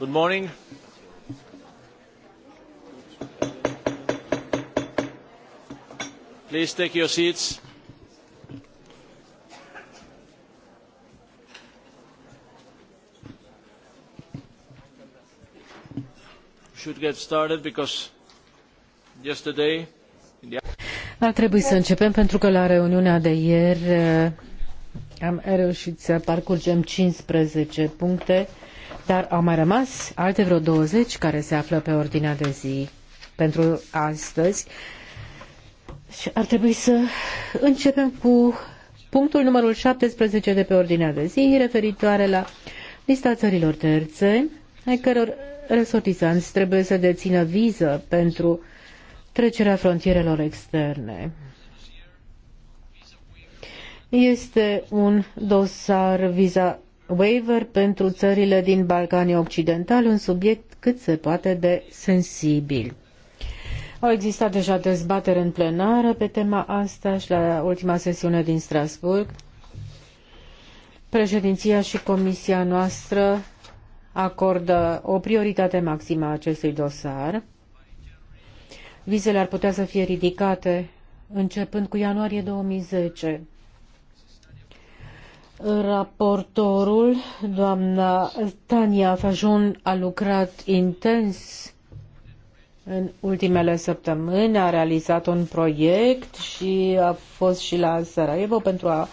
Good morning. Please take your seats. Should get started because yesterday in the... Ar trebui să începem pentru că la reuniunea de ieri uh, am reușit să parcurgem 15 puncte dar au mai rămas alte vreo 20 care se află pe ordinea de zi pentru astăzi. Și ar trebui să începem cu punctul numărul 17 de pe ordinea de zi, referitoare la lista țărilor terțe, ai căror resortizanți trebuie să dețină viză pentru trecerea frontierelor externe. Este un dosar viza waiver pentru țările din Balcanii Occidentali, un subiect cât se poate de sensibil. Au existat deja dezbatere în plenară pe tema asta și la ultima sesiune din Strasburg. Președinția și comisia noastră acordă o prioritate maximă a acestui dosar. Vizele ar putea să fie ridicate începând cu ianuarie 2010. Raportorul, doamna Tania Fajon, a lucrat intens în ultimele săptămâni, a realizat un proiect și a fost și la Sarajevo pentru a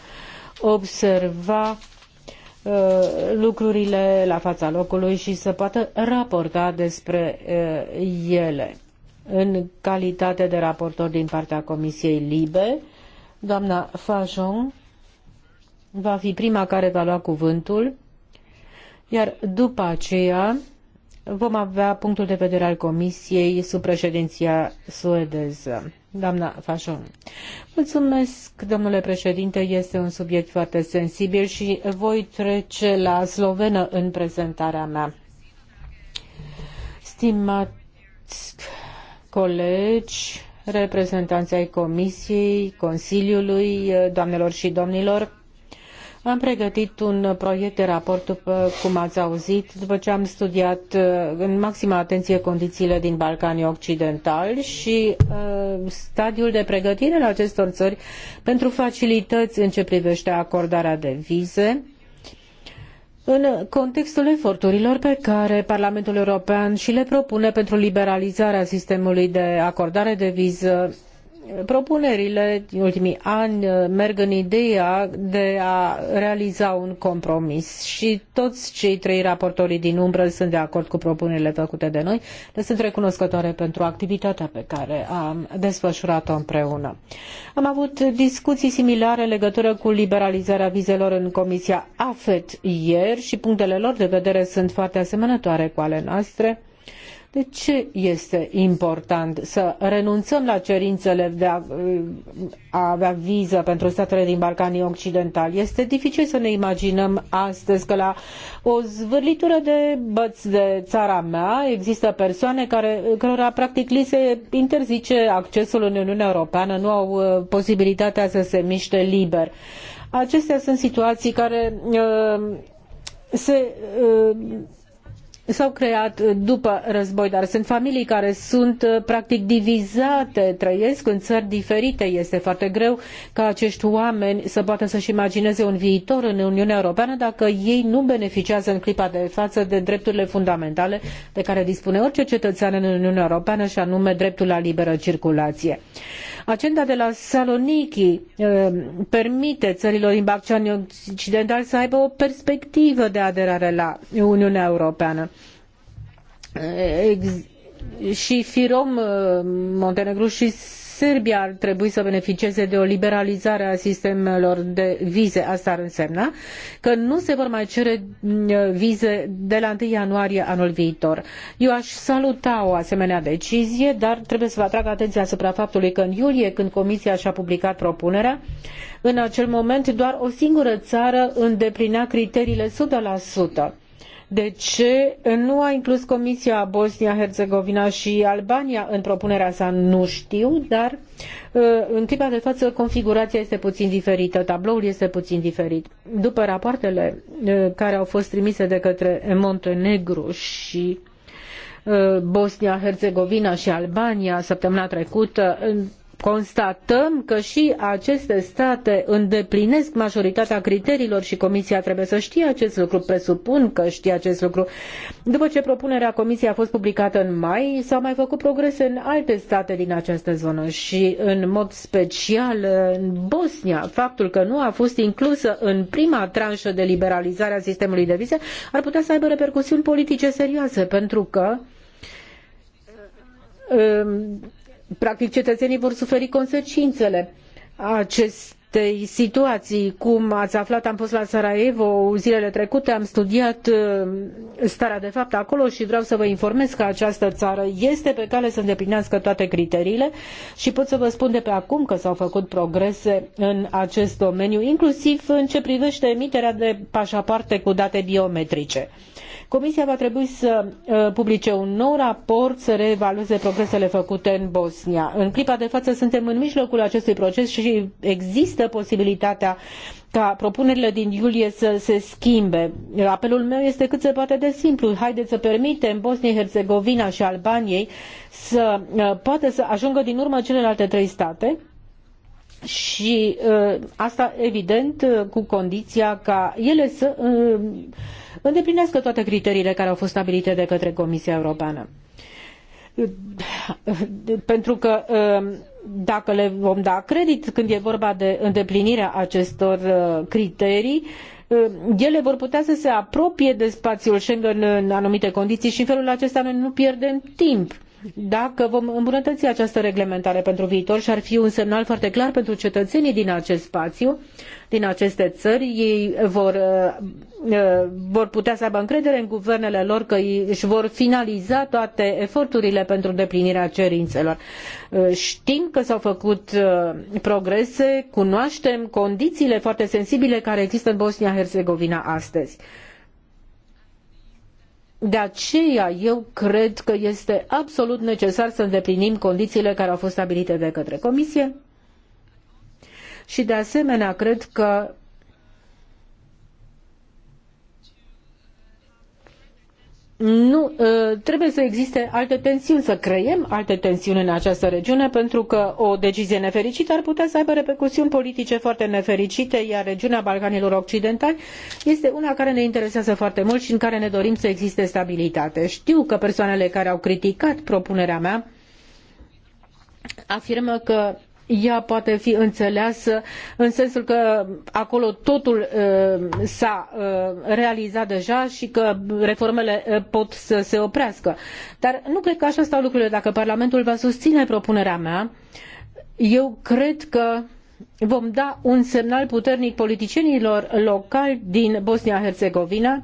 observa uh, lucrurile la fața locului și să poată raporta despre uh, ele. În calitate de raportor din partea Comisiei Libe, doamna Fajon va fi prima care va lua cuvântul, iar după aceea vom avea punctul de vedere al Comisiei sub președinția suedeză. Doamna Fajon. Mulțumesc, domnule președinte, este un subiect foarte sensibil și voi trece la slovenă în prezentarea mea. Stimați colegi, reprezentanții ai Comisiei, Consiliului, doamnelor și domnilor, am pregătit un proiect de raport, după cum ați auzit, după ce am studiat uh, în maximă atenție condițiile din Balcanii Occidentali și uh, stadiul de pregătire al acestor țări pentru facilități în ce privește acordarea de vize, în contextul eforturilor pe care Parlamentul European și le propune pentru liberalizarea sistemului de acordare de viză propunerile din ultimii ani uh, merg în ideea de a realiza un compromis și toți cei trei raportori din umbră sunt de acord cu propunerile făcute de noi. Le sunt recunoscătoare pentru activitatea pe care am desfășurat-o împreună. Am avut discuții similare în legătură cu liberalizarea vizelor în Comisia AFET ieri și punctele lor de vedere sunt foarte asemănătoare cu ale noastre ce este important? Să renunțăm la cerințele de a, a avea viză pentru statele din Balcanii Occidentali. Este dificil să ne imaginăm astăzi că la o zvârlitură de băți de țara mea există persoane care, cărora practic li se interzice accesul în Uniunea Europeană, nu au uh, posibilitatea să se miște liber. Acestea sunt situații care uh, se uh, s-au creat uh, după război, dar sunt familii care sunt uh, practic divizate, trăiesc în țări diferite. Este foarte greu ca acești oameni să poată să-și imagineze un viitor în Uniunea Europeană dacă ei nu beneficiază în clipa de față de drepturile fundamentale de care dispune orice cetățean în Uniunea Europeană și anume dreptul la liberă circulație. Agenda de la Saloniki eh, permite țărilor din Balcanii Occidentali să aibă o perspectivă de aderare la Uniunea Europeană. Eh, ex- și Firom, eh, Montenegru și Serbia ar trebui să beneficieze de o liberalizare a sistemelor de vize. Asta ar însemna că nu se vor mai cere mm, vize de la 1 ianuarie anul viitor. Eu aș saluta o asemenea decizie, dar trebuie să vă atrag atenția asupra faptului că în iulie, când Comisia și-a publicat propunerea, în acel moment doar o singură țară îndeplinea criteriile 100% de ce nu a inclus Comisia Bosnia-Herzegovina și Albania în propunerea sa? Nu știu, dar uh, în clipa de față configurația este puțin diferită, tabloul este puțin diferit. După rapoartele uh, care au fost trimise de către Montenegru și uh, Bosnia, Herzegovina și Albania săptămâna trecută, constatăm că și aceste state îndeplinesc majoritatea criteriilor și Comisia trebuie să știe acest lucru, presupun că știe acest lucru. După ce propunerea Comisiei a fost publicată în mai, s-au mai făcut progrese în alte state din această zonă și în mod special în Bosnia. Faptul că nu a fost inclusă în prima tranșă de liberalizare a sistemului de vize ar putea să aibă repercusiuni politice serioase, pentru că um, practic cetățenii vor suferi consecințele acestei situații. Cum ați aflat, am fost la Sarajevo zilele trecute, am studiat uh, starea de fapt acolo și vreau să vă informez că această țară este pe cale să îndeplinească toate criteriile și pot să vă spun de pe acum că s-au făcut progrese în acest domeniu, inclusiv în ce privește emiterea de pașapoarte cu date biometrice. Comisia va trebui să uh, publice un nou raport, să reevalueze progresele făcute în Bosnia. În clipa de față suntem în mijlocul acestui proces și există posibilitatea ca propunerile din iulie să se schimbe. Apelul meu este cât se poate de simplu. Haideți să permitem Bosniei, Herzegovina și Albaniei să uh, poată să ajungă din urmă celelalte trei state și ă, asta evident ă, cu condiția ca ele să ă, îndeplinească toate criteriile care au fost stabilite de către Comisia Europeană. Pentru că dacă le vom da credit când e vorba de îndeplinirea acestor criterii, ele vor putea să se apropie de spațiul Schengen în anumite condiții și în felul acesta noi nu pierdem timp dacă vom îmbunătăți această reglementare pentru viitor și ar fi un semnal foarte clar pentru cetățenii din acest spațiu, din aceste țări, ei vor, uh, uh, vor putea să aibă încredere în guvernele lor că își vor finaliza toate eforturile pentru îndeplinirea cerințelor. Uh, știm că s-au făcut progrese, cunoaștem condițiile foarte sensibile care există în Bosnia-Herzegovina astăzi de aceea eu cred că este absolut necesar să îndeplinim condițiile care au fost stabilite de către Comisie și de asemenea cred că nu ă, trebuie să existe alte tensiuni, să creăm alte tensiuni în această regiune, pentru că o decizie nefericită ar putea să aibă repercusiuni politice foarte nefericite, iar regiunea Balcanilor Occidentali este una care ne interesează foarte mult și în care ne dorim să existe stabilitate. Știu că persoanele care au criticat propunerea mea afirmă că ea poate fi înțeleasă în sensul că acolo totul uh, s-a uh, realizat deja și că reformele uh, pot să se oprească. Dar nu cred că așa stau lucrurile. Dacă Parlamentul va susține propunerea mea, eu cred că vom da un semnal puternic politicienilor locali din Bosnia-Herzegovina uh,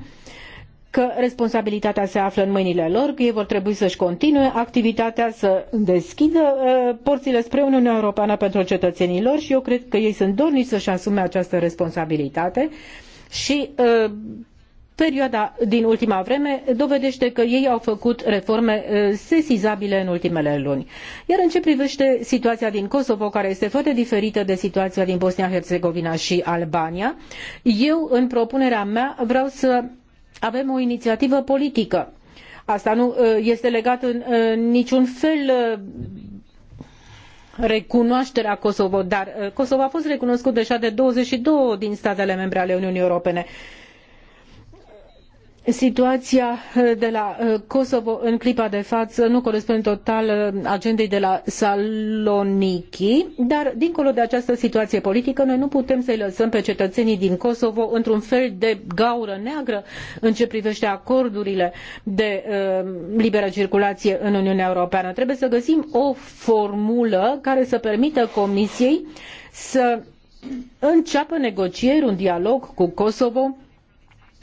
că responsabilitatea se află în mâinile lor, că ei vor trebui să-și continue activitatea, să deschidă uh, porțile spre Uniunea Europeană pentru cetățenii lor și eu cred că ei sunt dornici să-și asume această responsabilitate și uh, perioada din ultima vreme dovedește că ei au făcut reforme uh, sesizabile în ultimele luni. Iar în ce privește situația din Kosovo, care este foarte diferită de situația din Bosnia-Herzegovina și Albania, eu, în propunerea mea, vreau să avem o inițiativă politică. Asta nu ă, este legat în, în ă, niciun fel ă, recunoașterea Kosovo, dar Kosovo a fost recunoscut deja de 22 din statele membre ale Uniunii Europene. Situația eh, de la eh, Kosovo în clipa de față nu corespunde total eh, agendei de la Saloniki, dar dincolo de această situație politică, noi nu putem să îi lăsăm pe cetățenii din Kosovo într-un fel de gaură neagră în ce privește acordurile de uh, liberă circulație în Uniunea Europeană. Trebuie să găsim o formulă care să permită Comisiei să înceapă negocieri, un dialog cu Kosovo,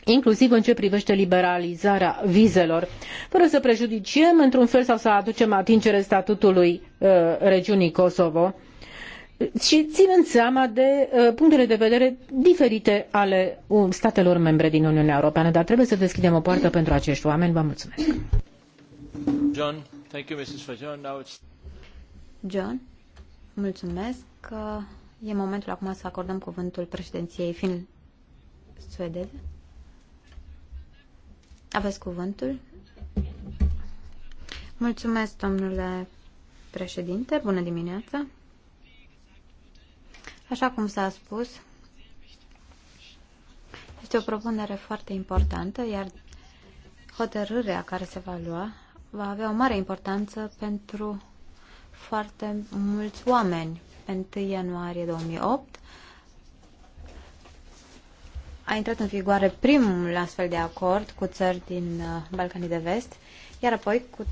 inclusiv în ce privește liberalizarea vizelor, fără să prejudiciem într-un fel sau să aducem atingere statutului uh, regiunii Kosovo și ținând seama de uh, punctele de vedere diferite ale um, statelor membre din Uniunea Europeană, dar trebuie să deschidem o poartă pentru acești oameni. Vă mulțumesc. John, thank you, Mrs. Fajon. Now it's... John, mulțumesc. E momentul acum să acordăm cuvântul președinției fin suedeze. Aveți cuvântul? Mulțumesc, domnule președinte. Bună dimineața. Așa cum s-a spus, este o propunere foarte importantă, iar hotărârea care se va lua va avea o mare importanță pentru foarte mulți oameni. Pe 1 ianuarie 2008 a intrat în vigoare primul astfel de acord cu țări din uh, Balcanii de Vest, iar apoi cu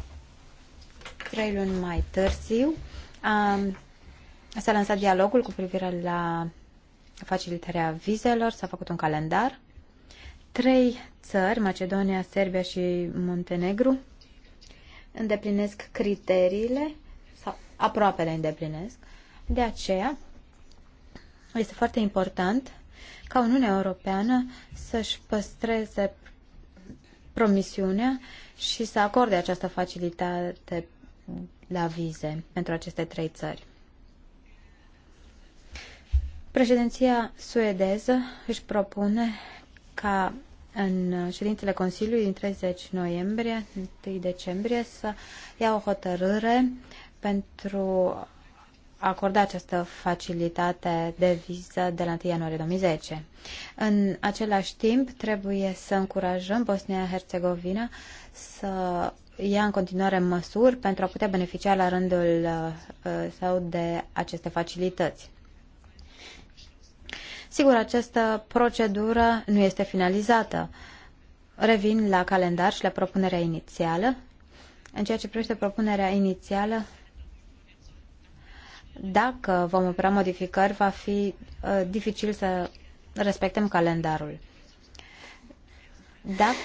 trei luni mai târziu s-a lansat dialogul cu privire la facilitarea vizelor, s-a făcut un calendar. Trei țări, Macedonia, Serbia și Montenegru, îndeplinesc criteriile sau aproape le îndeplinesc. De aceea este foarte important ca Uniunea Europeană să-și păstreze promisiunea și să acorde această facilitate la vize pentru aceste trei țări. Președinția suedeză își propune ca în ședințele Consiliului din 30 noiembrie, 1 decembrie, să ia o hotărâre pentru acorda această facilitate de viză de la 1 ianuarie 2010. În același timp, trebuie să încurajăm Bosnia-Herzegovina să ia în continuare măsuri pentru a putea beneficia la rândul uh, său de aceste facilități. Sigur, această procedură nu este finalizată. Revin la calendar și la propunerea inițială. În ceea ce privește propunerea inițială, dacă vom opera modificări, va fi uh, dificil să respectăm calendarul. Dacă,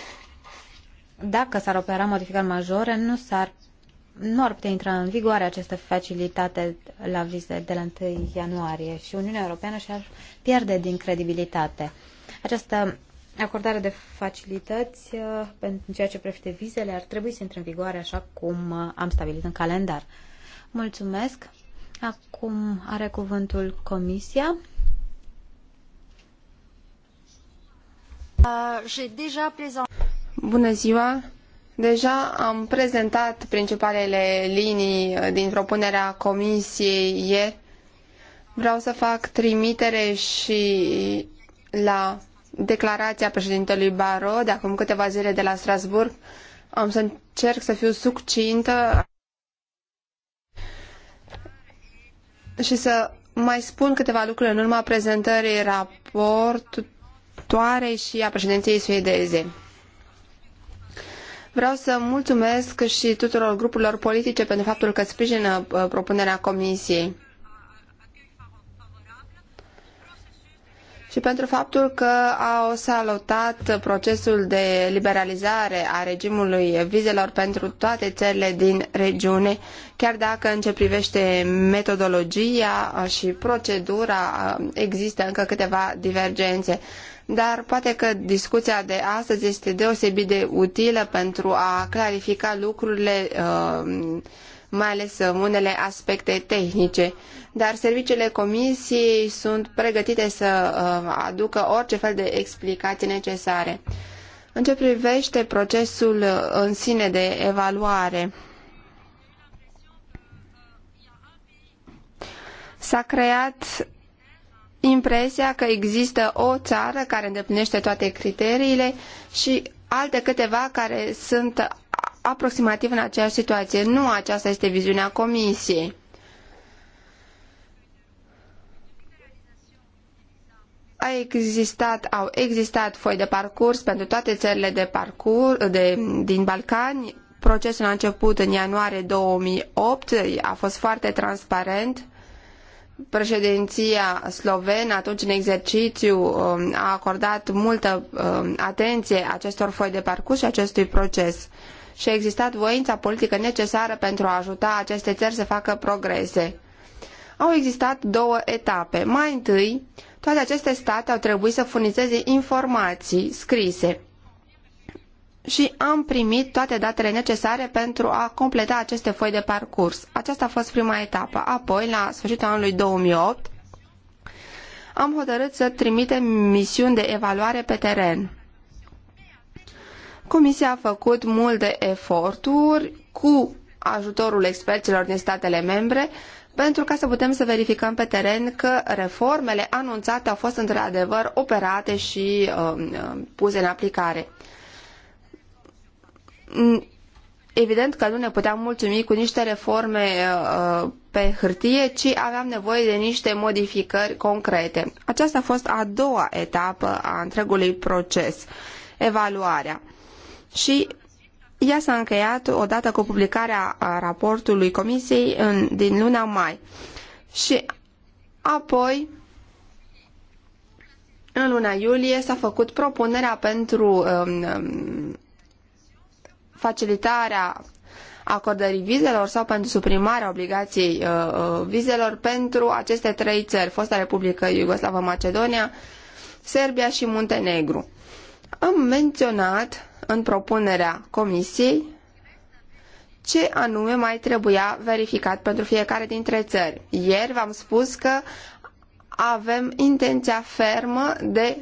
dacă s-ar opera modificări majore, nu s-ar nu ar putea intra în vigoare această facilitate la vize de la 1 ianuarie și Uniunea Europeană și-ar pierde din credibilitate. Această acordare de facilități uh, pentru ceea ce privește vizele ar trebui să intre în vigoare așa cum uh, am stabilit în calendar. Mulțumesc! Acum are cuvântul Comisia. Bună ziua! Deja am prezentat principalele linii din propunerea Comisiei ieri. Vreau să fac trimitere și la declarația președintelui Barrot de acum câteva zile de la Strasbourg. Am să încerc să fiu succintă. și să mai spun câteva lucruri în urma prezentării raportoarei și a președinției suedeze. Vreau să mulțumesc și tuturor grupurilor politice pentru faptul că sprijină uh, propunerea Comisiei. și pentru faptul că au salutat procesul de liberalizare a regimului vizelor pentru toate țările din regiune, chiar dacă în ce privește metodologia și procedura există încă câteva divergențe. Dar poate că discuția de astăzi este deosebit de utilă pentru a clarifica lucrurile uh, mai ales uh, unele aspecte tehnice, dar serviciile comisiei sunt pregătite să uh, aducă orice fel de explicații necesare. În ce privește procesul uh, în sine de evaluare, s-a creat impresia că există o țară care îndeplinește toate criteriile și alte câteva care sunt aproximativ în aceeași situație. Nu aceasta este viziunea Comisiei. A existat, au existat foi de parcurs pentru toate țările de parcurs, de, din Balcani. Procesul a început în ianuarie 2008, a fost foarte transparent președinția slovenă, atunci în exercițiu, um, a acordat multă um, atenție acestor foi de parcurs și acestui proces și a existat voința politică necesară pentru a ajuta aceste țări să facă progrese. Au existat două etape. Mai întâi, toate aceste state au trebuit să furnizeze informații scrise și am primit toate datele necesare pentru a completa aceste foi de parcurs. Aceasta a fost prima etapă. Apoi, la sfârșitul anului 2008, am hotărât să trimitem misiuni de evaluare pe teren. Comisia a făcut multe eforturi cu ajutorul experților din statele membre pentru ca să putem să verificăm pe teren că reformele anunțate au fost într-adevăr operate și uh, puse în aplicare. Evident că nu ne puteam mulțumi cu niște reforme uh, uh, pe hârtie, ci aveam nevoie de niște modificări concrete. Aceasta a fost a doua etapă a întregului proces, evaluarea și ea s-a încheiat odată cu publicarea raportului Comisiei în, din luna mai. Și apoi, în luna iulie, s-a făcut propunerea pentru um, um facilitarea acordării vizelor sau pentru suprimarea obligației uh, uh vizelor pentru aceste trei țări, fosta Republică Iugoslavă Macedonia, Serbia și Muntenegru. Am menționat în propunerea comisiei ce anume mai trebuia verificat pentru fiecare dintre țări. Ieri v-am spus că avem intenția fermă de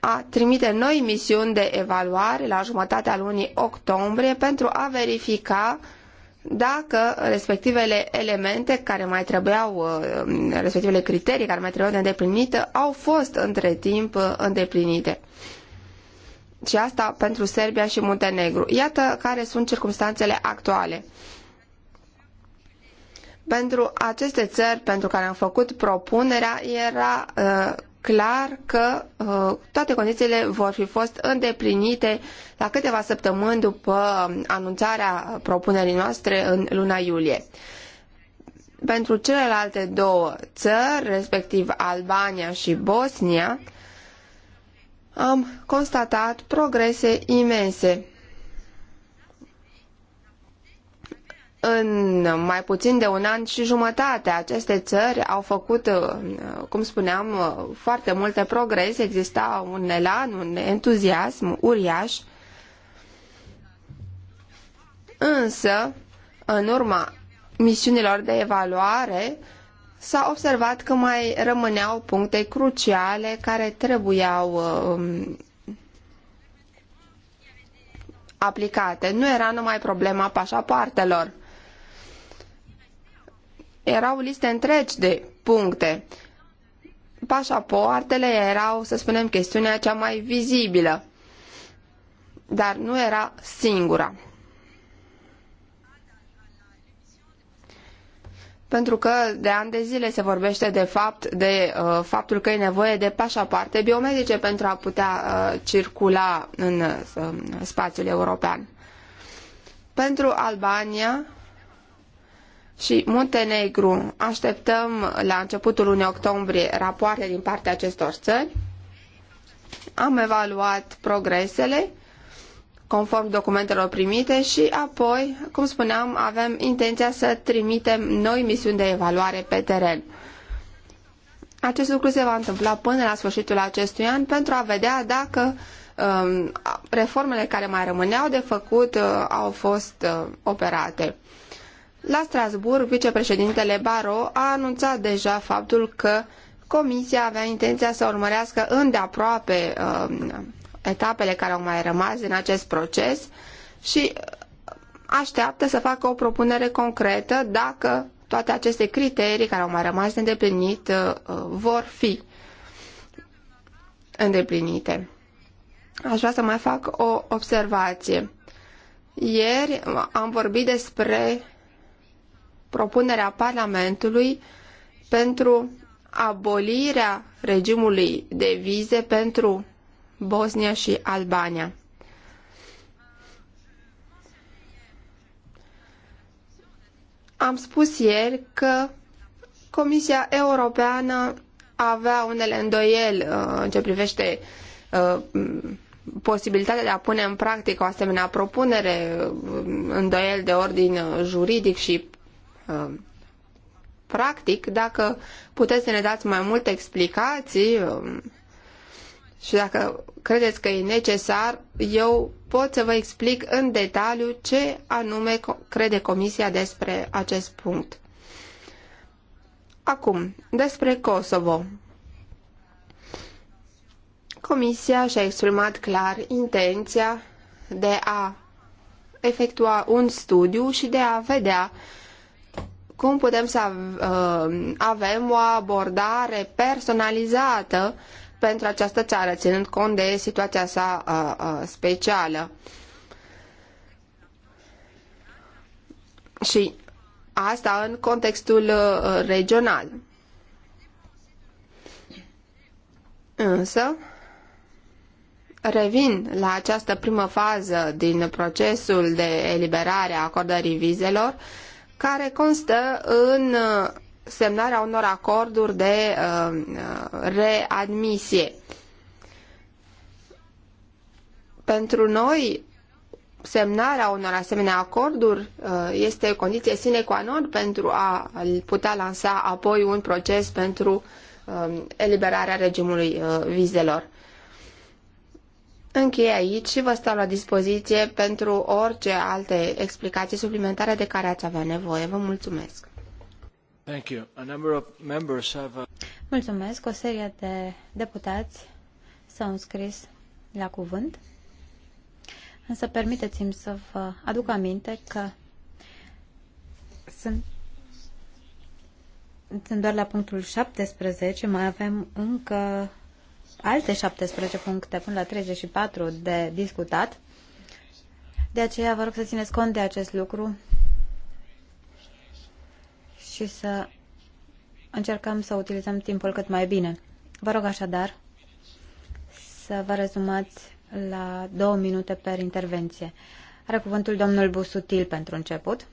a trimite noi misiuni de evaluare la jumătatea lunii octombrie pentru a verifica dacă respectivele elemente care mai trebuiau, uh, respectivele criterii care mai trebuiau de îndeplinite, au fost între timp uh, îndeplinite și asta pentru Serbia și Muntenegru. Iată care sunt circumstanțele actuale. Pentru aceste țări pentru care am făcut propunerea era uh, clar că uh, toate condițiile vor fi fost îndeplinite la câteva săptămâni după um, anunțarea propunerii noastre în luna iulie. Pentru celelalte două țări, respectiv Albania și Bosnia, uh, am constatat progrese imense. În mai puțin de un an și jumătate, aceste țări au făcut, uh, cum spuneam, uh, foarte multe progrese. Exista un elan, un entuziasm uriaș. Însă, în urma misiunilor de evaluare, uh, s-a observat că mai rămâneau puncte cruciale care trebuiau um, aplicate. Nu era numai problema pașapoartelor. Erau liste întregi de puncte. Pașapoartele erau, să spunem, chestiunea cea mai vizibilă, dar nu era singura. pentru că de ani de zile se vorbește de fapt de uh, faptul că e nevoie de pașapoarte biometrice pentru a putea uh, circula în uh, spațiul european. Pentru Albania și Muntenegru așteptăm la începutul lunii octombrie rapoarte din partea acestor țări. Am evaluat progresele conform documentelor primite și apoi, cum spuneam, avem intenția să trimitem noi misiuni de evaluare pe teren. Acest lucru se va întâmpla până la sfârșitul acestui an pentru a vedea dacă um, reformele care mai rămâneau de făcut uh, au fost uh, operate. La Strasbourg, vicepreședintele Baro a anunțat deja faptul că Comisia avea intenția să urmărească îndeaproape um, etapele care au mai rămas din acest proces și așteaptă să facă o propunere concretă dacă toate aceste criterii care au mai rămas de îndeplinit uh, vor fi îndeplinite. Aș vrea să mai fac o observație. Ieri am vorbit despre propunerea Parlamentului pentru abolirea regimului de vize pentru Bosnia și Albania. Am spus ieri că Comisia Europeană avea unele îndoieli uh, în ce privește uh, posibilitatea de a pune în practică o asemenea propunere, uh, îndoieli de ordin juridic și practic, dacă puteți să ne dați mai multe explicații și dacă credeți că e necesar, eu pot să vă explic în detaliu ce anume crede Comisia despre acest punct. Acum, despre Kosovo. Comisia și-a exprimat clar intenția de a efectua un studiu și de a vedea cum putem să uh, avem o abordare personalizată pentru această țară, ținând cont de situația sa uh, uh, specială. Și asta în contextul uh, regional. Însă, revin la această primă fază din procesul de eliberare a acordării vizelor, care constă în uh, semnarea unor acorduri de uh, readmisie. Pentru noi, semnarea unor asemenea acorduri uh, este condiție sine qua non pentru a putea lansa apoi un proces pentru um, eliberarea regimului uh, vizelor. Închei aici și vă stau la dispoziție pentru orice alte explicații suplimentare de care ați avea nevoie. Vă mulțumesc! Uh, Mulțumesc. O serie de deputați s-au înscris la cuvânt. Însă permiteți-mi să vă aduc aminte că sunt, sunt doar la punctul 17, mai avem încă alte 17 puncte până la 34 de discutat. De aceea vă rog să țineți cont de acest lucru și să încercăm să utilizăm timpul cât mai bine. Vă rog așadar să vă rezumați la două minute per intervenție. Are cuvântul domnul Busutil pentru început.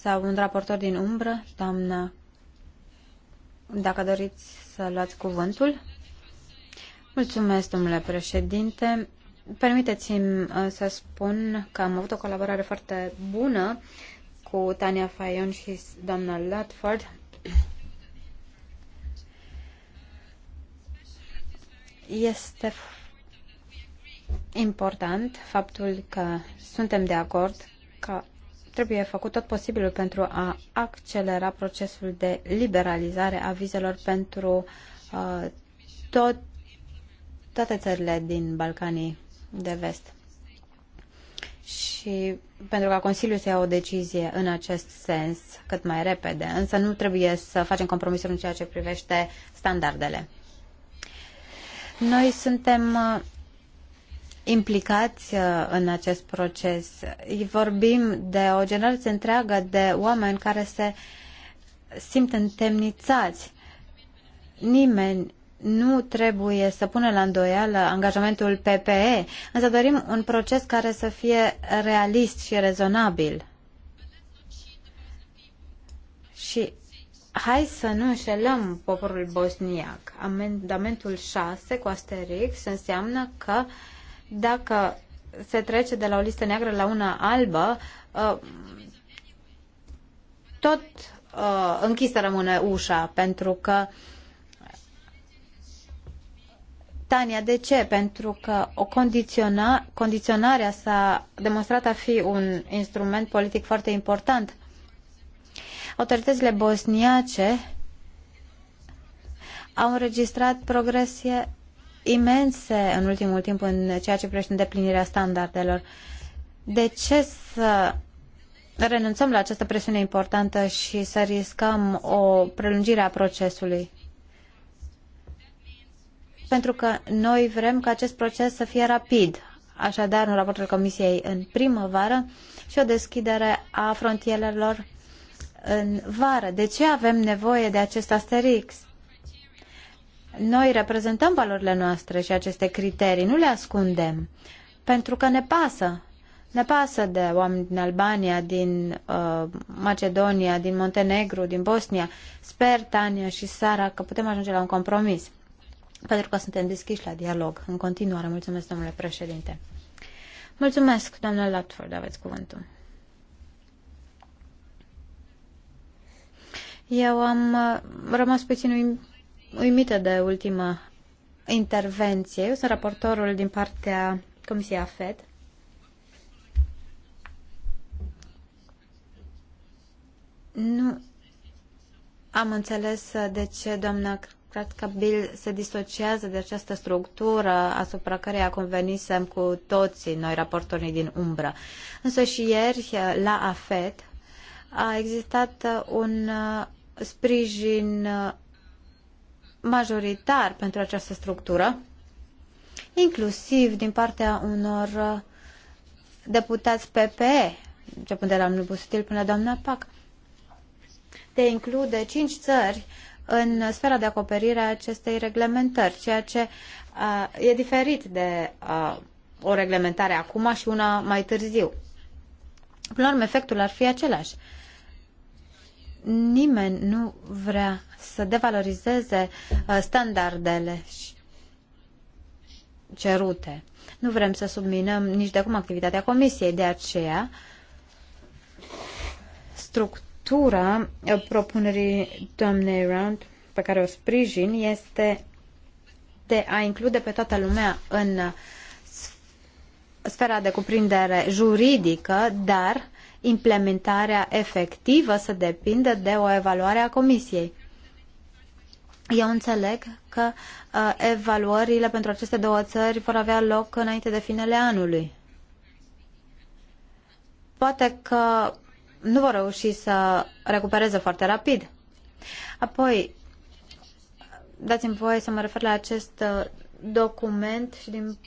Sau un raportor din umbră, doamnă, dacă doriți să luați cuvântul. Mulțumesc, domnule președinte. Permiteți-mi uh, să spun că am avut o colaborare foarte bună cu Tania Fayon și doamna Latford. Este important faptul că suntem de acord că trebuie făcut tot posibilul pentru a accelera procesul de liberalizare a vizelor pentru uh, tot, toate țările din Balcanii de vest. Și pentru ca Consiliul să ia o decizie în acest sens cât mai repede, însă nu trebuie să facem compromisuri în ceea ce privește standardele. Noi suntem uh, implicați uh, în acest proces. Vorbim de o generație întreagă de oameni care se simt întemnițați. Nimeni nu trebuie să pună la îndoială angajamentul PPE, însă dorim un proces care să fie realist și rezonabil. Și hai să nu înșelăm poporul bosniac. Amendamentul 6 cu asterix înseamnă că dacă se trece de la o listă neagră la una albă, uh, tot uh, închisă rămâne ușa, pentru că uh, Britania. De ce? Pentru că o condiționa, condiționarea s-a demonstrat a fi un instrument politic foarte important. Autoritățile bosniace au înregistrat progrese imense în ultimul timp în ceea ce privește îndeplinirea standardelor. De ce să renunțăm la această presiune importantă și să riscăm o prelungire a procesului? pentru că noi vrem ca acest proces să fie rapid. Așadar, în raportul Comisiei în primăvară și o deschidere a frontierelor în vară. De ce avem nevoie de acest asterix? Noi reprezentăm valorile noastre și aceste criterii, nu le ascundem, pentru că ne pasă. Ne pasă de oameni din Albania, din uh, Macedonia, din Montenegru, din Bosnia. Sper, Tania și Sara, că putem ajunge la un compromis pentru că suntem deschiși la dialog. În continuare, mulțumesc, domnule președinte. Mulțumesc, doamnă Latford, aveți cuvântul. Eu am uh, rămas puțin uimită de ultima intervenție. Eu sunt raportorul din partea Comisiei AFED. Nu am înțeles uh, de ce doamna Cred că Bill se disociază de această structură asupra care a convenisem cu toții noi raportorii din umbră. Însă și ieri, la AFET, a existat un uh, sprijin uh, majoritar pentru această structură, inclusiv din partea unor uh, deputați PPE, începând de la omnibus stil până la doamna PAC, de include cinci țări în sfera de acoperire a acestei reglementări, ceea ce uh, e diferit de uh, o reglementare acum și una mai târziu. Până la urmă, efectul ar fi același. Nimeni nu vrea să devalorizeze uh, standardele cerute. Nu vrem să subminăm nici de acum activitatea Comisiei, de aceea structura structura uh, propunerii doamnei Round, pe care o sprijin, este de a include pe toată lumea în uh, sfera de cuprindere juridică, dar implementarea efectivă să depindă de o evaluare a Comisiei. Eu înțeleg că uh, evaluările pentru aceste două țări vor avea loc înainte de finele anului. Poate că nu vor reuși să recupereze foarte rapid. Apoi, dați-mi voie să mă refer la acest uh, document și din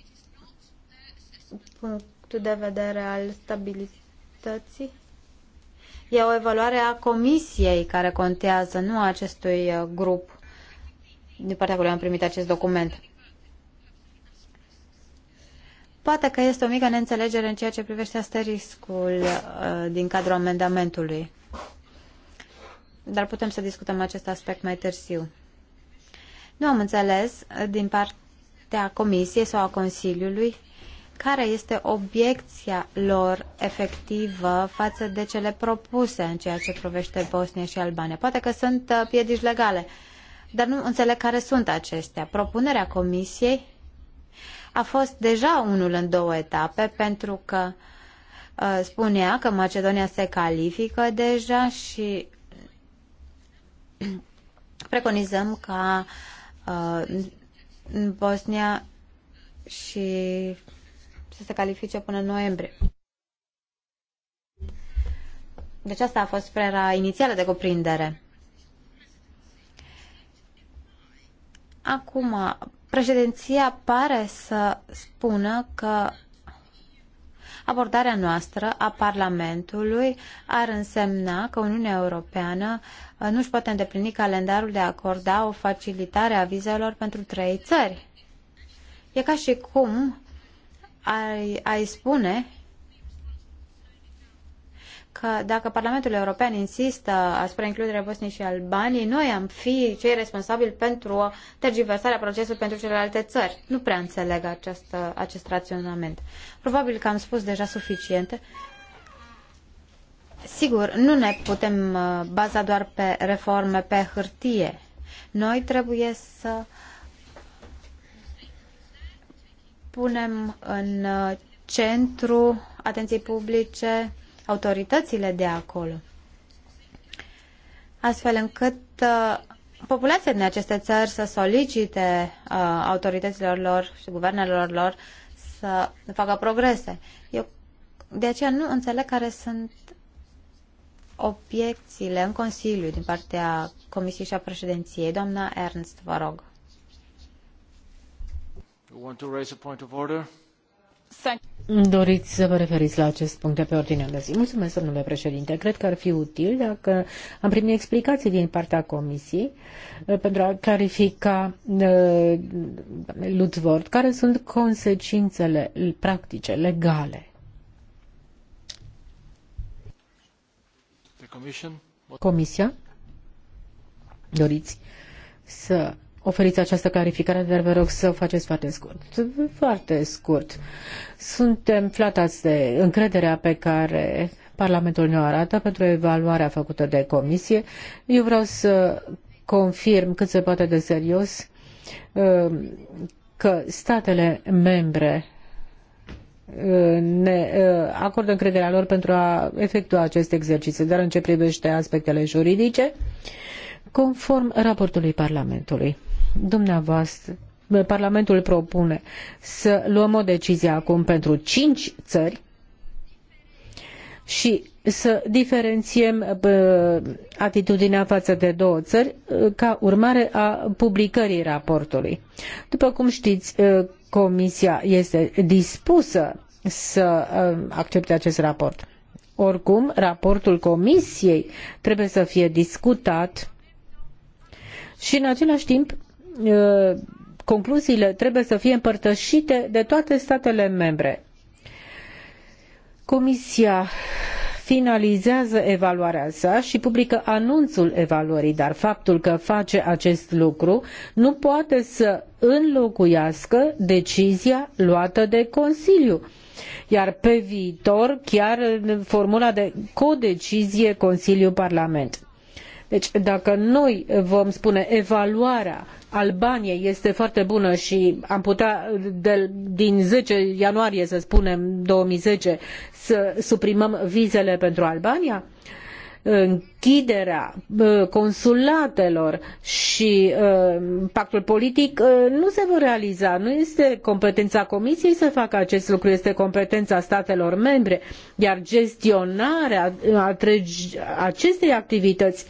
punctul de vedere al stabilității. E o evaluare a comisiei care contează, nu a acestui uh, grup. Din partea care am primit acest document. Poate că este o mică neînțelegere în ceea ce privește asteriscul uh, din cadrul amendamentului. Dar putem să discutăm acest aspect mai târziu. Nu am înțeles uh, din partea Comisiei sau a Consiliului care este obiecția lor efectivă față de cele propuse în ceea ce privește Bosnia și Albania. Poate că sunt uh, piedici legale, dar nu înțeleg care sunt acestea. Propunerea Comisiei a fost deja unul în două etape pentru că uh, spunea că Macedonia se califică deja și preconizăm ca uh, în Bosnia și să se califice până în noiembrie. Deci asta a fost sfera inițială de cuprindere. Acum, Președinția pare să spună că abordarea noastră a Parlamentului ar însemna că Uniunea Europeană uh, nu își poate îndeplini calendarul de a acorda o facilitare a vizelor pentru trei țări. E ca și cum ai, ai spune că dacă Parlamentul European insistă asupra includerii Bosniei și Albaniei, noi am fi cei responsabili pentru tergiversarea procesului pentru celelalte țări. Nu prea înțeleg acest, acest raționament. Probabil că am spus deja suficiente. Sigur, nu ne putem uh, baza doar pe reforme pe hârtie. Noi trebuie să punem în uh, centru atenției publice autoritățile de acolo, astfel încât uh, populația din aceste țări să solicite uh, autorităților lor și guvernelor lor să facă progrese. Eu de aceea nu înțeleg care sunt obiecțiile în Consiliu din partea Comisiei și a președinției. Doamna Ernst, vă rog. You want to raise a point of order? Thank you. Doriți să vă referiți la acest punct de pe ordinea de zi. Mulțumesc, domnule președinte. Cred că ar fi util dacă am primit explicații din partea comisiei uh, pentru a clarifica uh, Lutvort care sunt consecințele practice, legale. Comisia? Doriți să oferiți această clarificare, dar vă rog să o faceți foarte scurt. Foarte scurt. Suntem flatați de încrederea pe care Parlamentul ne-o arată pentru evaluarea făcută de comisie. Eu vreau să confirm cât se poate de serios uh, că statele membre uh, ne uh, acordă încrederea lor pentru a efectua acest exercițiu, dar în ce privește aspectele juridice, conform raportului Parlamentului dumneavoastră, Parlamentul propune să luăm o decizie acum pentru cinci țări și să diferențiem atitudinea față de două țări ca urmare a publicării raportului. După cum știți, Comisia este dispusă să accepte acest raport. Oricum, raportul Comisiei trebuie să fie discutat și în același timp Uh, concluziile trebuie să fie împărtășite de toate statele membre. Comisia finalizează evaluarea sa și publică anunțul evaluării, dar faptul că face acest lucru nu poate să înlocuiască decizia luată de Consiliu. Iar pe viitor, chiar în formula de codecizie Consiliu-Parlament. Deci dacă noi vom spune evaluarea Albaniei este foarte bună și am putea de, din 10 ianuarie, să spunem, 2010 să suprimăm vizele pentru Albania, uh, închiderea consulatelor și ă, pactul politic ă, nu se vor realiza. Nu este competența Comisiei să facă acest lucru, este competența statelor membre, iar gestionarea ă, acestei activități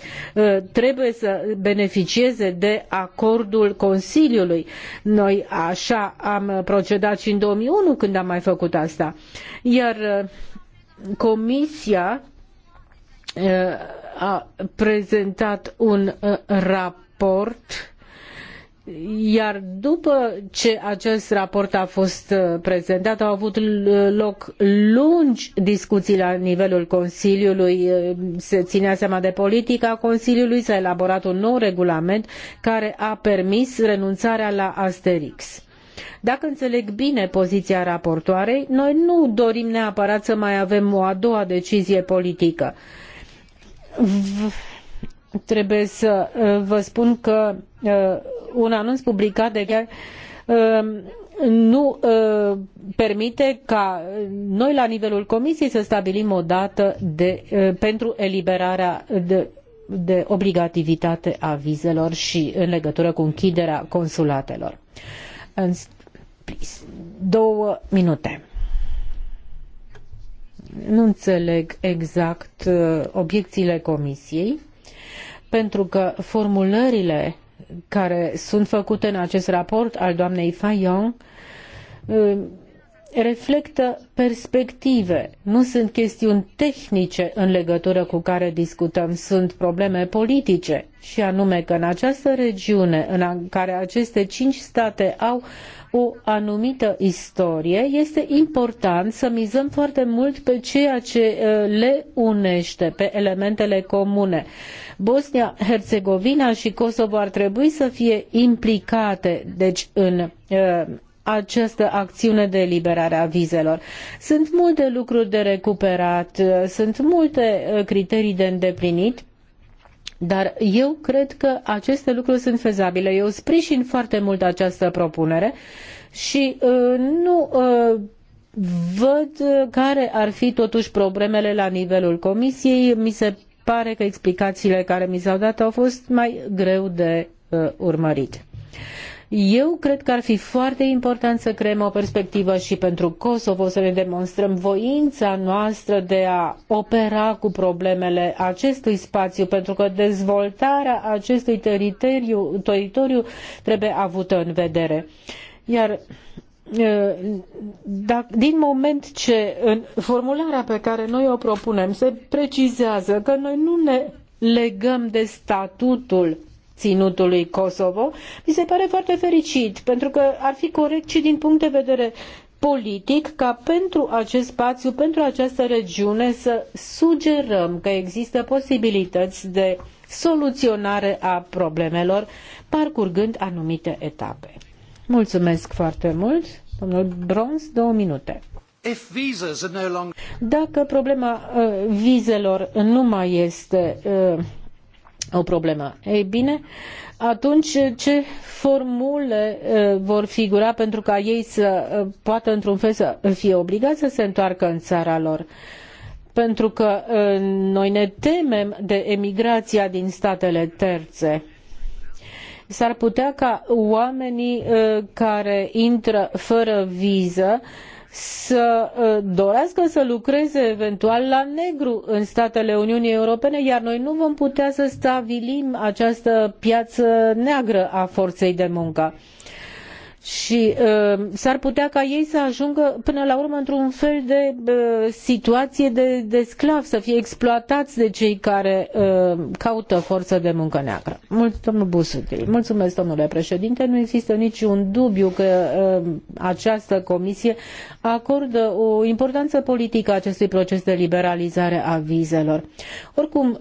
trebuie să beneficieze de acordul Consiliului. Noi așa am procedat și în 2001 când am mai făcut asta. Iar Comisia Uh, a prezentat un uh, raport iar după ce acest raport a fost uh, prezentat, au avut loc lungi discuții la nivelul Consiliului, se ținea seama de politica Consiliului, s-a elaborat un nou regulament care a permis renunțarea la Asterix. Dacă înțeleg bine poziția raportoarei, noi nu dorim neapărat să mai avem o a doua decizie politică trebuie să uh, vă spun că uh, un anunț publicat de chiar uh, nu permite ca noi la nivelul comisiei să stabilim o dată de, pentru eliberarea de, de obligativitate a vizelor și în legătură cu închiderea consulatelor. Două minute nu înțeleg exact uh, obiecțiile comisiei, pentru că formulările care sunt făcute în acest raport al doamnei Fayon uh, reflectă perspective, nu sunt chestiuni tehnice în legătură cu care discutăm, sunt probleme politice și anume că în această regiune în care aceste cinci state au o anumită istorie, este important să mizăm foarte mult pe ceea ce uh, le unește, pe elementele comune. Bosnia, Herțegovina și Kosovo ar trebui să fie implicate, deci, în uh, această acțiune de eliberare a vizelor. Sunt multe lucruri de recuperat, sunt multe uh, criterii de îndeplinit, dar eu cred că aceste lucruri sunt fezabile. Eu sprijin foarte mult această propunere și uh, nu uh, văd uh, care ar fi totuși problemele la nivelul comisiei. Mi se pare că explicațiile care mi s-au dat au fost mai greu de uh, urmărit. Eu cred că ar fi foarte important să creăm o perspectivă și pentru Kosovo, să ne demonstrăm voința noastră de a opera cu problemele acestui spațiu, pentru că dezvoltarea acestui teritoriu, teritoriu trebuie avută în vedere. Iar da, din moment ce în formularea pe care noi o propunem se precizează că noi nu ne legăm de statutul ținutului Kosovo, mi se pare foarte fericit, pentru că ar fi corect și din punct de vedere politic ca pentru acest spațiu, pentru această regiune să sugerăm că există posibilități de soluționare a problemelor parcurgând anumite etape. Mulțumesc foarte mult. Domnul Bronz, două minute. Dacă problema uh, vizelor nu mai este uh, o problemă. Ei bine, atunci ce formule uh, vor figura pentru ca ei să uh, poată într-un fel să fie obligați să se întoarcă în țara lor? Pentru că uh, noi ne temem de emigrația din statele terțe s-ar putea ca oamenii care intră fără viză să uh, dorească să lucreze eventual la negru în statele Uniunii Europene, iar noi nu vom putea să stabilim această piață neagră a forței de muncă și uh, s-ar putea ca ei să ajungă până la urmă într-un fel de uh, situație de, de sclav, să fie exploatați de cei care uh, caută forță de muncă neagră. Mulțumesc, domnul Busutil. Mulțumesc, domnule președinte. Nu există niciun dubiu că uh, această comisie acordă o importanță politică acestui proces de liberalizare a vizelor. Oricum,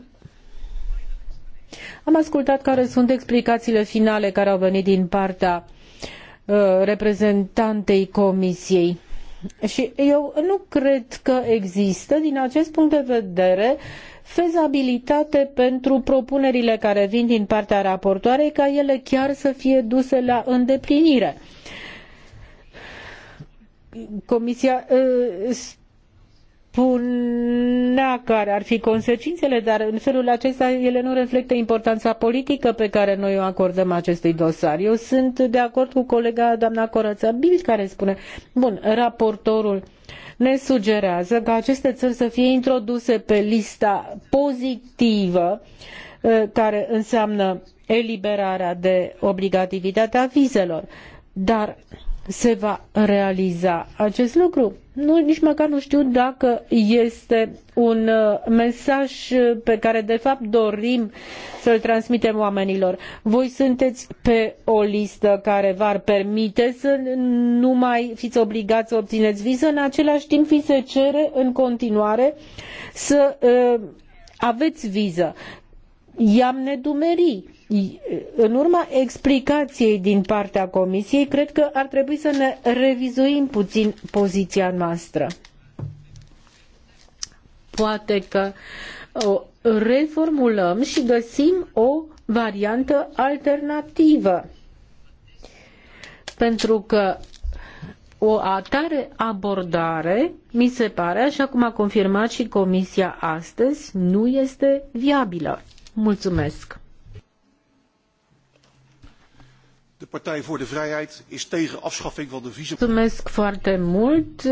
am ascultat care sunt explicațiile finale care au venit din partea Uh, reprezentantei Comisiei. Și eu nu cred că există, din acest punct de vedere, fezabilitate pentru propunerile care vin din partea raportoarei ca ele chiar să fie duse la îndeplinire. Comisia uh, spunea care ar fi consecințele, dar în felul acesta ele nu reflectă importanța politică pe care noi o acordăm acestui dosar. Eu sunt de acord cu colega doamna Corăță Bil, care spune, bun, raportorul ne sugerează ca aceste țări să fie introduse pe lista pozitivă eh, care înseamnă eliberarea de obligativitatea vizelor. Dar se va realiza acest lucru. Nu, nici măcar nu știu dacă este un uh, mesaj uh, pe care de fapt dorim să-l transmitem oamenilor. Voi sunteți pe o listă care v-ar permite să nu mai fiți obligați să obțineți viză, în același timp vi se cere în continuare să uh, aveți viză. I-am nedumerit în urma explicației din partea Comisiei, cred că ar trebui să ne revizuim puțin poziția noastră. Poate că o reformulăm și găsim o variantă alternativă. Pentru că o atare abordare, mi se pare, așa cum a confirmat și Comisia astăzi, nu este viabilă. Mulțumesc! De Partij voor de Vrijheid is tegen afschaffing van de visum. Mulțumesc foarte mult.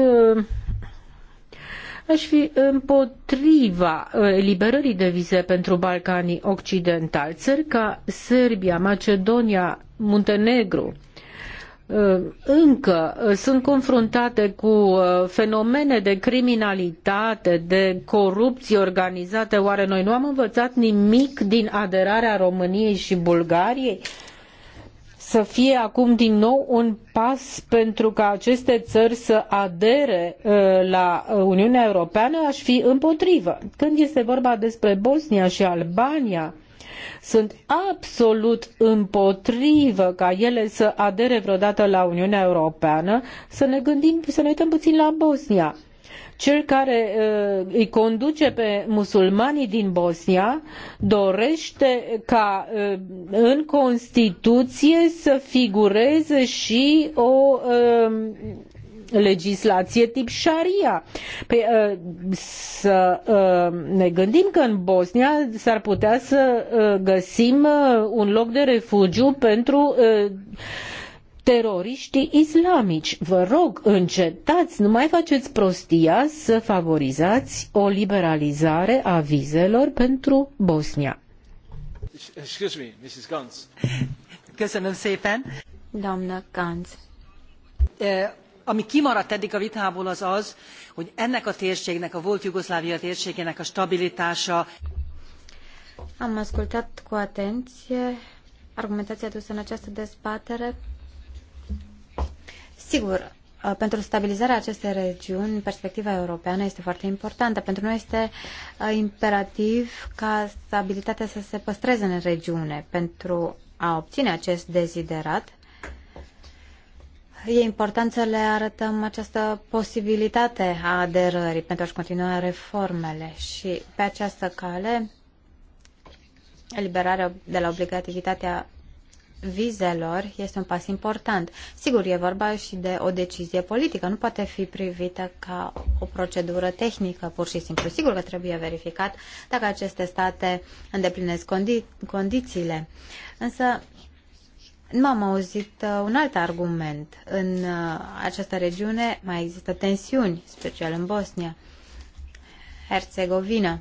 Aș fi împotriva eh, eliberării de vize pentru Balcanii Occidentali, țări ca Serbia, Macedonia, Muntenegru eh, încă eh, sunt confruntate cu fenomene de criminalitate, de corupție organizată, oare noi nu am învățat nimic din aderarea României și Bulgariei? să fie acum din nou un pas pentru ca aceste țări să adere uh, la Uniunea Europeană, aș fi împotrivă. Când este vorba despre Bosnia și Albania, sunt absolut împotrivă ca ele să adere vreodată la Uniunea Europeană, să ne gândim, să ne uităm puțin la Bosnia. Cel care uh, îi conduce pe musulmanii din Bosnia dorește ca uh, în Constituție să figureze și o um, legislație tip Sharia. Păi, uh, să ne gândim că în Bosnia s-ar putea să găsim un loc de refugiu pentru teroriștii islamici. Vă rog, încetați, nu mai faceți prostia să favorizați o liberalizare a vizelor pentru Bosnia. Excuse me, Mrs. Gantz. Köszönöm szépen. Doamnă Gantz. Ami kimaradt eddig a vitából az az, hogy ennek a térségnek, a volt Jugoszlávia térségének a stabilitása. Am ascultat cu atenție argumentația adusă în această dezbatere Sigur, uh, pentru stabilizarea acestei regiuni, perspectiva europeană este foarte importantă. Pentru noi este uh, imperativ ca stabilitatea să se păstreze în regiune. Pentru a obține acest deziderat, e important să le arătăm această posibilitate a aderării pentru a-și continua reformele și pe această cale eliberarea de la obligativitatea vizelor este un pas important. Sigur, e vorba și de o decizie politică, nu poate fi privită ca o procedură tehnică, pur și simplu. Sigur că trebuie verificat dacă aceste state îndeplinesc condi- condițiile. Însă, nu am auzit uh, un alt argument. În uh, această regiune mai există tensiuni, special în Bosnia, Herțegovina.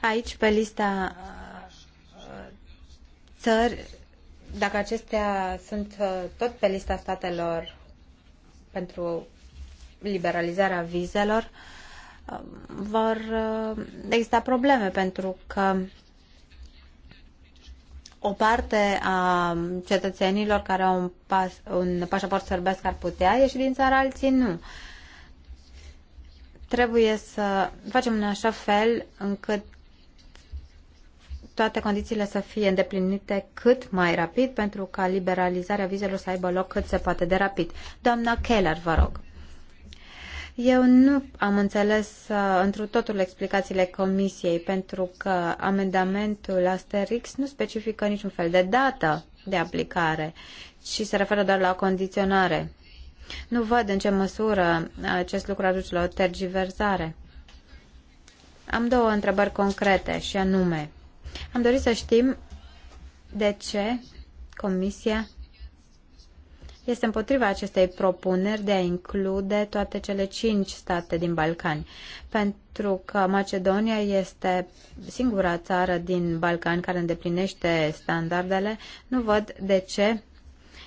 Aici, pe lista țări, dacă acestea sunt uh, tot pe lista statelor pentru liberalizarea vizelor, um, vor uh, exista probleme pentru că o parte a cetățenilor care au un, pas, un pașaport sărbesc ar putea ieși din țară, alții nu. Trebuie să facem în așa fel încât toate condițiile să fie îndeplinite cât mai rapid pentru ca liberalizarea vizelor să aibă loc cât se poate de rapid. Doamna Keller, vă rog. Eu nu am înțeles uh, întru totul explicațiile comisiei, pentru că amendamentul Asterix nu specifică niciun fel de dată de aplicare, și, se referă doar la condiționare. Nu văd în ce măsură acest lucru aduce la o tergiversare. Am două întrebări concrete și anume, am dorit să știm de ce Comisia este împotriva acestei propuneri de a include toate cele cinci state din Balcani, pentru că Macedonia este singura țară din Balcani care îndeplinește standardele. Nu văd de ce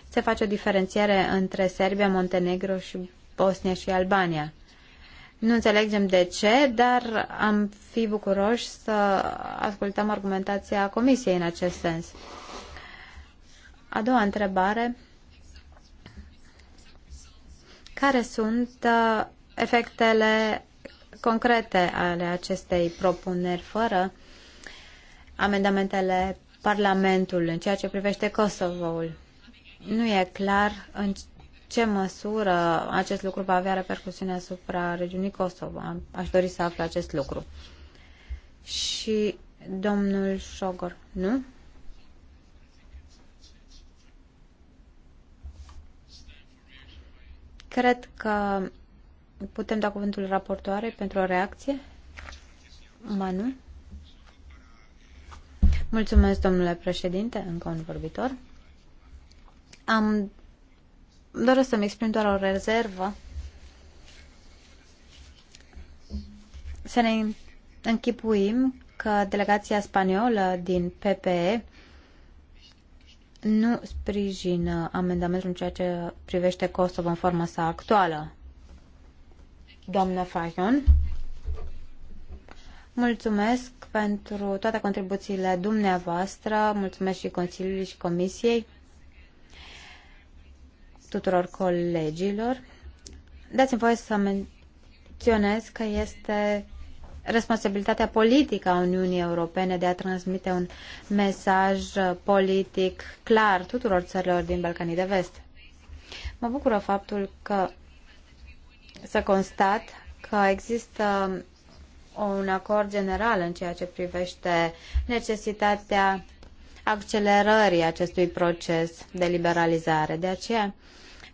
se face o diferențiere între Serbia, Montenegro și Bosnia și Albania. Nu înțelegem de ce, dar am fi bucuroși să ascultăm argumentația Comisiei în acest sens. A doua întrebare. Care sunt uh, efectele concrete ale acestei propuneri fără amendamentele Parlamentului în ceea ce privește Kosovo-ul? Nu e clar în ce măsură acest lucru va avea repercusiune asupra regiunii Kosovo. Aș dori să aflu acest lucru. Și domnul Șogor, nu? Cred că putem da cuvântul raportoare pentru o reacție. Manu? Mulțumesc, domnule președinte, încă un vorbitor. Am doresc să-mi exprim doar o rezervă. Să ne închipuim că delegația spaniolă din PPE nu sprijină amendamentul în ceea ce privește Kosovo în forma sa actuală. Doamna Fajon, mulțumesc pentru toate contribuțiile dumneavoastră, mulțumesc și Consiliului și Comisiei tuturor colegilor. Dați-mi voie să menționez că este responsabilitatea politică a Uniunii Europene de a transmite un mesaj politic clar tuturor țărilor din Balcanii de Vest. Mă bucură faptul că să constat că există un acord general în ceea ce privește necesitatea accelerării acestui proces de liberalizare. De aceea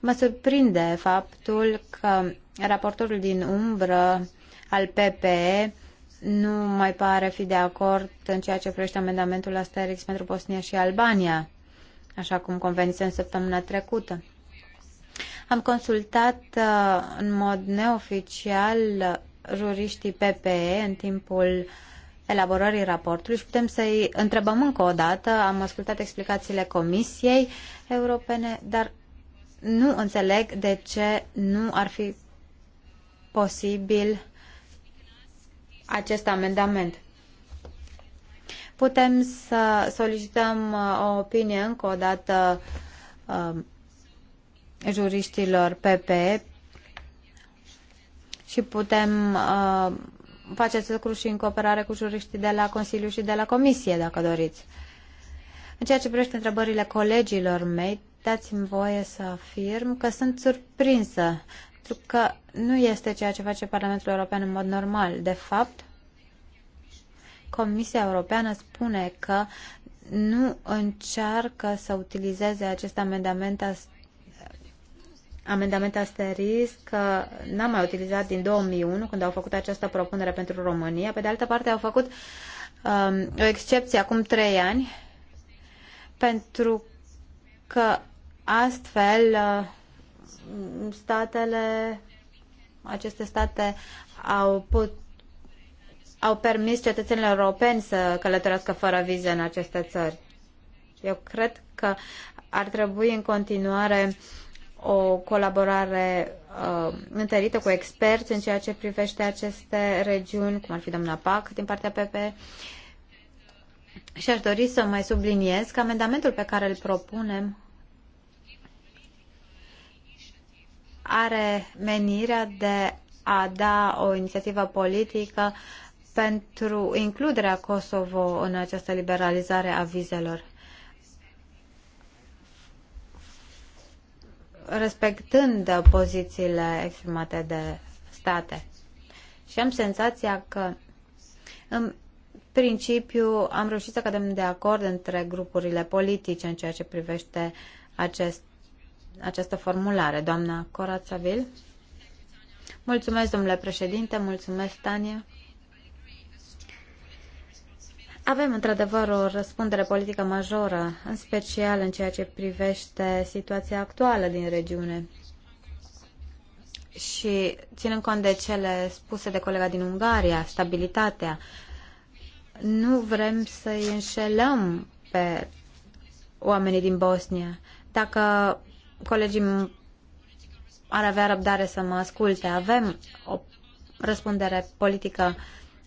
Mă surprinde faptul că raportorul din umbră al PPE nu mai pare fi de acord în ceea ce privește amendamentul Asterix pentru Bosnia și Albania, așa cum convenise în săptămâna trecută. Am consultat uh, în mod neoficial juriștii PPE în timpul elaborării raportului și putem să-i întrebăm încă o dată. Am ascultat explicațiile Comisiei Europene, dar nu înțeleg de ce nu ar fi posibil acest amendament. Putem să solicităm uh, o opinie încă o dată uh, juriștilor PP și putem uh, face acest lucru și în cooperare cu juriștii de la Consiliu și de la Comisie, dacă doriți. În ceea ce privește întrebările colegilor mei, dați-mi voie să afirm că sunt surprinsă, pentru că nu este ceea ce face Parlamentul European în mod normal. De fapt, Comisia Europeană spune că nu încearcă să utilizeze acest amendament as- amendament asterisc n-am mai utilizat din 2001 când au făcut această propunere pentru România. Pe de altă parte au făcut um, o excepție acum trei ani pentru că astfel uh, statele, aceste state au put au permis cetățenilor europeni să călătorească fără vize în aceste țări. Eu cred că ar trebui în continuare o colaborare uh, întărită cu experți în ceea ce privește aceste regiuni, cum ar fi doamna PAC din partea PP și aș dori să mai subliniez că amendamentul pe care îl propunem are menirea de a da o inițiativă politică pentru includerea Kosovo în această liberalizare a vizelor. respectând pozițiile exprimate de state. Și am senzația că principiu am reușit să cădem de acord între grupurile politice în ceea ce privește acest, această formulare. Doamna Corațavil? Mulțumesc, domnule președinte, mulțumesc, Tania. Avem într-adevăr o răspundere politică majoră, în special în ceea ce privește situația actuală din regiune. Și ținând cont de cele spuse de colega din Ungaria, stabilitatea nu vrem să-i înșelăm pe oamenii din Bosnia. Dacă colegii ar avea răbdare să mă asculte, avem o răspundere politică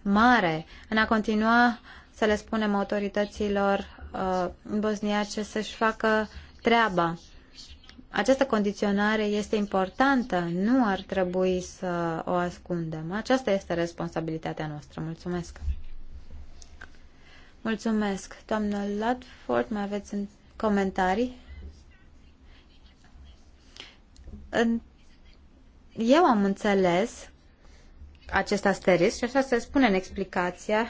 mare în a continua să le spunem autorităților uh, bosniace să-și facă treaba. Această condiționare este importantă, nu ar trebui să o ascundem. Aceasta este responsabilitatea noastră. Mulțumesc! Mulțumesc. Doamnă Latford, mai aveți în comentarii? În... Eu am înțeles acest asterisc și așa se spune în explicația.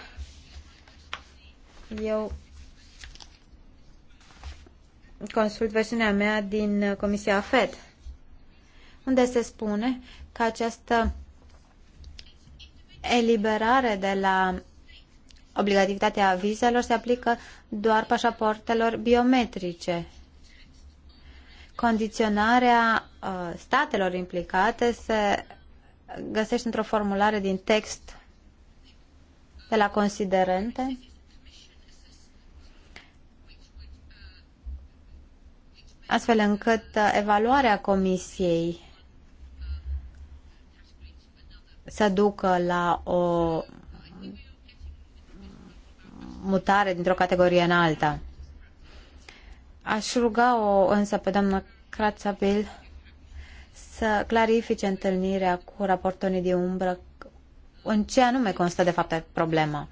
Eu consult versiunea mea din Comisia FED, unde se spune că această eliberare de la Obligativitatea vizelor se aplică doar pașaportelor biometrice. Condiționarea uh, statelor implicate se găsește într-o formulare din text de la considerente. astfel încât uh, evaluarea comisiei să ducă la o mutare dintr-o categorie în alta. Aș ruga-o însă pe doamna Crațabil să clarifice întâlnirea cu raportorii de umbră în ce anume constă de fapt problema.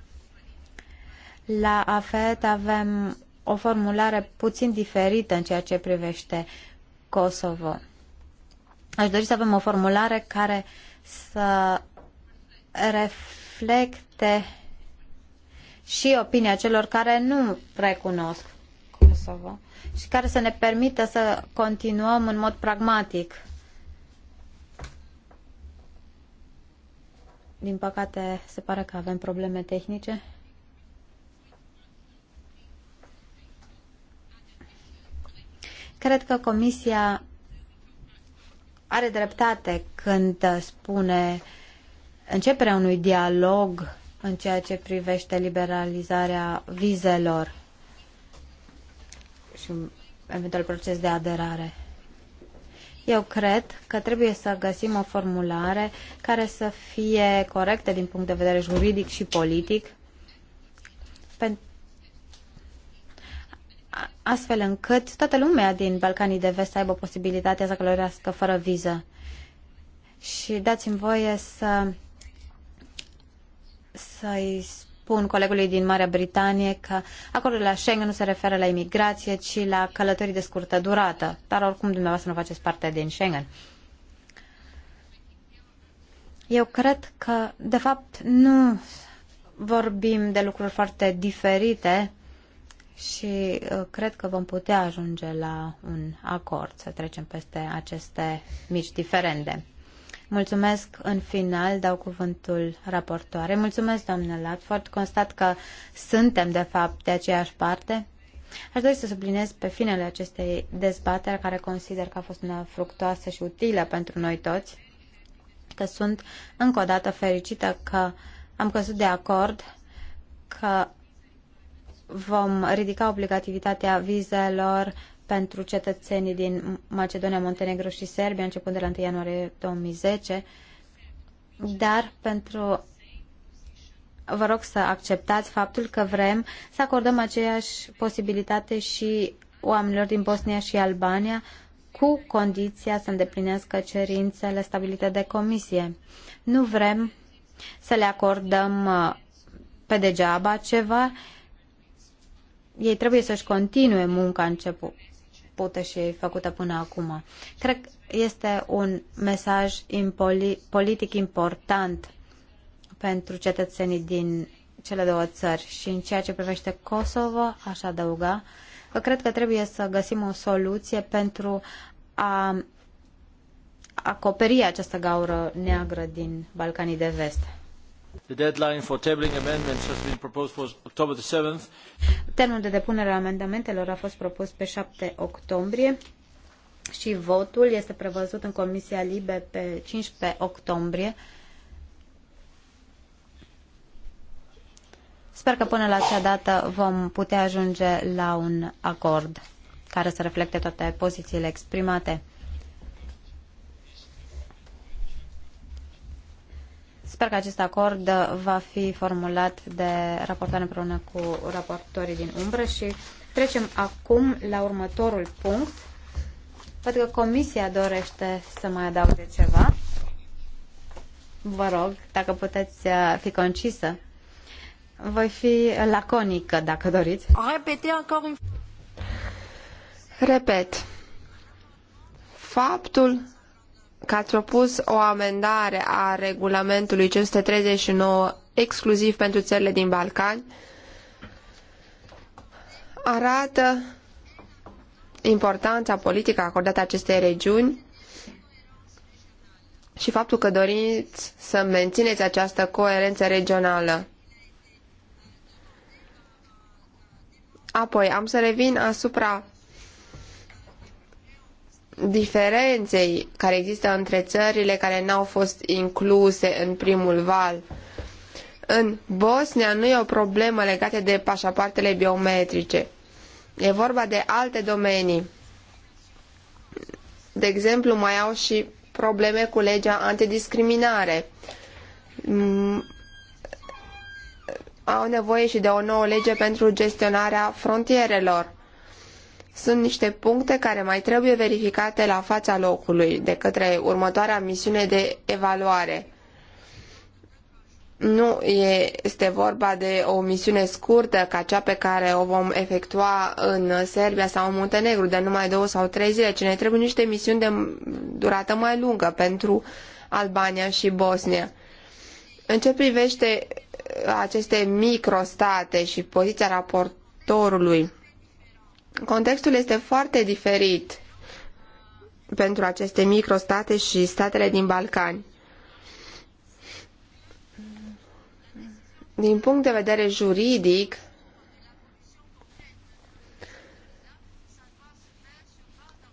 La AFET avem o formulare puțin diferită în ceea ce privește Kosovo. Aș dori să avem o formulare care să reflecte și opinia celor care nu recunosc Kosovo și care să ne permită să continuăm în mod pragmatic. Din păcate, se pare că avem probleme tehnice. Cred că Comisia are dreptate când spune începerea unui dialog în ceea ce privește liberalizarea vizelor și eventual proces de aderare. Eu cred că trebuie să găsim o formulare care să fie corectă din punct de vedere juridic și politic, astfel încât toată lumea din Balcanii de Vest să aibă posibilitatea să călătorească fără viză. Și dați-mi voie să să-i spun colegului din Marea Britanie că acordul la Schengen nu se referă la imigrație, ci la călătorii de scurtă durată. Dar oricum dumneavoastră nu faceți parte din Schengen. Eu cred că, de fapt, nu vorbim de lucruri foarte diferite și uh, cred că vom putea ajunge la un acord, să trecem peste aceste mici diferende. Mulțumesc în final, dau cuvântul raportoare. Mulțumesc, doamnă Latford. Constat că suntem, de fapt, de aceeași parte. Aș dori să subliniez pe finele acestei dezbateri, care consider că a fost una fructoasă și utilă pentru noi toți, că sunt încă o dată fericită că am căzut de acord că vom ridica obligativitatea vizelor pentru cetățenii din Macedonia, Montenegro și Serbia, începând de la 1 ianuarie 2010, dar pentru vă rog să acceptați faptul că vrem să acordăm aceeași posibilitate și oamenilor din Bosnia și Albania cu condiția să îndeplinească cerințele stabilite de comisie. Nu vrem să le acordăm uh, pe degeaba ceva, ei trebuie să-și continue munca început, începută și făcută până acum. Cred că este un mesaj politic important pentru cetățenii din cele două țări și în ceea ce privește Kosovo, aș adăuga că cred că trebuie să găsim o soluție pentru a acoperi această gaură neagră din Balcanii de Vest. The deadline for tabling amendments has been proposed for October Termenul de depunere a amendamentelor a fost propus pe 7 octombrie și votul este prevăzut în Comisia Libe pe cincisprezece octombrie. Sper că până la acea dată vom putea ajunge la un acord care să reflecte toate pozițiile exprimate. Sper că acest acord va fi formulat de raportoare împreună cu raportorii din umbră și trecem acum la următorul punct. Văd că Comisia dorește să mai adauge ceva. Vă rog, dacă puteți uh, fi concisă. Voi fi laconică, dacă doriți. Repet. Faptul că ați propus o amendare a regulamentului 539 exclusiv pentru țările din Balcani arată importanța politică acordată acestei regiuni și faptul că doriți să mențineți această coerență regională. Apoi, am să revin asupra diferenței care există între țările care n-au fost incluse în primul val. În Bosnia nu e o problemă legată de pașapoartele biometrice. E vorba de alte domenii. De exemplu, mai au și probleme cu legea antidiscriminare. Mm, au nevoie și de o nouă lege pentru gestionarea frontierelor sunt niște puncte care mai trebuie verificate la fața locului de către următoarea misiune de evaluare. Nu este vorba de o misiune scurtă ca cea pe care o vom efectua în Serbia sau în Muntenegru de numai două sau trei zile, ci ne trebuie niște misiuni de durată mai lungă pentru Albania și Bosnia. În ce privește aceste microstate și poziția raportorului, contextul este foarte diferit pentru aceste microstate și statele din Balcani. Din punct de vedere juridic,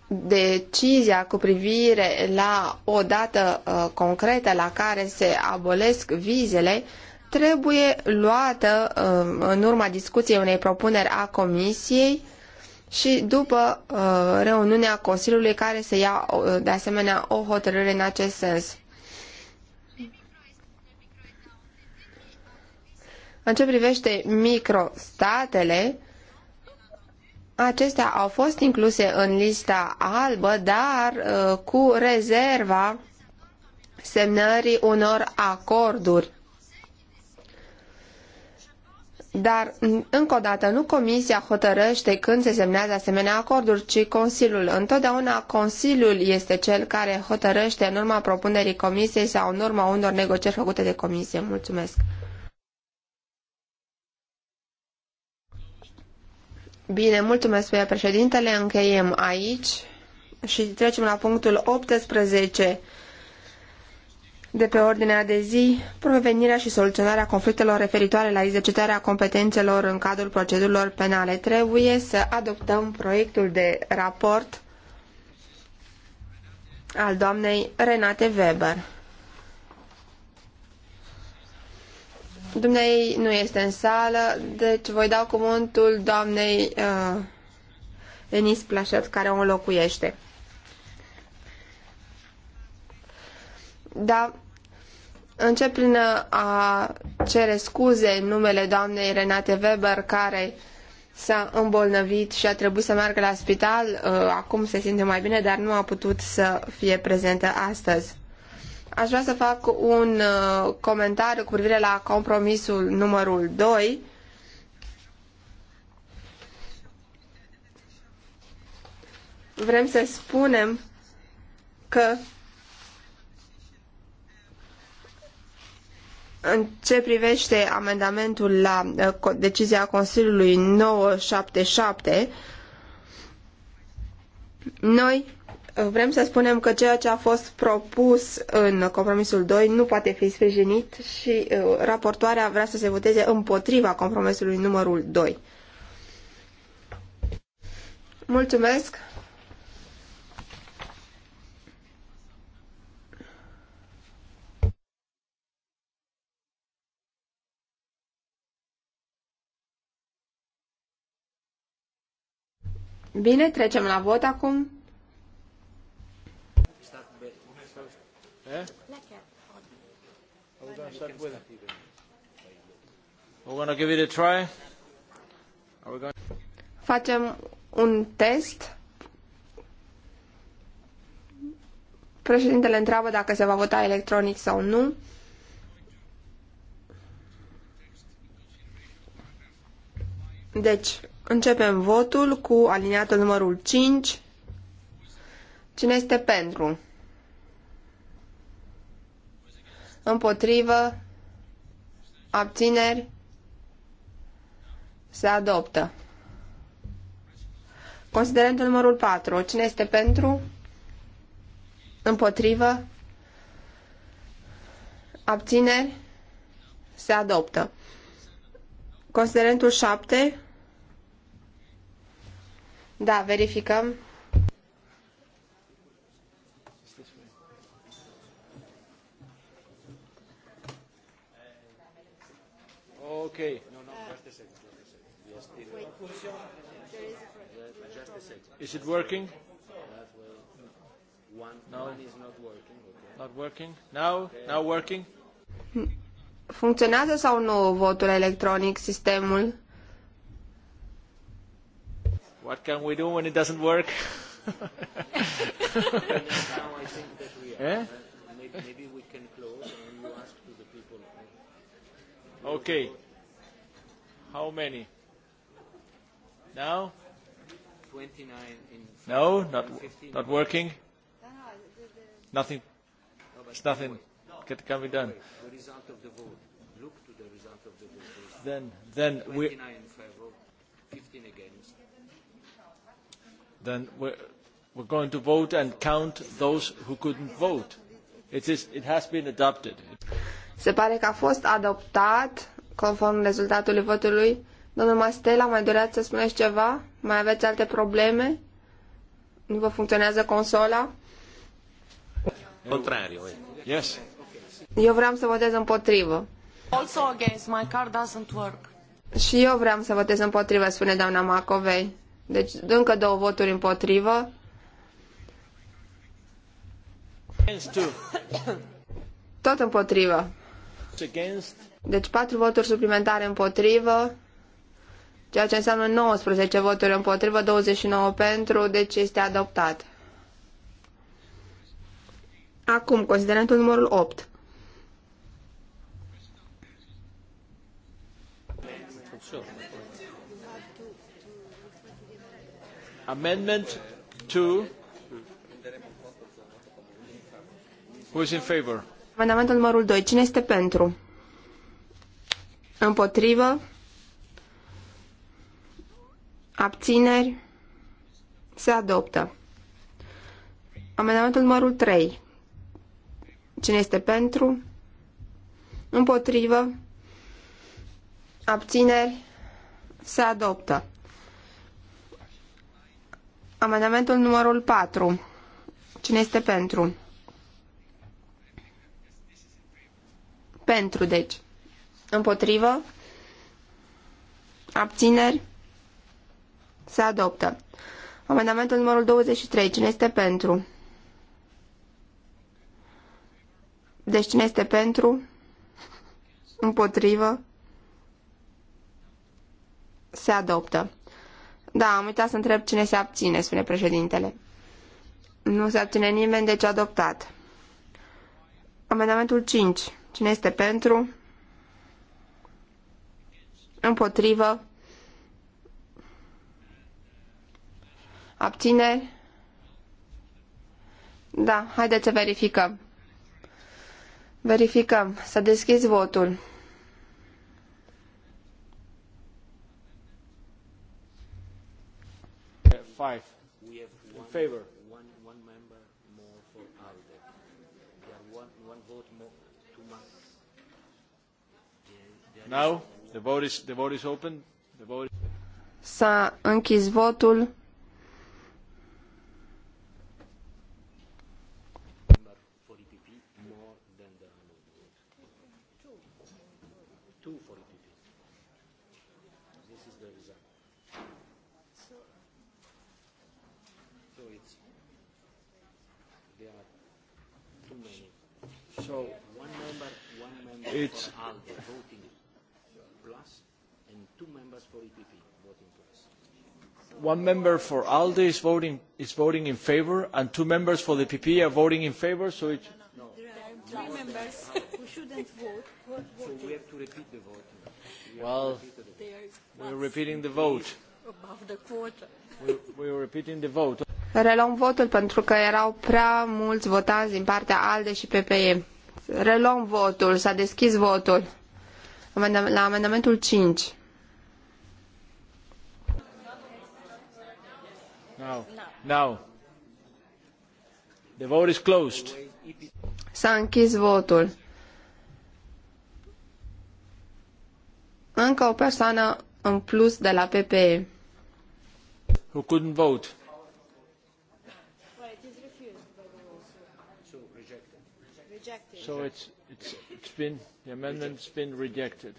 decizia cu privire la o dată uh, concretă la care se abolesc vizele trebuie luată uh, în urma discuției unei propuneri a Comisiei uh, și după uh, reuniunea Consiliului care să ia uh, de asemenea o hotărâre în acest sens. În ce privește microstatele, acestea au fost incluse în lista albă, dar uh, cu rezerva semnării unor acorduri dar, încă o dată, nu Comisia hotărăște când se semnează asemenea acorduri, ci Consiliul. Întotdeauna Consiliul este cel care hotărăște în urma propunerii Comisiei sau în urma unor negocieri făcute de Comisie. Mulțumesc! Bine, mulțumesc pe președintele, încheiem aici și trecem la punctul 18 de pe ordinea de zi, provenirea și soluționarea conflictelor referitoare la exercitarea competențelor în cadrul procedurilor penale. Trebuie să adoptăm proiectul de raport al doamnei Renate Weber. Dumnei nu este în sală, deci voi da cuvântul doamnei uh, Enis Plașet, care o înlocuiește. Da, încep prin a cere scuze în numele doamnei Renate Weber, care s-a îmbolnăvit și a trebuit să meargă la spital. Uh, acum se simte mai bine, dar nu a putut să fie prezentă astăzi. Aș vrea să fac un uh, comentariu cu privire la compromisul numărul doi. Vrem să spunem că În ce privește amendamentul la uh, decizia Consiliului 977, noi uh, vrem să spunem că ceea ce a fost propus în compromisul 2 nu poate fi sprijinit și uh, raportoarea vrea să se voteze împotriva compromisului numărul 2. Mulțumesc! Bine, trecem la vot acum. Facem un test. Președintele întreabă dacă se va vota electronic sau nu. Deci, Începem votul cu aliniatul numărul 5. Cine este pentru? Împotrivă? Abțineri? Se adoptă. Considerentul numărul 4. Cine este pentru? Împotrivă? Abțineri? Se adoptă. Considerentul 7. Da, verificăm. Ok. No, no, ah. just a second. Just a second. Just a second. Is it working? One, no. one is not working. Okay. Not working? Now? Okay. Now working? Funcționează sau nu votul electronic, sistemul? What can we do when it doesn't work? now I think that we are. Eh? Maybe, maybe we can close and you ask to the people. Okay. How many? Now? 29 in No, not, not working. nothing. No, it's nothing. No. Can, can be done. The result of the vote. Look to the result of the vote. Then, then we. 29 15 then we are going to vote and count those who not vote. It, has been adopted. Se pare că a fost adoptat, conform rezultatului votului. Domnul Mastela, mai doreați să spuneți ceva? Mai aveți alte probleme? Nu vă funcționează consola? Contrario. Eh. Yes. Eu vreau să votez împotrivă. Also against, my car doesn't work. Și eu vreau să votez împotrivă, spune doamna Macovei. Deci încă două voturi împotrivă. Tot împotrivă. Deci patru voturi suplimentare împotrivă, ceea ce înseamnă 19 voturi împotrivă, 29 pentru, deci este adoptat. Acum, considerentul numărul 8. Sure. Amendment two Who is in favor? Amendamentul numărul 2. Cine este pentru? Împotrivă? Abțineri? Se adoptă. Amendamentul numărul 3. Cine este pentru? Împotrivă? Abțineri? Se adoptă. Amendamentul numărul 4. Cine este pentru? Pentru, deci. Împotrivă? Abțineri? Se adoptă. Amendamentul numărul 23. Cine este pentru? Deci cine este pentru? Împotrivă? Se adoptă. Da, am uitat să întreb cine se abține, spune președintele. Nu se abține nimeni, deci adoptat. Amendamentul 5. Cine este pentru? Împotrivă? Abțineri? Da, haideți să verificăm. Verificăm. Să deschizi votul. five we have in one, favor. One, one member more for ALDE. There are one, one vote more, There, there Now, the vote, is, the vote is open. The vote is... S-a închis votul. it's ALDE voting plus and two members for EPP voting plus. One member for ALDE is voting is voting in favor, and two members for the PP are voting in favor. So it's no. no, no. There are three members who shouldn't vote. so we have to repeat the vote. We well, we we're repeating the vote. Above the quarter. we're, we're repeating the vote. Reluăm votul pentru că erau prea mulți votați din partea ALDE și PPE. Reluăm votul. S-a deschis votul. La amendamentul 5. Now. Now. The vote is closed. S-a închis votul. Încă o persoană în plus de la PPE. Who couldn't vote? So it's, it's, it's been, the amendment's been rejected.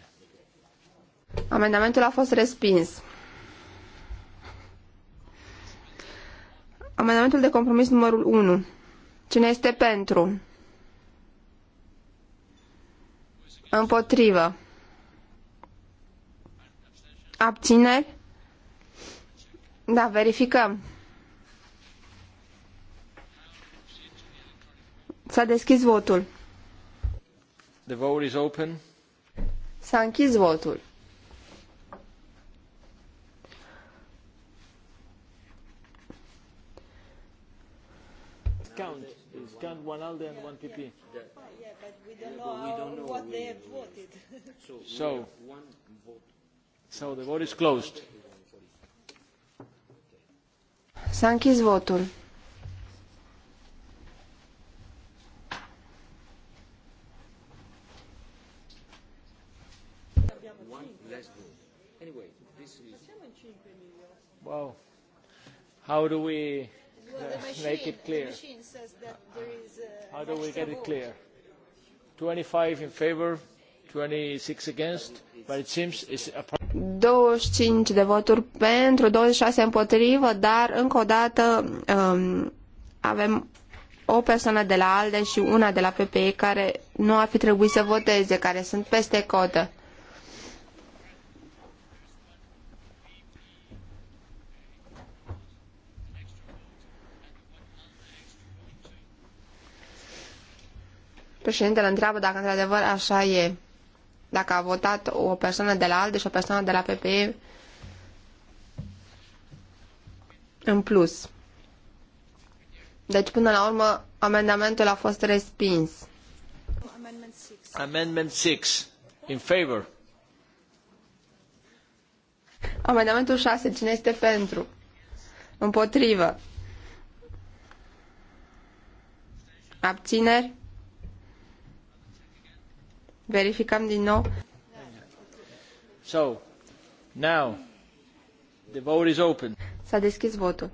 Amendamentul a fost respins. Amendamentul de compromis numărul 1. Cine este pentru? Împotrivă. Abțineri? Da, verificăm. S-a deschis votul. The vote is open. S-a închis votul. count. It's count one ALDE and one PP. Yeah, but we don't know, we don't know what they have voted. So, so the vote is closed. S-a închis votul. Wow. How do we well, machine, make it clear? is a uh, How do we get it clear? 25 in favor, 26 against, but it seems it's a 25 de voturi pentru, 26 împotrivă, dar încă o dată um, avem o persoană de la ALDE și una de la PPE care nu ar fi trebuit să voteze, care sunt peste cotă. Președintele întreabă dacă într-adevăr așa e. Dacă a votat o persoană de la ALDE și o persoană de la PPE în plus. Deci, până la urmă, amendamentul a fost respins. Amendment 6. In favor. Amendamentul 6. Cine este pentru? Împotrivă. Abțineri? Verificăm din nou. So, now, the vote is open. S-a deschis votul.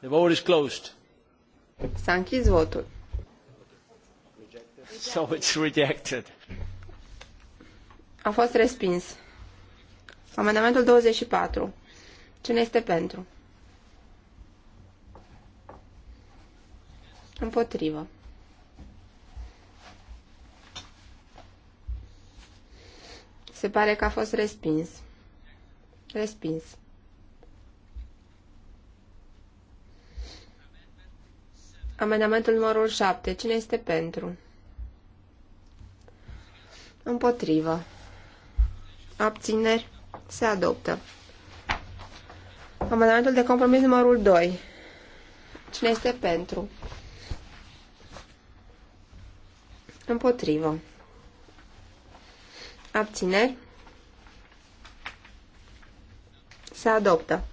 The vote is closed. S-a închis votul. So it's rejected. A fost respins. Amendamentul 24. Cine este pentru? Împotrivă. Se pare că a fost respins. Respins. Amendamentul numărul 7. Cine este pentru? Împotrivă. Abțineri. Se adoptă. Amendamentul de compromis numărul 2. Cine este pentru? Împotrivă. Abțineri. Se adoptă.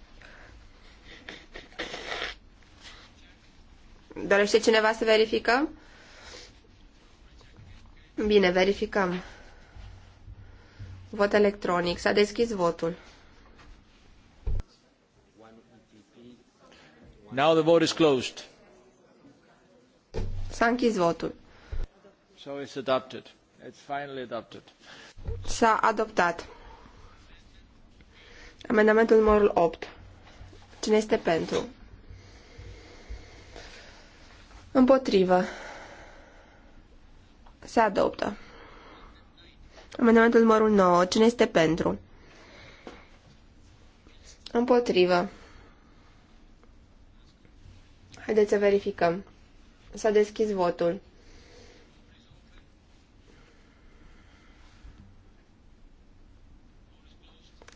Dorește cineva să verificăm? Bine, verificăm. Vot electronic. S-a deschis votul. Now the vote is closed. S-a închis votul. So it's adopted. It's finally adopted. S-a adoptat. Amendamentul numărul 8. Cine este pentru? Împotrivă. Se adoptă. Amendamentul numărul 9. Cine este pentru? Împotrivă. Haideți să verificăm. S-a deschis votul.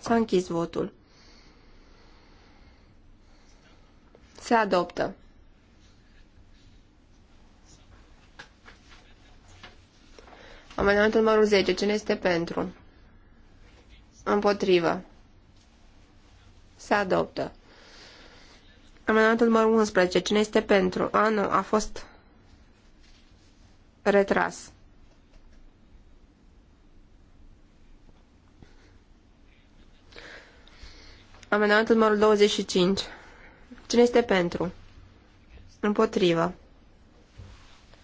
S-a închis votul. Se adoptă. Amendamentul numărul 10. Cine este pentru? Împotrivă. Se adoptă. Amendamentul numărul 11. Cine este pentru? A, nu, a fost retras. Amendamentul numărul 25. Cine este pentru? Împotrivă.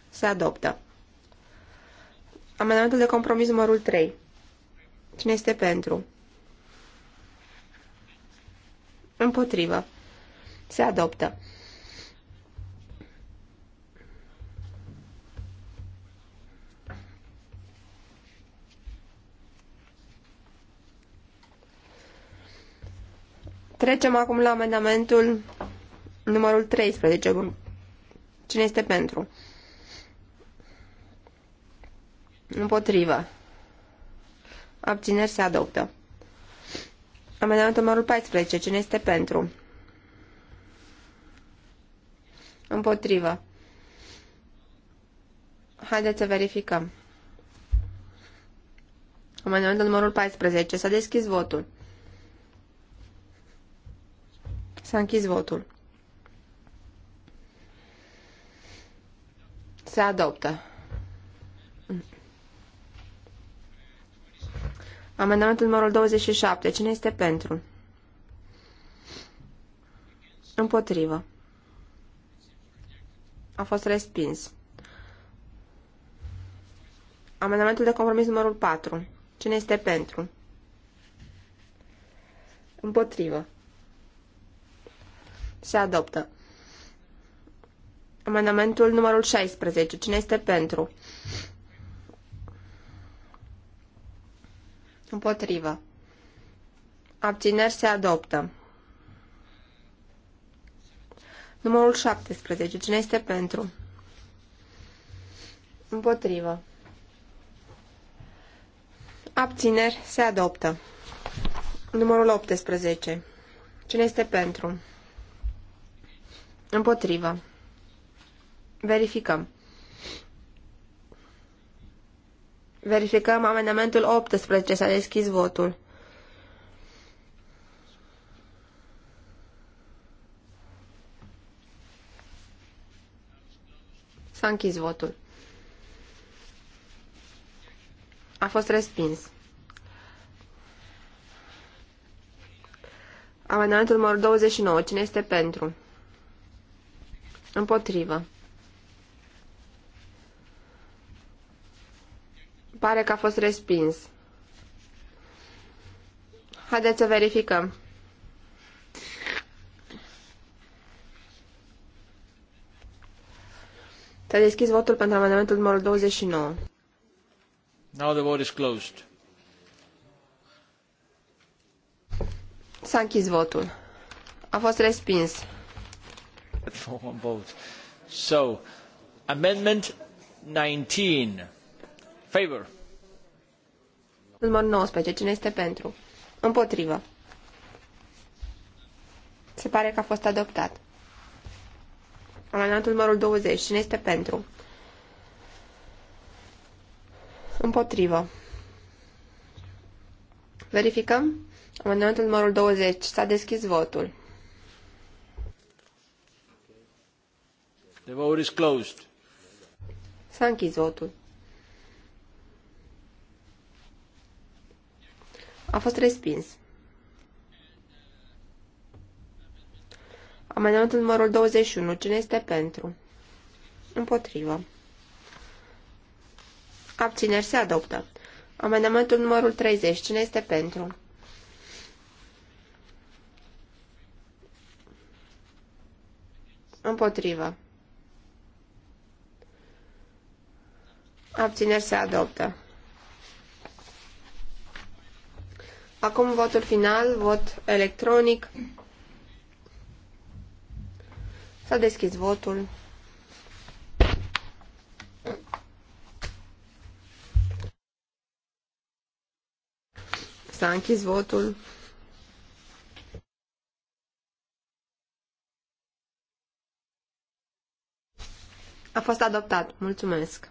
Se adoptă. Amendamentul de compromis numărul 3. Cine este pentru? Împotrivă. Se adoptă. Trecem acum la amendamentul numărul 13. Cine este pentru? Împotrivă. Abțineri se adoptă. Amendamentul numărul 14. Cine este pentru? Împotrivă. Haideți să verificăm. Amendamentul numărul 14. S-a deschis votul. S-a închis votul. Se adoptă. Amendamentul numărul 27. Cine este pentru? Împotrivă. A fost respins. Amendamentul de compromis numărul 4. Cine este pentru? Împotrivă. Se adoptă. Amendamentul numărul 16. Cine este pentru? Împotrivă. Abțineri se adoptă. Numărul 17. Cine este pentru? Împotrivă. Abțineri se adoptă. Numărul 18. Cine este pentru? Împotrivă. Verificăm. Verificăm amendamentul 18. S-a deschis votul. S-a închis votul. A fost respins. Amendamentul numărul 29. Cine este pentru? Împotrivă. Pare că a fost respins. Haideți să verificăm. S-a deschis votul pentru amendamentul numărul 29. Now the vote is closed. S-a închis votul. A fost respins. For one vote. So, amendment 19. Favor. Numărul 19. Cine este pentru? Împotrivă. Se pare că a fost adoptat. Amendamentul numărul 20. Cine este pentru? Împotrivă. Verificăm. Amendamentul numărul 20. S-a deschis votul. The vote is closed. S-a închis votul. A fost respins. Amendamentul numărul 21. Cine este pentru? Împotrivă. Abțineri se adoptă. Amendamentul numărul 30. Cine este pentru? Împotrivă. Abțineri se adoptă. Acum votul final, vot electronic. S-a deschis votul. S-a închis votul. A fost adoptat. Mulțumesc.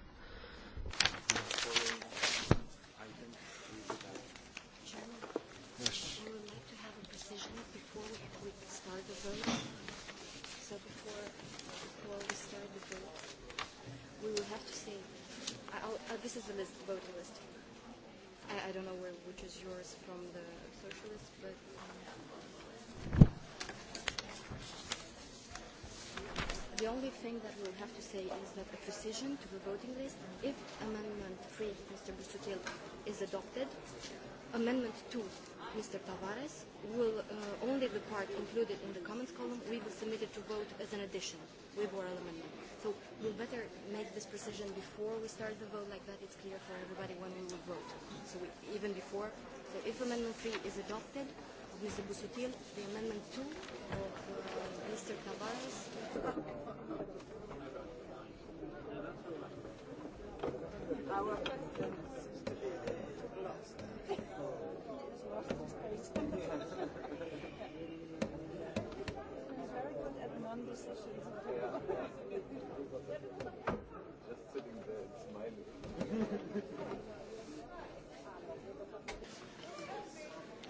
This is the list, voting list. I, I don't know where, which is yours from the socialists, but. Um, the only thing that we'll have to say is that the precision to the voting list, if Amendment 3, Mr. Busutil, is adopted, Amendment 2, Mr. Tavares, will uh, only the part included in the comments column, we will submit it to vote as an addition with oral amendment. So we better make this precision before we start the vote, like that it's clear for everybody when we will vote. So we, even before, so if Amendment 3 is adopted, Mr. Busutil, the Amendment 2 of uh, Mr. Tavares. Our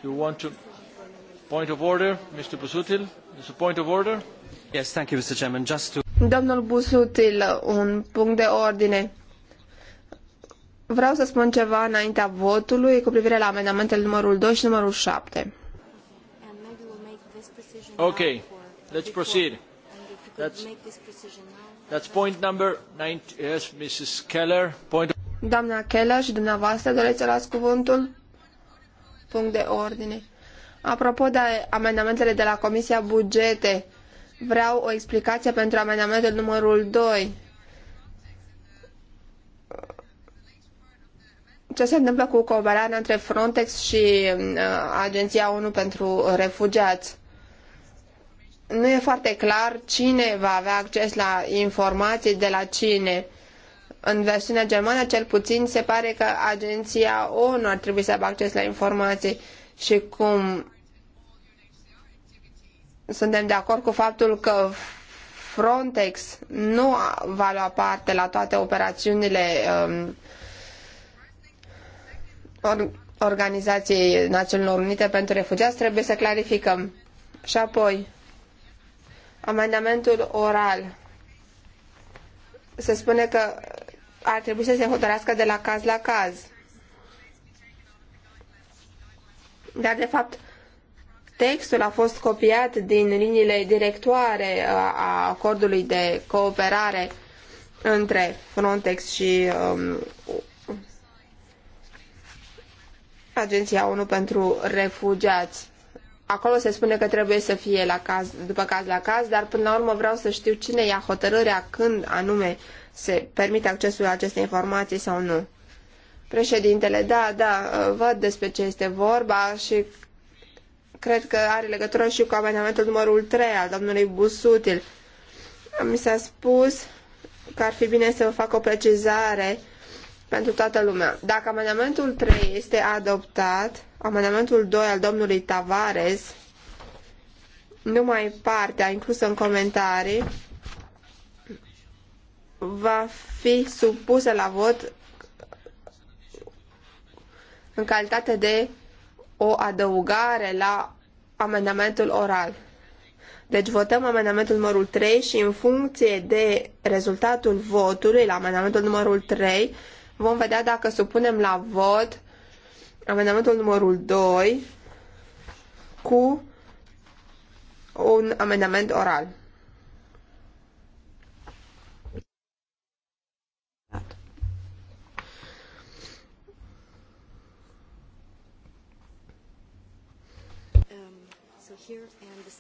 you want to point of order, Mr. Busutil? Mr. Point of order? Yes, thank you, Mr. Chairman. Just to... Domnul Busutil, un punct de ordine. Vreau să spun ceva înaintea votului cu privire la amendamentele numărul 2 și numărul 7. Ok, let's proceed. That's, that's point number 9. Yes, Mrs. Keller. Point... Doamna Keller și dumneavoastră doreți să luați cuvântul? punct de ordine. Apropo de amendamentele de la Comisia Bugete, vreau o explicație pentru amendamentul numărul 2. Ce se întâmplă cu cooperarea între Frontex și uh, Agenția ONU pentru Refugiați? Nu e foarte clar cine va avea acces la informații de la cine. În versiunea germană, cel puțin, se pare că agenția ONU ar trebui să aibă acces la informații și cum suntem de acord cu faptul că Frontex nu va lua parte la toate operațiunile um, or, Organizației Națiunilor Unite pentru Refugiați, trebuie să clarificăm. Și apoi, amendamentul oral. Se spune că ar trebui să se hotărască de la caz la caz. Dar, de fapt, textul a fost copiat din liniile directoare uh, a acordului de cooperare între Frontex și um, Agenția ONU pentru Refugiați. Acolo se spune că trebuie să fie la caz, după caz la caz, dar până la urmă vreau să știu cine ia hotărârea, când anume se permite accesul la aceste informații sau nu. Președintele, da, da, văd despre ce este vorba și cred că are legătură și cu amendamentul numărul 3 al domnului Busutil. Mi s-a spus că ar fi bine să vă fac o precizare pentru toată lumea. Dacă amendamentul 3 este adoptat, amendamentul 2 al domnului Tavares, numai partea inclusă în comentarii, va fi supusă la vot în calitate de o adăugare la amendamentul oral. Deci votăm amendamentul numărul 3 și în funcție de rezultatul votului la amendamentul numărul 3 vom vedea dacă supunem la vot amendamentul numărul 2 cu un amendament oral.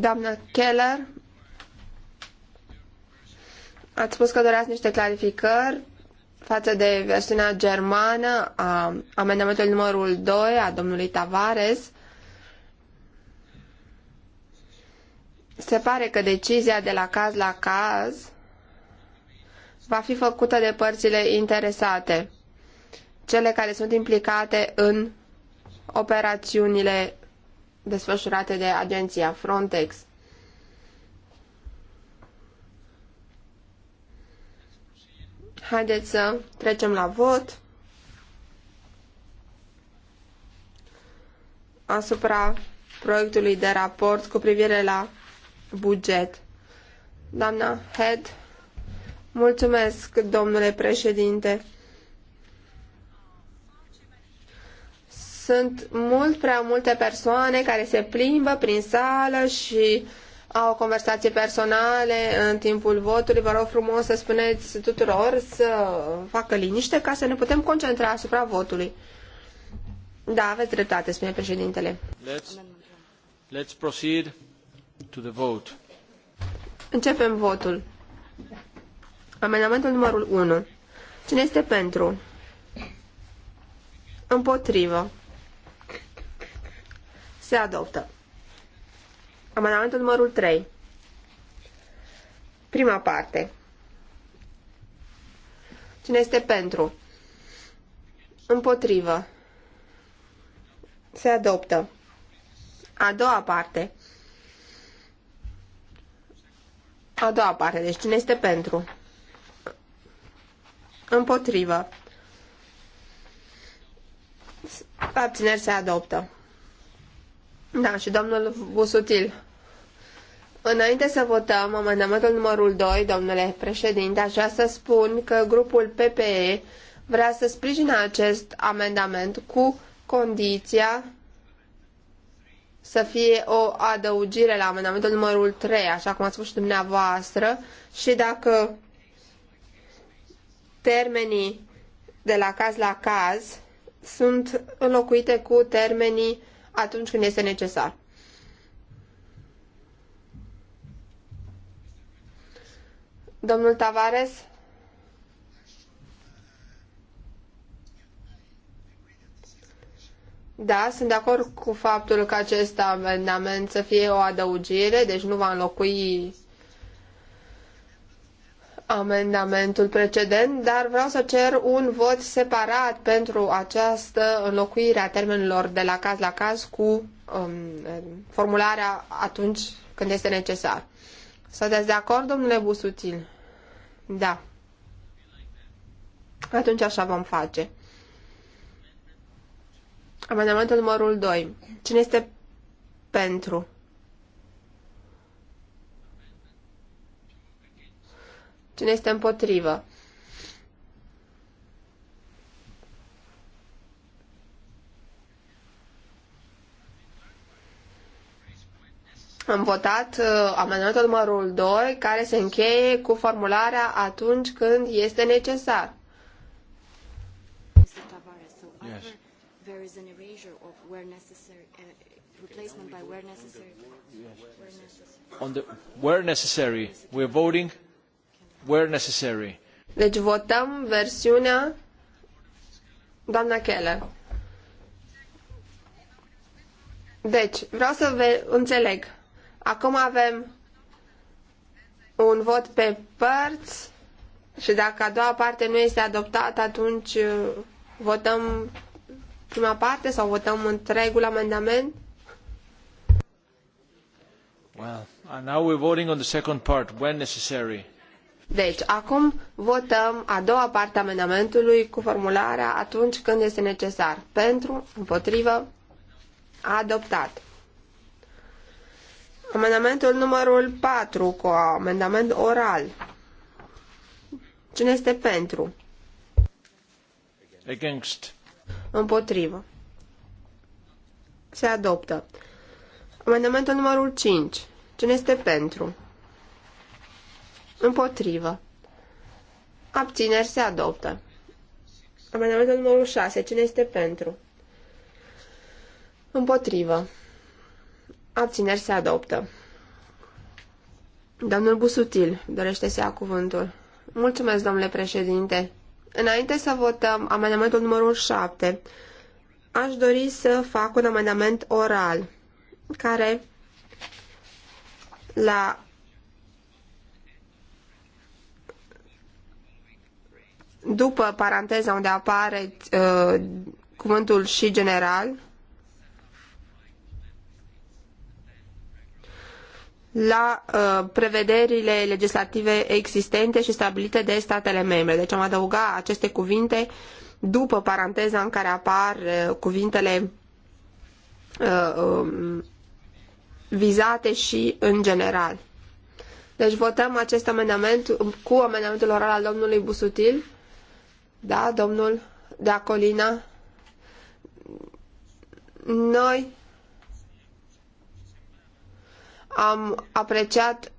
Doamna Keller, ați spus că doreați niște clarificări față de versiunea germană a amendamentului numărul 2 a domnului Tavares. Se pare că decizia de la caz la caz va fi făcută de părțile interesate, cele care sunt implicate în operațiunile desfășurate de agenția Frontex. Haideți să trecem la vot. asupra proiectului de raport cu privire la buget. Doamna Head, mulțumesc, domnule președinte. sunt mult prea multe persoane care se plimbă prin sală și au conversații personale în timpul votului. Vă rog frumos să spuneți tuturor să facă liniște ca să ne putem concentra asupra votului. Da, aveți dreptate, spune președintele. Let's, let's proceed to the vote. Începem votul. Amendamentul numărul 1. Cine este pentru? Împotrivă. Se adoptă. Amendamentul numărul 3. Prima parte. Cine este pentru? Împotrivă. Se adoptă. A doua parte. A doua parte. Deci cine este pentru? Împotrivă. Abțineri se adoptă. Da, și domnul Busutil. Înainte să votăm amendamentul numărul 2, domnule președinte, aș vrea să spun că grupul PPE vrea să sprijine acest amendament cu condiția să fie o adăugire la amendamentul numărul 3, așa cum a spus și dumneavoastră, și dacă termenii de la caz la caz sunt înlocuite cu termenii atunci când este necesar. Domnul Tavares? Da, sunt de acord cu faptul că acest amendament să fie o adăugire, deci nu va înlocui amendamentul precedent, dar vreau să cer un vot separat pentru această înlocuire a termenilor de la caz la caz cu um, formularea atunci când este necesar. Sunteți de acord, domnule Busutil? Da. Atunci așa vom face. Amendamentul numărul 2. Cine este pentru? Cine este împotrivă? Am votat uh, amendamentul numărul 2, care se încheie cu formularea atunci când este necesar. Yes. Uh, yes. On the where necessary, we're voting where necessary. Deci votăm versiunea doamna Keller. Deci, vreau să ve- înțeleg. Acum avem un vot pe părți și dacă a doua parte nu este adoptată, atunci uh, votăm prima parte sau votăm întregul amendament? Well, and now we're voting on the second part, when necessary. Deci, acum votăm a doua parte a amendamentului cu formularea atunci când este necesar. Pentru, împotrivă, adoptat. Amendamentul numărul 4 cu amendament oral. Cine este pentru? Against. Împotrivă. Se adoptă. Amendamentul numărul 5. Cine este pentru? Împotrivă. Abțineri se adoptă. Amendamentul numărul 6. Cine este pentru? Împotrivă. Abțineri se adoptă. Domnul Busutil dorește să ia cuvântul. Mulțumesc, domnule președinte. Înainte să votăm amendamentul numărul 7, aș dori să fac un amendament oral, care la după paranteza unde apare uh, cuvântul și general, la uh, prevederile legislative existente și stabilite de statele membre. Deci am adăuga aceste cuvinte după paranteza în care apar uh, cuvintele uh, um, vizate și în general. Deci votăm acest amendament cu amendamentul oral al domnului Busutil. Da, domnul Dacolina? Noi am apreciat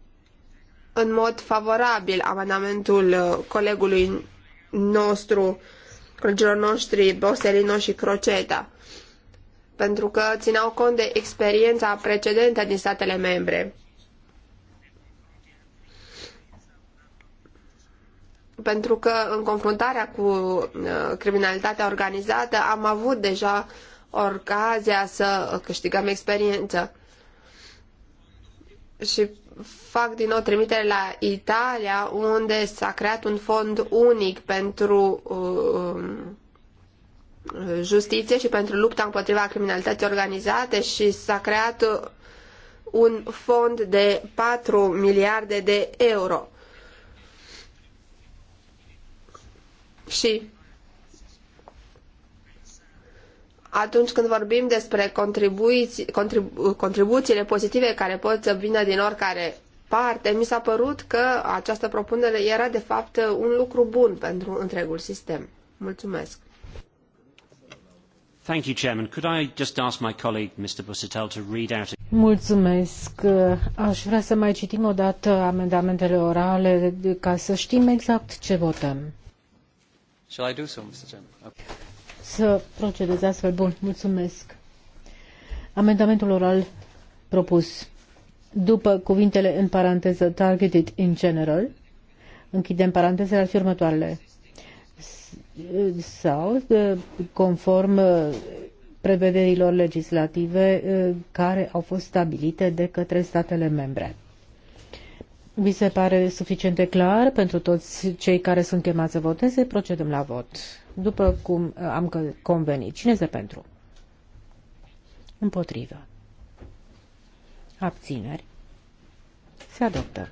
în mod favorabil amendamentul uh, colegului nostru, colegilor noștri, Boselino și Croceta, pentru că țineau cont de experiența precedentă din statele membre. pentru că în confruntarea cu uh, criminalitatea organizată am avut deja ocazia să câștigăm experiență. Și fac din nou trimitere la Italia, unde s-a creat un fond unic pentru uh, justiție și pentru lupta împotriva criminalității organizate și s-a creat un fond de patru miliarde de euro Și atunci când vorbim despre contribuții, contribu, contribuțiile pozitive care pot să vină din oricare parte, mi s-a părut că această propunere era de fapt un lucru bun pentru întregul sistem. Mulțumesc. Thank you, Chairman. Could I just ask my colleague, Mr. Busuttil, to read out... Mulțumesc. Aș vrea să mai citim o dată amendamentele orale ca să știm exact ce votăm. Shall I do so, Mr. Chairman? Okay. Să procedez astfel. Bun, mulțumesc. Amendamentul oral propus. După cuvintele în paranteză targeted in general, închidem parantezele ar fi următoarele. Sau, conform uh, prevederilor legislative uh, care au fost stabilite de către statele membre. Mi se pare suficient de clar pentru toți cei care sunt chemați să voteze. Procedăm la vot. După cum uh, am convenit. Cine este pentru? Împotrivă. Abțineri. Se adoptă.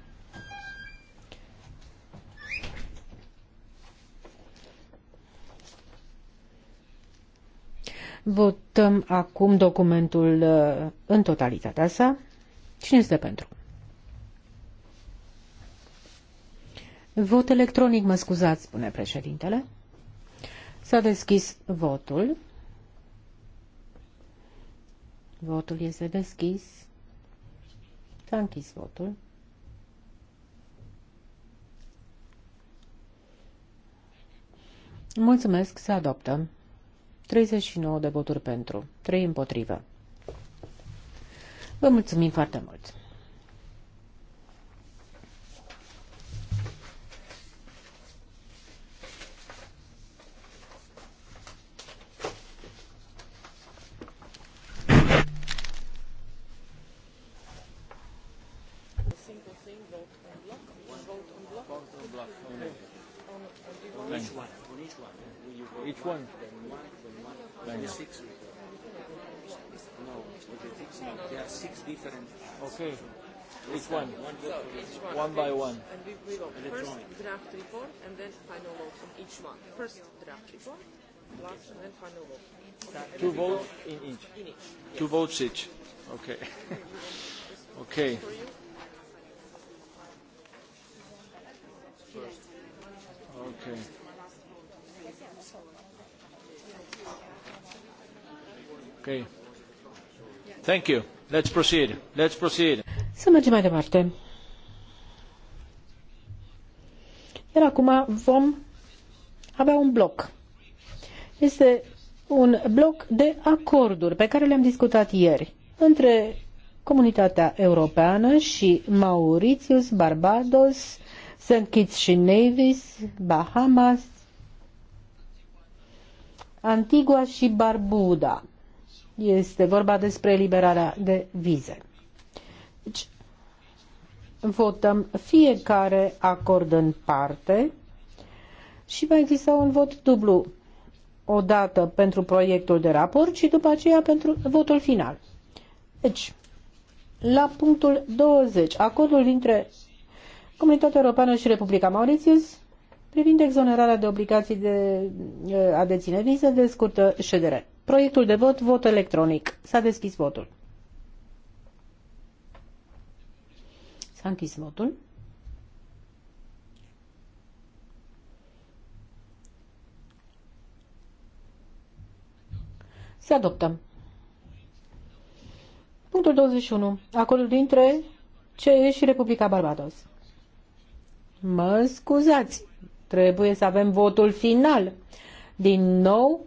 Votăm acum documentul uh, în totalitatea sa. Cine este pentru? Vot electronic, mă scuzați, spune președintele. S-a deschis votul. Votul este deschis. S-a închis votul. Mulțumesc, se adoptă. 39 de voturi pentru, 3 împotrivă. Vă mulțumim foarte mult! Which one? six there are six different. Okay. Which one? One, by one. And we, we will first draft report and then final vote on each one. First draft report, last and then final vote. Okay. Two votes in each. In Yes. Two votes each. Okay. okay. Okay. Thank you. Let's proceed. Let's proceed. Să mergem mai departe. Iar acum vom avea un bloc. Este un bloc de acorduri pe care le-am discutat ieri între Comunitatea Europeană și Mauritius, Barbados, St. Kitts și Nevis, Bahamas, Antigua și Barbuda. Este vorba despre eliberarea de vize. Deci, votăm fiecare acord în parte și va exista un vot dublu o dată pentru proiectul de raport și după aceea pentru votul final. Deci, la punctul 20, acordul dintre Comunitatea Europeană și Republica Mauritius privind exonerarea de obligații de a deține viză de scurtă ședere. Proiectul de vot, vot electronic. S-a deschis votul. S-a închis votul. Se adoptă. Punctul 21. Acordul dintre CE și Republica Barbados. Mă scuzați, trebuie să avem votul final. Din nou,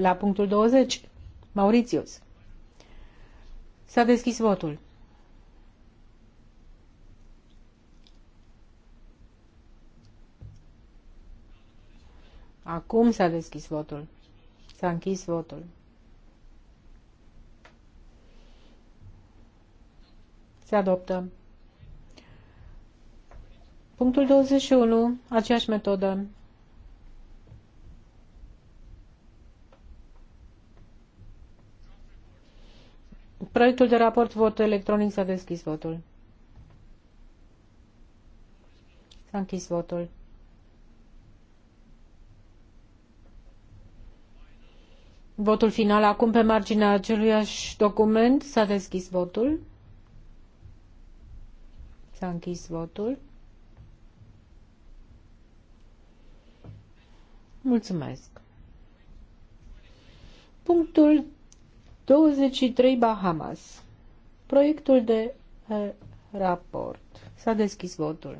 la punctul 20. Mauritius. S-a deschis votul. Acum s-a deschis votul. S-a închis votul. Se adoptă. Punctul 21. Aceeași metodă. Proiectul de raport vot electronic s-a deschis votul. S-a închis votul. Votul final acum pe marginea aceluiași document s-a deschis votul. S-a închis votul. Mulțumesc. Punctul 23 Bahamas. Proiectul de eh, raport. S-a deschis votul.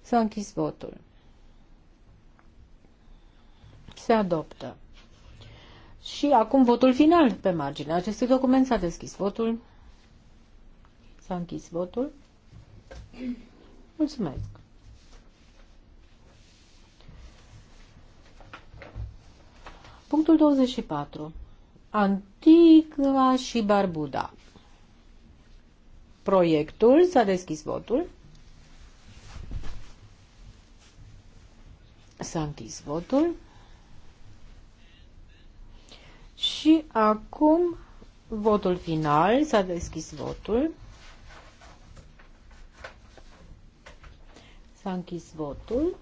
S-a închis votul. Se adoptă. Și acum votul final pe marginea acestui document. S-a deschis votul. S-a închis votul. Mulțumesc. Punctul 24. Antigua și Barbuda. Proiectul s-a deschis votul. S-a închis votul. Și acum votul final, s-a deschis votul. S-a închis votul.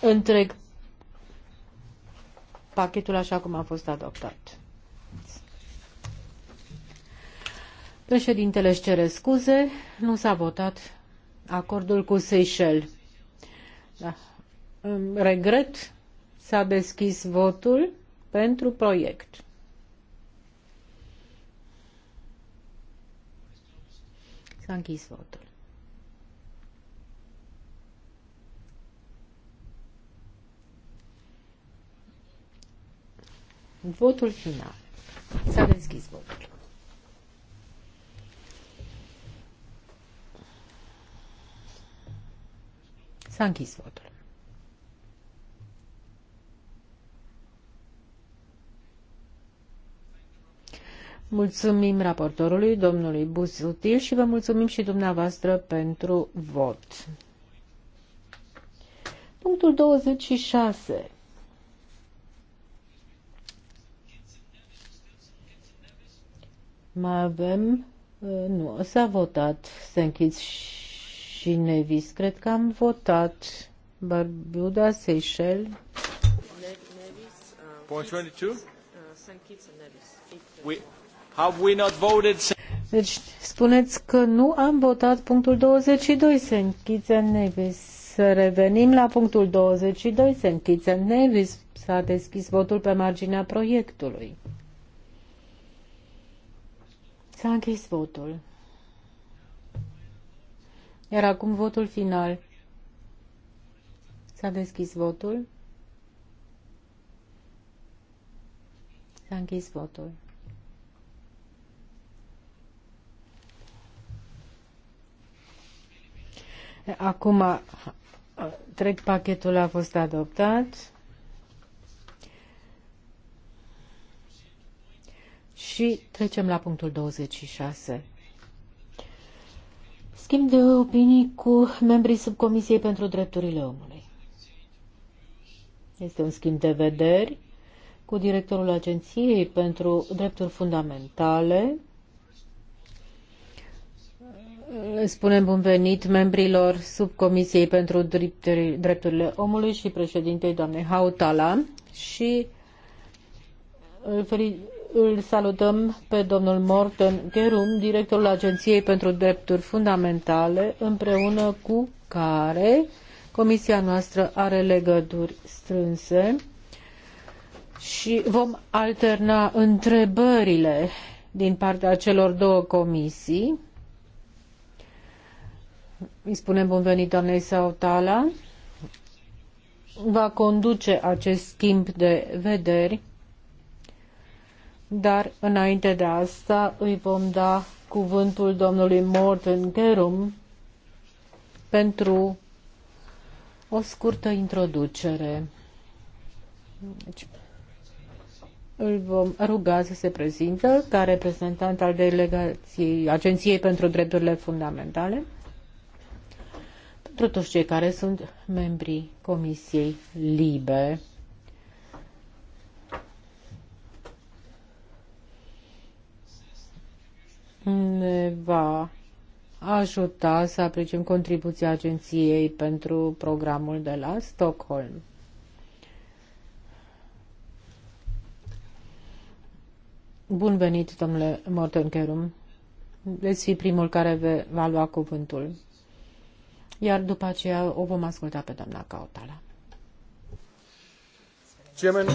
întreg pachetul așa cum a fost adoptat. Președintele își cere scuze, nu s-a votat acordul cu Seychelles. Da. Regret, s-a deschis votul pentru proiect. S-a închis votul. Votul final. S-a deschis votul. S-a închis votul. Mulțumim raportorului, domnului Busutil și vă mulțumim și dumneavoastră pentru vot. Punctul 26. Mai avem? Uh, nu, s-a votat. Să închizi și Nevis. Cred că am votat. Barbuda, Seychelles. Point 22? We, have we not voted... Deci spuneți că nu am votat punctul 22, se închiță Nevis. Să revenim la punctul 22, se închiță Nevis. S-a deschis votul pe marginea proiectului. S-a închis votul. Iar acum votul final. S-a deschis votul. S-a închis votul. Acum, trec pachetul a fost adoptat. Și trecem la punctul 26. Schimb de opinii cu membrii Subcomisiei pentru Drepturile Omului. Este un schimb de vederi cu directorul Agenției pentru Drepturi Fundamentale. Le spunem bun venit membrilor Subcomisiei pentru Drepturile Omului și președintei doamnei Hautala și îl felicit îl salutăm pe domnul Morten Gerum, directorul Agenției pentru Drepturi Fundamentale, împreună cu care comisia noastră are legături strânse și vom alterna întrebările din partea celor două comisii. Îi spunem bun venit doamnei Sautala. Va conduce acest schimb de vederi dar înainte de asta îi vom da cuvântul domnului Morten Gerum pentru o scurtă introducere. Deci, îl vom ruga să se prezintă ca reprezentant al delegației Agenției pentru Drepturile Fundamentale pentru toți cei care sunt membrii Comisiei Libe ne va ajuta să apreciem contribuția agenției pentru programul de la Stockholm. Bun venit, domnule Mortenkerum. Veți fi primul care va lua cuvântul. Iar după aceea o vom asculta pe doamna Cautala. Gemen.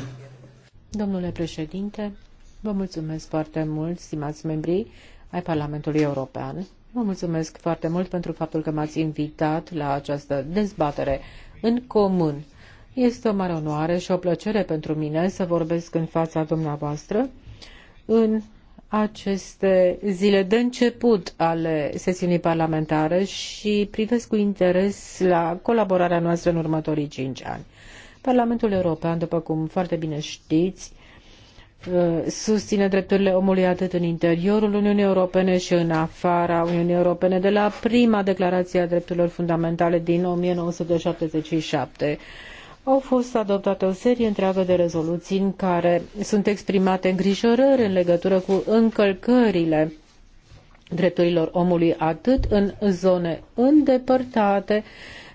Domnule președinte, vă mulțumesc foarte mult, stimați membrii ai Parlamentului European. Vă mulțumesc foarte mult pentru faptul că m-ați invitat la această dezbatere în comun. Este o mare onoare și o plăcere pentru mine să vorbesc în fața dumneavoastră în aceste zile de început ale sesiunii parlamentare și privesc cu interes la colaborarea noastră în următorii cinci ani. Parlamentul European, după cum foarte bine știți, susține drepturile omului atât în interiorul Uniunii Europene și în afara Uniunii Europene de la prima declarație a drepturilor fundamentale din 1977. Au fost adoptate o serie întreagă de rezoluții în care sunt exprimate îngrijorări în legătură cu încălcările drepturilor omului atât în zone îndepărtate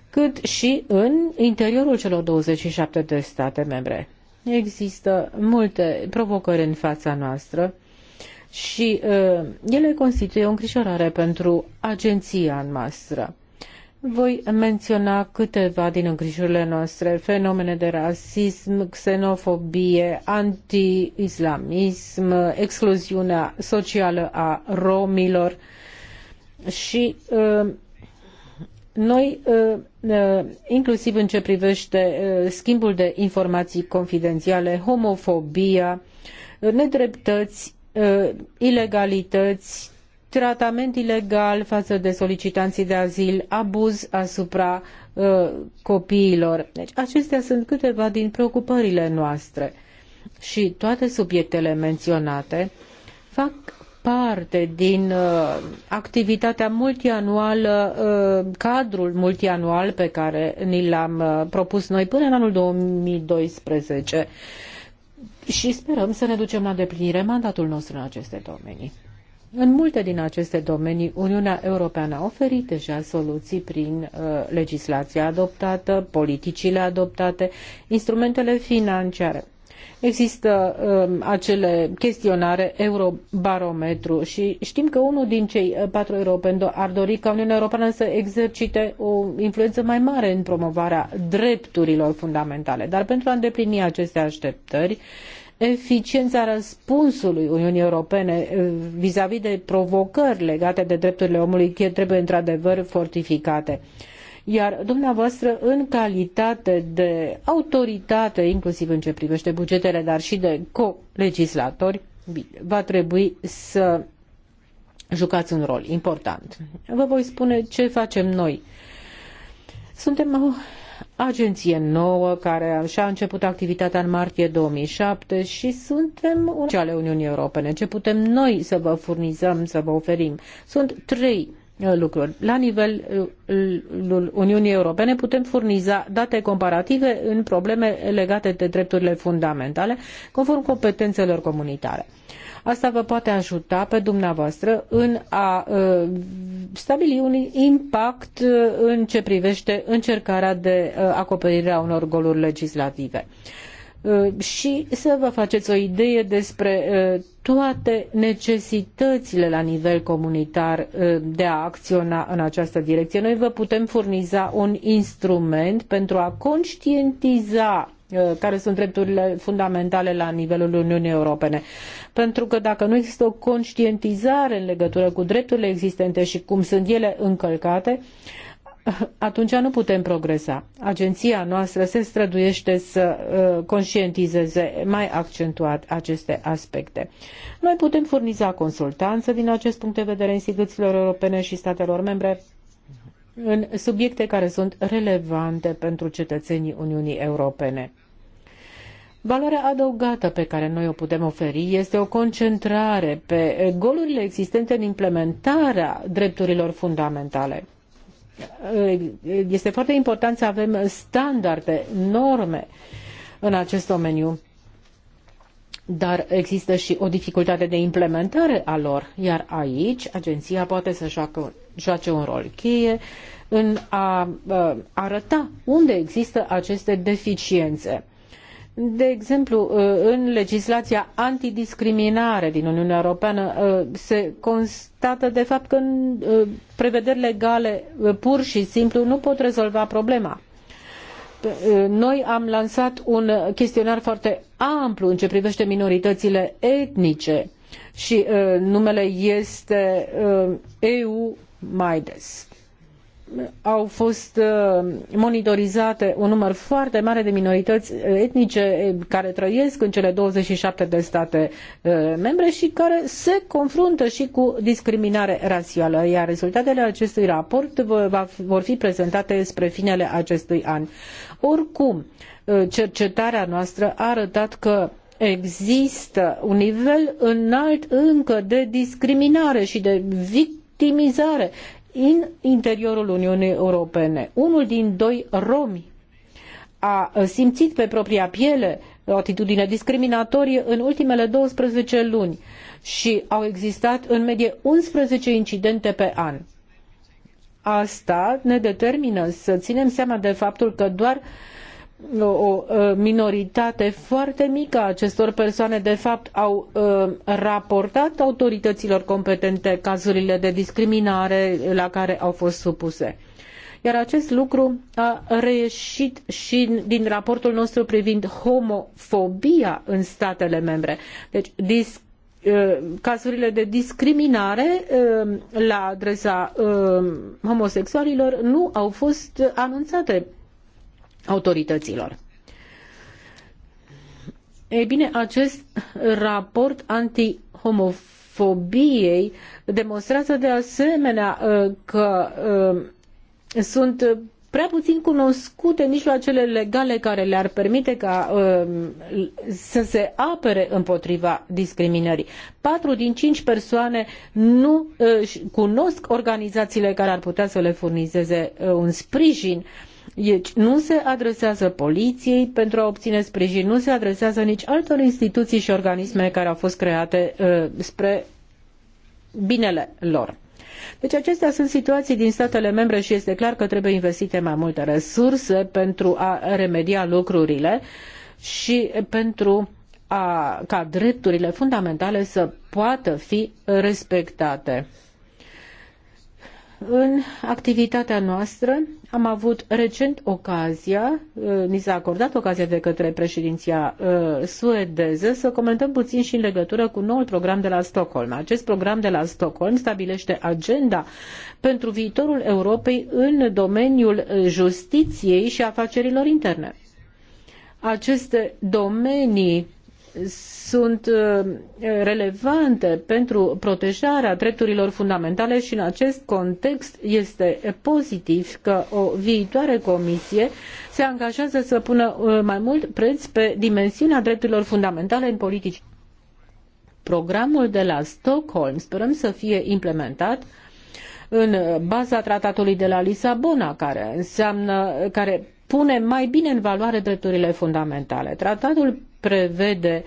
cât și în interiorul celor 27 de state membre. Există multe provocări în fața noastră și uh, ele constituie o îngrijorare pentru agenția noastră. Voi menționa câteva din îngrijurile noastre, fenomene de rasism, xenofobie, anti-islamism, excluziunea socială a romilor și uh, noi, ă, ă, inclusiv în ce privește ă, schimbul de informații confidențiale, homofobia, nedreptăți, ilegalități, tratament ilegal față de solicitanții de azil, abuz asupra copiilor. Deci acestea sunt câteva din preocupările noastre. Și toate subiectele menționate fac parte din uh, activitatea multianuală, uh, cadrul multianual pe care ni l-am uh, propus noi până în anul 2012 și sperăm să ne ducem la deplinire mandatul nostru în aceste domenii. În multe din aceste domenii, Uniunea Europeană a oferit deja soluții prin uh, legislația adoptată, politicile adoptate, instrumentele financiare. Există um, acele chestionare Eurobarometru și știm că unul din cei uh, patru europeni ar dori ca Uniunea Europeană să exercite o influență mai mare în promovarea drepturilor fundamentale. Dar pentru a îndeplini aceste așteptări, eficiența răspunsului Uniunii Europene uh, vis-a-vis -vis de provocări legate de drepturile omului trebuie într-adevăr fortificate. Uh, iar dumneavoastră, în calitate de autoritate, inclusiv în ce privește bugetele, dar și de co-legislatori, va trebui să jucați un rol important. Vă voi spune ce facem noi. Suntem o agenție nouă care și-a început activitatea în martie 2007 și suntem un ale Uniunii Europene. Ce putem noi să vă furnizăm, să vă oferim? Sunt trei Uh, lucruri. La nivelul uh, Uniunii Europene putem furniza date comparative în probleme legate de drepturile fundamentale, conform competențelor comunitare. Asta vă poate ajuta pe dumneavoastră în a uh, stabili un impact uh, în ce privește încercarea de uh, acoperire a unor goluri legislative. Uh, Uh, și să vă faceți o idee despre uh, toate necesitățile la nivel comunitar uh, de a acționa în această direcție. Noi vă putem furniza un instrument pentru a conștientiza care sunt drepturile fundamentale la nivelul Uniunii Europene. Pentru că dacă nu există o conștientizare în legătură cu drepturile existente și cum sunt ele încălcate, uh, atunci nu putem progresa. Agenția noastră se străduiește să uh, conștientizeze mai accentuat aceste aspecte. Noi putem furniza consultanță din acest punct de vedere instituțiilor europene și statelor membre în subiecte care sunt relevante pentru cetățenii Uniunii Europene. Valoarea adăugată pe care noi o putem oferi este o concentrare pe golurile existente în implementarea drepturilor fundamentale este foarte important să avem standarde, norme în acest domeniu. Dar există și o dificultate de implementare a lor, iar aici agenția poate să joacă, joace un rol cheie în a, a uh, arăta unde există aceste deficiențe. De exemplu, uh, în legislația antidiscriminare din Uniunea Europeană uh, se constată de fapt că uh, prevederi legale pur și simplu nu pot rezolva problema. Noi am lansat un chestionar foarte amplu în ce privește minoritățile etnice și numele este EU Maides au fost uh, monitorizate un număr foarte mare de minorități uh, etnice eh, care trăiesc în cele 27 de state uh, membre și care se confruntă și cu discriminare rasială, iar rezultatele acestui raport vor fi prezentate spre finele acestui an. Oricum, cercetarea noastră a arătat că există un nivel înalt încă de discriminare și de victimizare în interiorul Uniunii Europene. Unul din doi romi a simțit pe propria piele o atitudine discriminatorie în ultimele 12 luni și au existat în medie 11 incidente pe an. Asta ne determină să ținem seama de faptul că doar uh, o uh, minoritate foarte mică a acestor persoane de fapt au uh, raportat autorităților competente cazurile de discriminare la care au fost supuse. Iar acest lucru a reieșit și din raportul nostru privind homofobia în statele membre. Deci uh, cazurile de discriminare la adresa homosexualilor nu au fost anunțate autorităților. Ei bine, acest raport antihomofobiei demonstrează de asemenea uh, că uh, sunt prea puțin cunoscute mijloacele legale care le-ar permite ca uh, să se apere împotriva discriminării. Patru din cinci persoane nu cunosc organizațiile care ar putea să le furnizeze un sprijin deci nu se adresează poliției pentru a obține sprijin, nu se adresează nici altor instituții și organisme care au fost create uh, spre binele lor. Deci acestea sunt situații din statele membre și este clar că trebuie investite mai multe resurse pentru a remedia lucrurile și pentru a, ca drepturile fundamentale să poată fi respectate. În activitatea noastră am avut recent ocazia, uh, ni s-a acordat ocazia de către președinția uh, suedeză să comentăm puțin și în legătură cu noul program de la Stockholm. Acest program de la Stockholm stabilește agenda pentru viitorul Europei în domeniul uh, justiției și afacerilor interne. Aceste domenii sunt uh, relevante pentru protejarea drepturilor fundamentale și în acest context este pozitiv că o viitoare comisie se angajează să pună uh, mai mult preț pe dimensiunea drepturilor fundamentale în politici. Programul de la Stockholm sperăm să fie implementat în baza tratatului de la Lisabona, care înseamnă care pune mai bine în valoare drepturile fundamentale. Tratatul prevede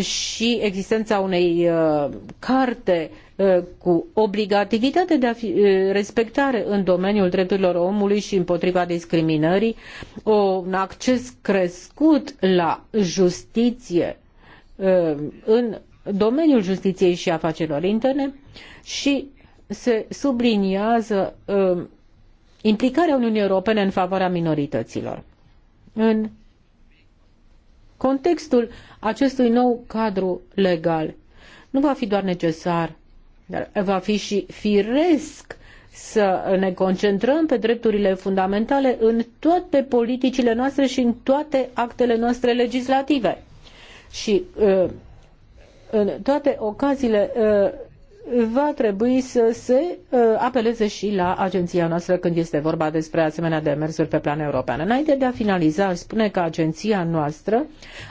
și existența unei uh, carte uh, cu obligativitate de a fi, uh, respectare în domeniul drepturilor omului și împotriva discriminării, o, un acces crescut la justiție uh, în domeniul justiției și afacerilor interne și se subliniază uh, implicarea Uniunii Europene în favoarea minorităților. În contextul acestui nou cadru legal. Nu va fi doar necesar, dar va fi și firesc să ne concentrăm pe drepturile fundamentale în toate politicile noastre și în toate actele noastre legislative. Și uh, în toate ocaziile uh, va trebui să se uh, apeleze și la agenția noastră când este vorba despre asemenea demersuri pe plan european. Înainte de a finaliza, aș spune că agenția noastră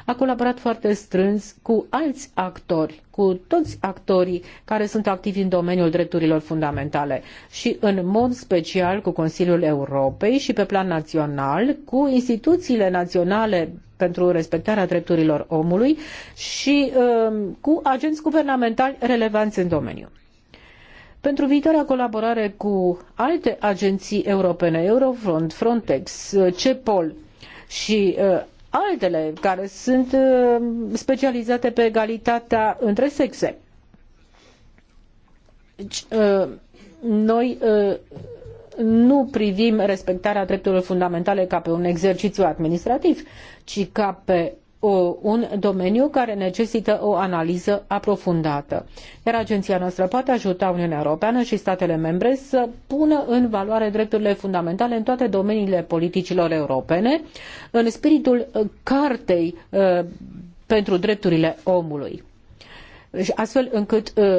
a colaborat foarte strâns cu alți actori, cu toți actorii care sunt activi în domeniul drepturilor fundamentale și în mod special cu Consiliul Europei și pe plan național, cu instituțiile naționale pentru respectarea drepturilor omului și um, cu agenți guvernamentali relevanți în domeniu. Pentru viitoarea colaborare cu alte agenții europene, Eurofront, Frontex, CEPOL și uh, altele care sunt uh, specializate pe egalitatea între sexe. Deci, uh, noi nu privim respectarea drepturilor fundamentale ca pe un exercițiu administrativ, ci ca pe o, un domeniu care necesită o analiză aprofundată. Iar agenția noastră poate ajuta Uniunea Europeană și statele membre să pună în valoare drepturile fundamentale în toate domeniile politicilor europene, în spiritul cartei uh, pentru drepturile omului astfel încât ă,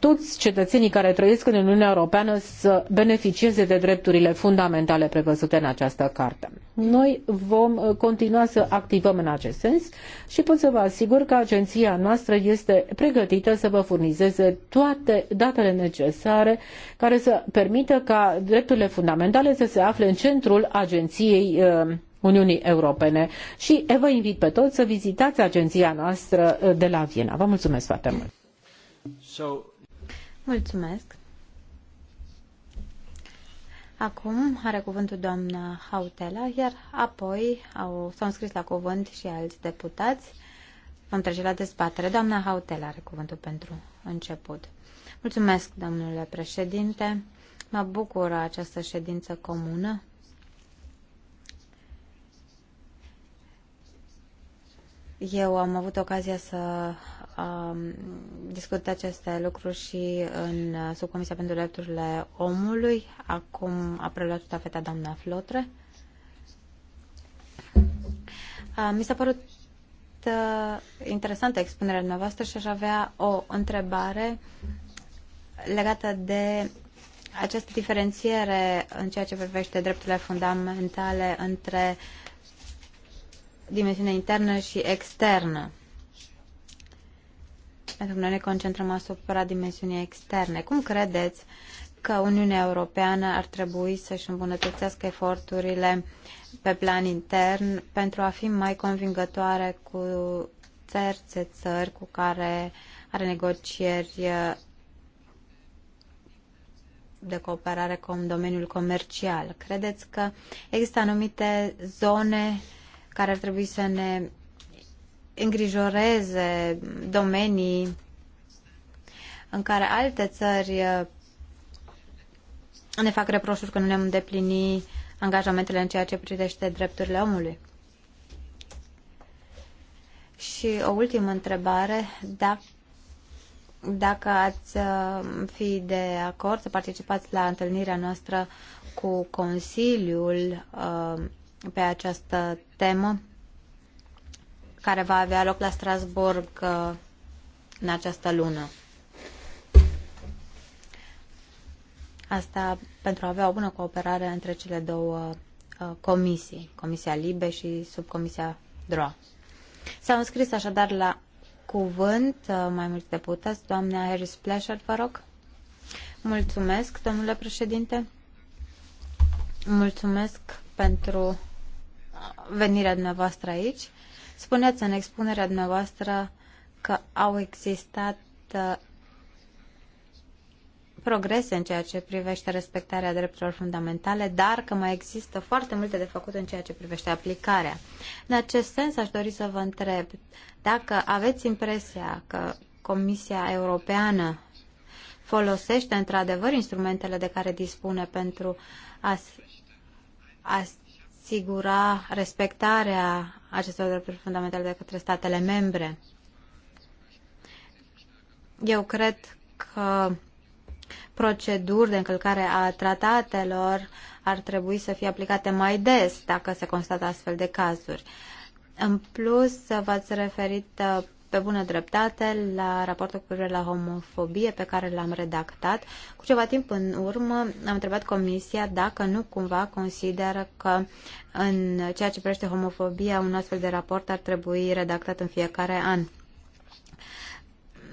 toți cetățenii care trăiesc în Uniunea Europeană să beneficieze de drepturile fundamentale prevăzute în această carte. Noi vom ă, continua să activăm în acest sens și pot să vă asigur că agenția noastră este pregătită să vă furnizeze toate datele necesare care să permită ca drepturile fundamentale să se afle în centrul agenției uh, Uniunii Europene și eh, vă invit pe toți să vizitați agenția noastră eh, de la Viena. Vă mulțumesc foarte mult! So... Mulțumesc! Acum are cuvântul doamna Hautela, iar apoi au, s-au înscris la cuvânt și alți deputați. Vom trece la dezbatere. Doamna Hautela are cuvântul pentru început. Mulțumesc, domnule președinte. Mă bucură această ședință comună Eu am avut ocazia să um, discut aceste lucruri și în Subcomisia pentru Drepturile Omului. Acum a preluat ștafeta doamna Flotre. mi s-a părut uh, interesantă expunerea noastră și aș avea o întrebare legată de această diferențiere în ceea ce privește drepturile fundamentale între uh, dimensiune internă și externă. Pentru că noi ne concentrăm asupra dimensiunii externe. Cum credeți că Uniunea Europeană ar trebui să-și îmbunătățească eforturile pe plan intern pentru a fi mai convingătoare cu terțe țări cu care are negocieri de cooperare cu domeniul comercial. Credeți că există anumite zone care ar trebui să ne îngrijoreze domenii în care alte țări uh, ne fac reproșuri că nu ne-am îndeplini angajamentele în ceea ce privește drepturile omului. Și o ultimă întrebare, dacă, dacă ați uh, fi de acord să participați la întâlnirea noastră cu Consiliul uh, pe această temă care va avea loc la Strasburg uh, în această lună. Asta pentru a avea o bună cooperare între cele două uh, comisii, Comisia Libe și Subcomisia DROA. S-au înscris așadar la cuvânt uh, mai mulți deputați. Doamna Harris Pleasure, vă rog. Mulțumesc, domnule președinte. Mulțumesc pentru venirea dumneavoastră aici. Spuneați în expunerea dumneavoastră că au existat uh, progrese în ceea ce privește respectarea drepturilor fundamentale, dar că mai există foarte multe de făcut în ceea ce privește aplicarea. În acest sens, aș dori să vă întreb dacă aveți impresia că Comisia Europeană folosește într-adevăr instrumentele de care dispune pentru a, a asigura respectarea acestor drepturi fundamentale de către statele membre. Eu cred că proceduri de încălcare a tratatelor ar trebui să fie aplicate mai des dacă se constată astfel de cazuri. În plus, v-ați referit uh, pe bună dreptate la raportul cu privire la homofobie pe care l-am redactat. Cu ceva timp în urmă am întrebat Comisia dacă nu cumva consideră că în ceea ce privește homofobia un astfel de raport ar trebui redactat în fiecare an.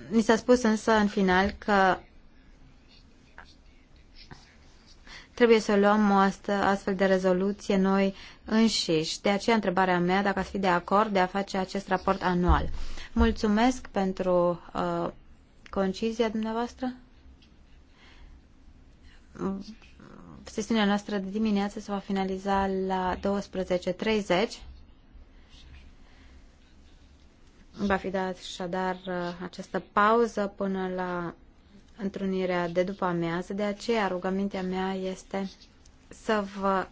Mi s-a spus însă în final că trebuie să luăm o astfel de rezoluție noi înșiși. De aceea întrebarea mea dacă ați fi de acord de a face acest raport anual. Mulțumesc pentru uh, concizia dumneavoastră. Sesiunea noastră de dimineață se va finaliza la 12.30. Va fi dat așadar uh, această pauză până la întrunirea de după amiază, de aceea rugămintea mea este să vă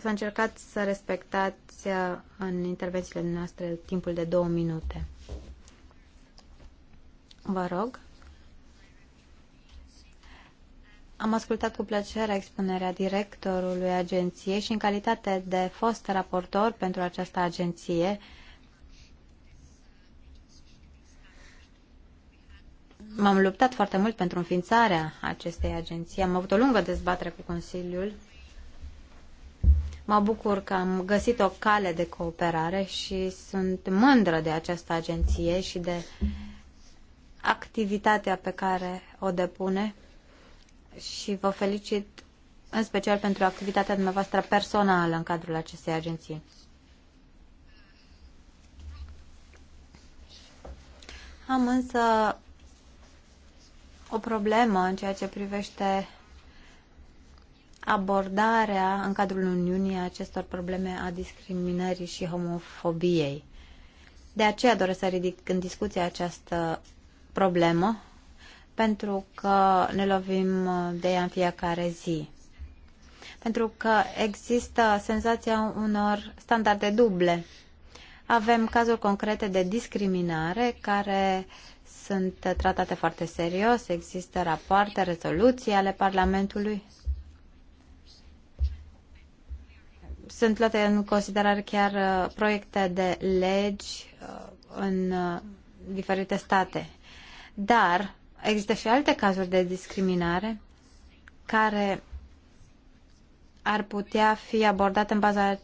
să încercați să respectați uh, în intervențiile noastre timpul de două minute. Vă rog. Am ascultat cu plăcere expunerea directorului agenției și în calitate de fost raportor pentru această agenție, m-am luptat foarte mult pentru înființarea acestei agenții. Am avut o lungă dezbatere cu Consiliul. Mă bucur că am găsit o cale de cooperare și sunt mândră de această agenție și de uh, activitatea pe care o depune și vă felicit în special pentru activitatea dumneavoastră personală în cadrul acestei agenții. Am însă o problemă în ceea ce privește abordarea în cadrul Uniunii acestor probleme a discriminării și homofobiei. De aceea doresc să ridic în discuție această problemă pentru că ne lovim de ea în fiecare zi. Pentru că există senzația unor standarde duble. Avem cazuri concrete de discriminare care sunt tratate foarte serios, există rapoarte, rezoluții ale Parlamentului. Sunt luate în considerare chiar uh, proiecte de legi uh, în uh, diferite state. Dar există și alte cazuri de discriminare care ar putea fi abordate în baza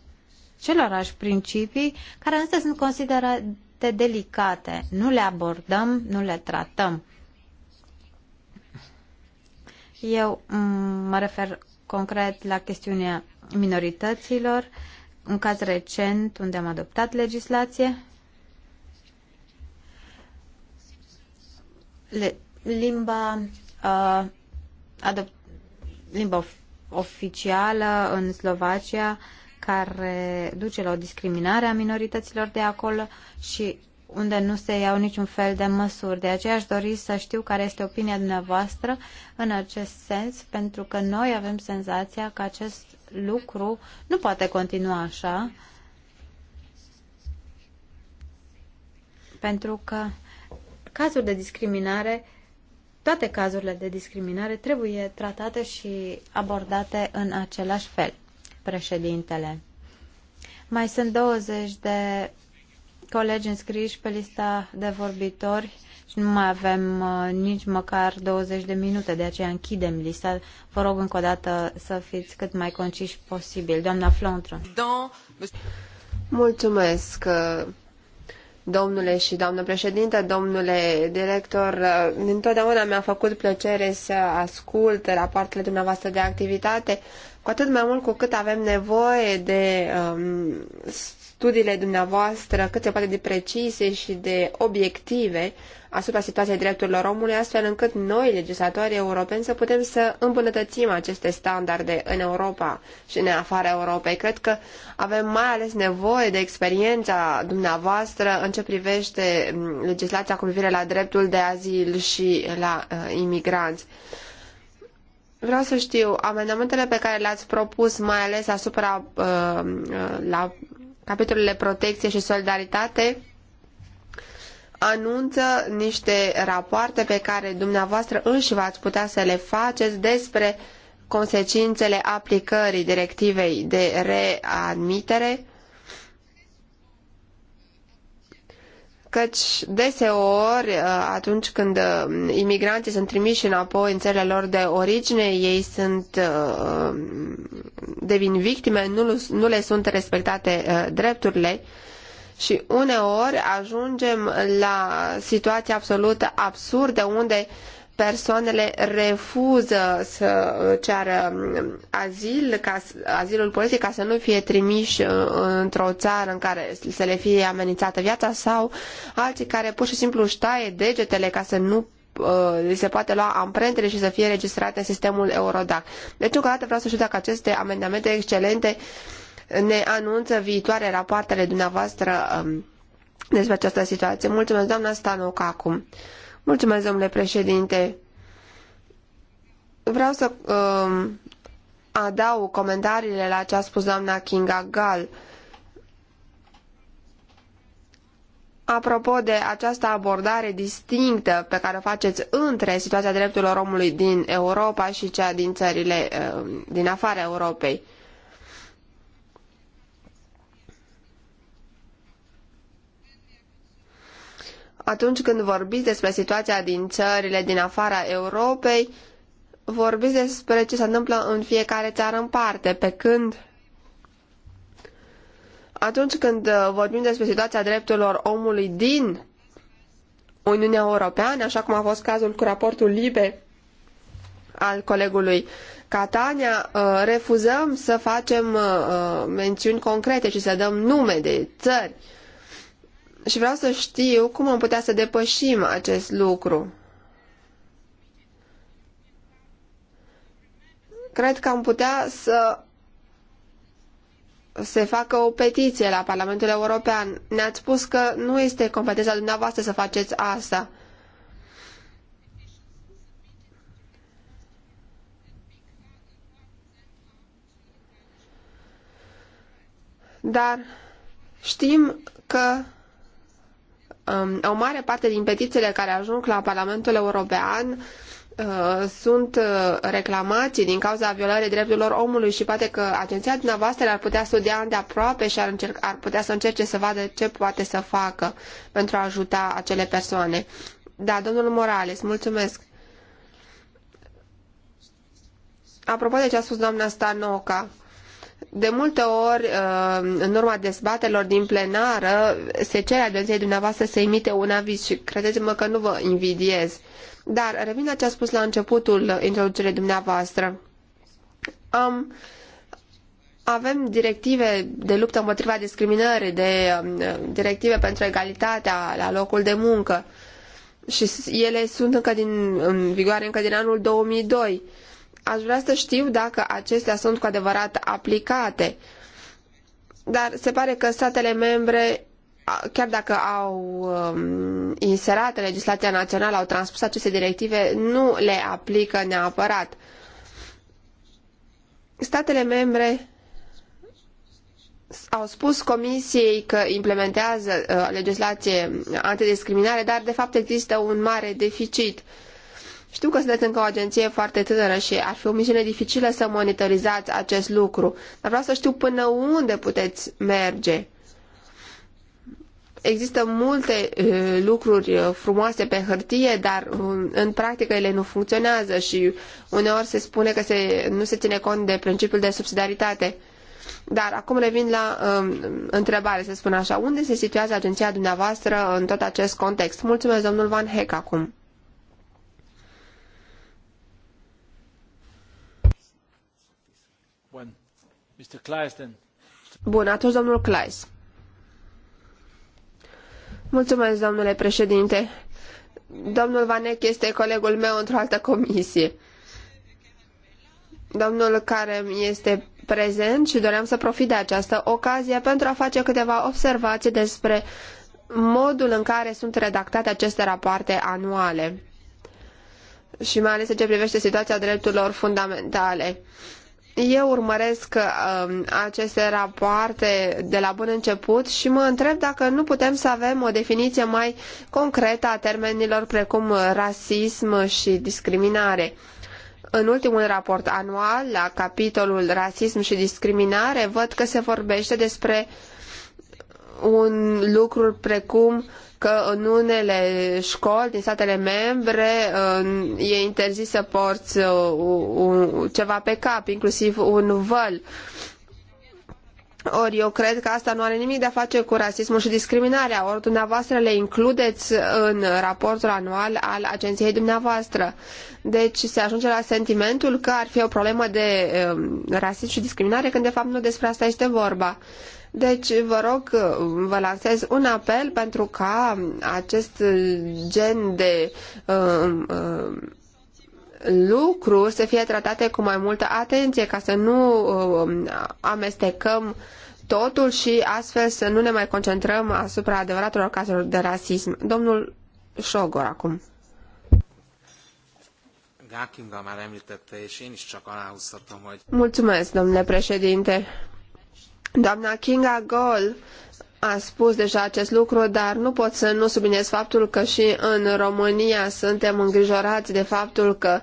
celorlași principii, care însă sunt considerate delicate. Nu le abordăm, nu le tratăm. Eu mă refer concret la chestiunea minorităților, un caz recent unde am adoptat legislație le, limba, uh, adop, limba of, oficială în Slovacia care duce la o discriminare a minorităților de acolo și unde nu se iau niciun fel de măsuri. De aceea aș dori să știu care este opinia dumneavoastră în acest sens, pentru că noi avem senzația că acest lucru nu poate continua așa, pentru că cazuri de discriminare, toate cazurile de discriminare trebuie tratate și abordate în același fel, președintele. Mai sunt 20 de colegi înscriși pe lista de vorbitori și nu mai avem uh, nici măcar 20 de minute, de aceea închidem lista. Vă rog încă o dată să fiți cât mai conciși posibil. Doamna Flontră. Mulțumesc. Uh, Domnule și doamnă președinte, domnule director, uh, întotdeauna mi-a făcut plăcere să ascult rapoartele dumneavoastră de activitate, cu atât mai mult cu cât avem nevoie de um, studiile dumneavoastră cât se poate de precise și de obiective asupra situației drepturilor omului, astfel încât noi, legislatorii europeni, să putem să îmbunătățim aceste standarde în Europa și în afara Europei. Cred că avem mai ales nevoie de experiența dumneavoastră în ce privește mm, legislația cu privire la dreptul de azil și la uh, imigranți. Vreau să știu, amendamentele pe care le-ați propus, mai ales asupra uh, uh la capitolele protecție și solidaritate anunță niște rapoarte pe care dumneavoastră înși v-ați putea să le faceți despre consecințele aplicării directivei de readmitere căci deseori uh, atunci când uh, imigranții sunt trimiși înapoi în țările lor de origine, ei sunt uh, devin victime, nu, nu le sunt respectate drepturile și uneori ajungem la situații absolut absurde unde uh, persoanele refuză să ceară azil, ca, azilul politic, ca să nu fie trimiși uh, într-o țară în care să le fie amenințată viața sau alții care pur și simplu își taie degetele ca să nu uh, li se poate lua amprentele și să fie registrate în sistemul Eurodac. Deci, încă o dată vreau să știu dacă aceste amendamente excelente ne anunță viitoare rapoartele dumneavoastră um, despre această situație. Mulțumesc, doamna Stanoca, acum. Mulțumesc, domnule președinte. Vreau să uh, adaug comentariile la ce a spus doamna Kinga Gal. Apropo de această abordare distinctă pe care o faceți între situația drepturilor omului din Europa și cea din țările uh, din afara Europei. atunci când vorbiți despre situația din țările din afara Europei, vorbiți despre ce se întâmplă în fiecare țară în parte, pe când atunci când uh, vorbim despre situația drepturilor omului din Uniunea Europeană, așa cum a fost cazul cu raportul Libe al colegului Catania, uh, refuzăm să facem uh, mențiuni concrete și să dăm nume de țări și vreau să știu cum am putea să depășim acest lucru. Cred că am putea să se facă o petiție la Parlamentul European. Ne-ați spus că nu este competența dumneavoastră să faceți asta. Dar știm că Um, o mare parte din petițiile care ajung la Parlamentul European uh, sunt uh, reclamații din cauza violării drepturilor omului și poate că agenția dumneavoastră ar putea studia îndeaproape și ar, ar putea să încerce să vadă ce poate să facă pentru a ajuta acele persoane. Da, domnul Morales, mulțumesc. Apropo de ce a spus doamna Stanoca, de multe ori, uh, în urma dezbaterilor din plenară, se cere agenției dumneavoastră să emite un aviz și credeți-mă că nu vă invidiez. Dar revin la ce a spus la începutul introducerii dumneavoastră. Am, avem directive de luptă împotriva discriminării, de um, directive pentru egalitatea la locul de muncă și ele sunt încă din, în vigoare încă din anul 2002 Aș vrea să știu dacă acestea sunt cu adevărat aplicate. Dar se pare că statele membre, chiar dacă au um, inserat legislația națională, au transpus aceste directive, nu le aplică neapărat. Statele membre au spus comisiei că implementează uh, legislație antidiscriminare, dar de fapt există un mare deficit. Uh, știu că sunteți încă o agenție foarte tânără și ar fi o misiune dificilă să monitorizați acest lucru, dar vreau să știu până unde puteți merge. Există multe uh, lucruri uh, frumoase pe hârtie, dar uh, în practică ele nu funcționează și uneori se spune că se, nu se ține cont de principiul de subsidiaritate. Dar acum revin la uh, întrebare, să spun așa. Unde se situează agenția dumneavoastră în tot acest context? Mulțumesc, domnul Van Heck, acum. Bun, atunci domnul Mulțumesc, domnule președinte. Domnul Vanek este colegul meu într-o altă comisie. Domnul care este prezent și doream să profit de această ocazie pentru a face câteva observații despre modul în care sunt redactate aceste rapoarte anuale și mai ales în ce privește situația drepturilor fundamentale eu urmăresc uh, aceste rapoarte de la bun început și mă întreb dacă nu putem să avem o definiție mai concretă a termenilor precum rasism și discriminare. În ultimul raport anual, la capitolul rasism și discriminare, văd că se vorbește despre un lucru precum uh, că în unele școli din statele membre e interzis să porți uh, ceva pe cap, inclusiv un văl. Ori eu cred că asta nu are nimic de a face cu rasismul și discriminarea, ori dumneavoastră le includeți în raportul anual al agenției dumneavoastră. Deci se ajunge la sentimentul că ar fi o problemă de um, rasism și discriminare, când de fapt nu despre asta este vorba. Deci, vă rog, vă lansez un apel pentru ca acest gen de uh, uh, lucru să fie tratate cu mai multă atenție, ca să nu uh, amestecăm totul și astfel să nu ne mai concentrăm asupra adevăratelor cazuri de rasism. Domnul Șogor, acum. Mulțumesc, domnule președinte. Doamna Kinga Gol a spus deja acest lucru, dar nu pot să nu subliniez faptul că și în România suntem îngrijorați de faptul că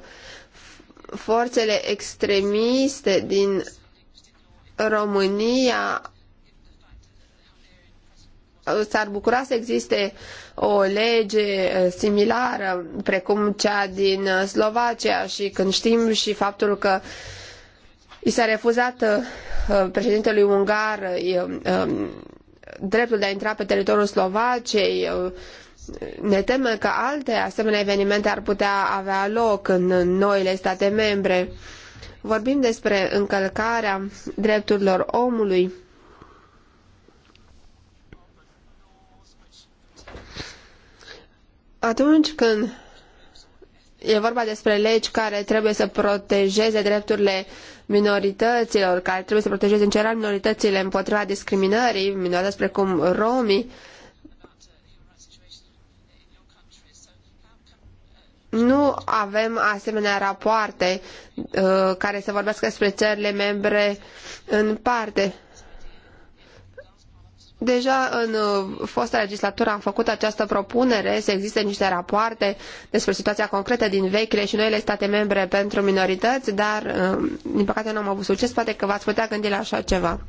forțele extremiste din România s-ar bucura să existe o lege similară precum cea din Slovacia și când știm și faptul că I s-a refuzat uh, uh, președintelui ungar uh, um, dreptul de a intra pe teritoriul Slovaciei. Ne temem că alte asemenea evenimente ar putea avea loc în noile state membre. Vorbim despre încălcarea drepturilor omului. Atunci când E vorba despre legi care trebuie să protejeze drepturile minorităților, care trebuie să protejeze în general minoritățile împotriva discriminării, minorități precum romii. Nu avem asemenea rapoarte uh, care să vorbească despre țările membre în parte. Deja în uh, fosta legislatură am făcut această propunere să existe niște rapoarte despre situația concretă din vechile și noile state membre pentru minorități, dar uh, din păcate nu am avut succes, poate că v-ați putea gândi la așa ceva.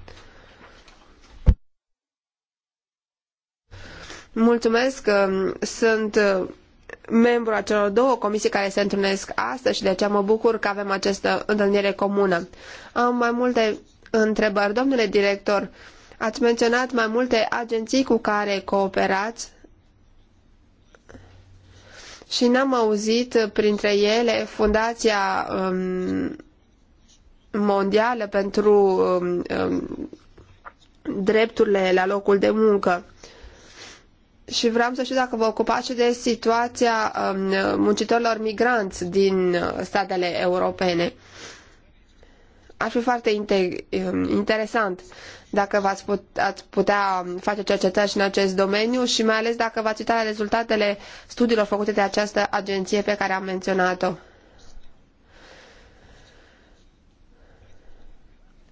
Mulțumesc, uh, sunt membru a celor două comisii care se întrunesc astăzi și de aceea mă bucur că avem această întâlnire comună. Am mai multe întrebări. Domnule director, Ați menționat mai multe agenții cu care cooperați și n-am auzit printre ele Fundația um, Mondială pentru um, um, Drepturile la locul de muncă. Și vreau să știu dacă vă ocupați și de situația um, muncitorilor migranți din uh, statele europene ar fi foarte um, interesant dacă v-ați put, putea face cercetări și în acest domeniu și mai ales dacă v-ați uita la rezultatele studiilor făcute de această agenție pe care am menționat-o.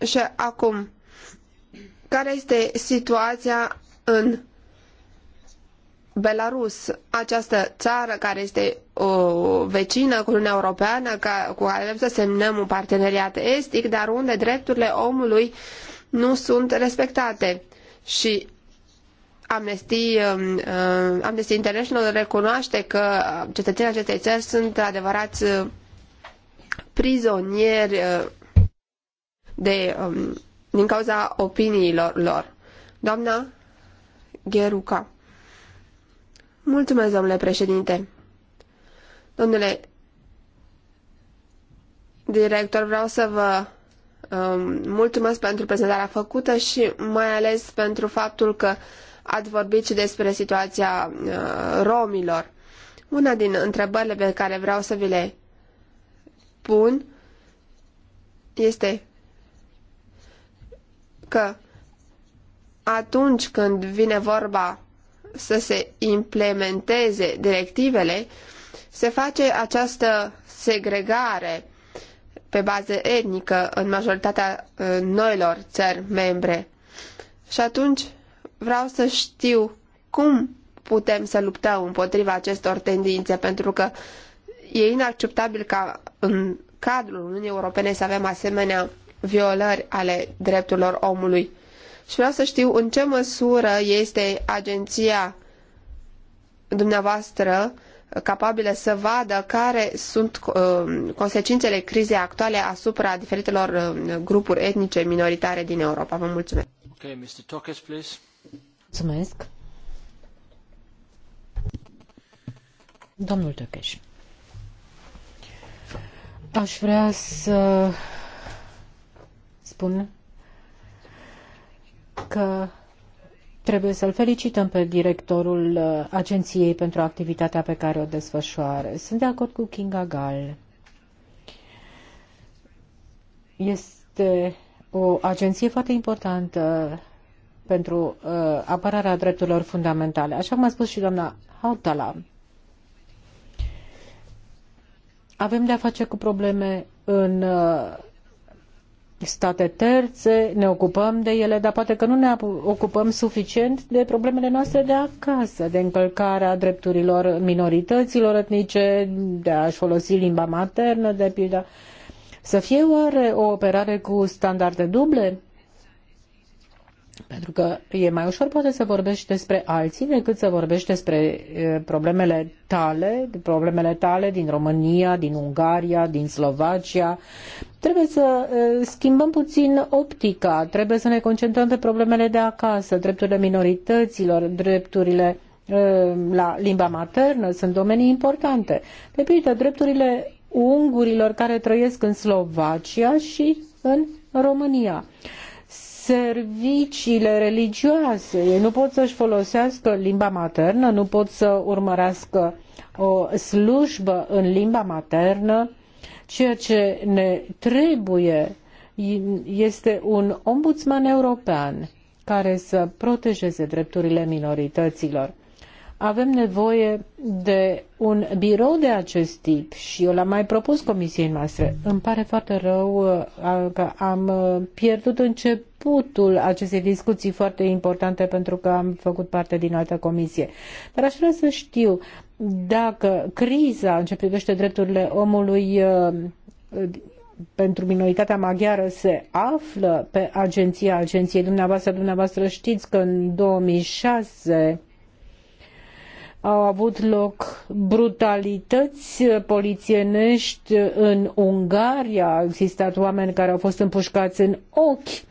Și acum, care este situația în Belarus, această țară care este o vecină cu Uniunea Europeană, ca, cu care vrem să semnăm un parteneriat estic, dar unde drepturile omului nu sunt respectate. Și Amnesty, um, um, Amnesty International recunoaște că cetățenii acestei țări sunt adevărați uh, prizonieri uh, de, um, din cauza opiniilor lor. Doamna Gheruca. Mulțumesc, domnule președinte. Domnule director, vreau să vă um, mulțumesc pentru prezentarea făcută și mai ales pentru faptul că ați vorbit și despre situația uh, romilor. Una din întrebările pe care vreau să vi le pun este că atunci când vine vorba să se implementeze directivele, se face această segregare pe bază etnică în majoritatea uh, noilor țări membre. Și atunci vreau să știu cum putem să luptăm împotriva acestor tendințe, pentru că e inacceptabil ca în cadrul Uniunii Europene să avem asemenea violări ale drepturilor omului și vreau să știu în ce măsură este agenția dumneavoastră capabilă să vadă care sunt uh, consecințele crizei actuale asupra diferitelor uh, grupuri etnice minoritare din Europa. Vă mulțumesc. Okay, Mr. Tokes, please. Mulțumesc. Domnul aș vrea să spun că trebuie să-l felicităm pe directorul uh, agenției pentru activitatea pe care o desfășoară. Sunt de acord cu Kinga Gal. Este o agenție foarte importantă pentru uh, apărarea drepturilor fundamentale. Așa cum a spus și doamna Hautala, avem de-a face cu probleme în uh, state terțe, ne ocupăm de ele, dar poate că nu ne ocupăm suficient de problemele noastre de acasă, de încălcarea drepturilor minorităților etnice, de a-și folosi limba maternă, de pildă. Să fie oare o operare cu standarde duble? Pentru că e mai ușor poate să vorbești despre alții decât să vorbești despre problemele tale, problemele tale din România, din Ungaria, din Slovacia. Trebuie să schimbăm puțin optica, trebuie să ne concentrăm pe problemele de acasă, drepturile minorităților, drepturile la limba maternă sunt domenii importante. De pildă, drepturile ungurilor care trăiesc în Slovacia și în România serviciile religioase. Ei nu pot să-și folosească limba maternă, nu pot să urmărească o slujbă în limba maternă. Ceea ce ne trebuie este un ombudsman european care să protejeze drepturile minorităților. Avem nevoie de un birou de acest tip și eu l-am mai propus comisiei noastre. Îmi pare foarte rău uh, că am uh, pierdut început începutul acestei discuții foarte importante pentru că am făcut parte din altă comisie. Dar aș vrea să știu dacă criza în ce privește drepturile omului uh, pentru minoritatea maghiară se află pe agenția agenției dumneavoastră. Dumneavoastră știți că în 2006 au avut loc brutalități polițienești în Ungaria. Au existat oameni care au fost împușcați în ochi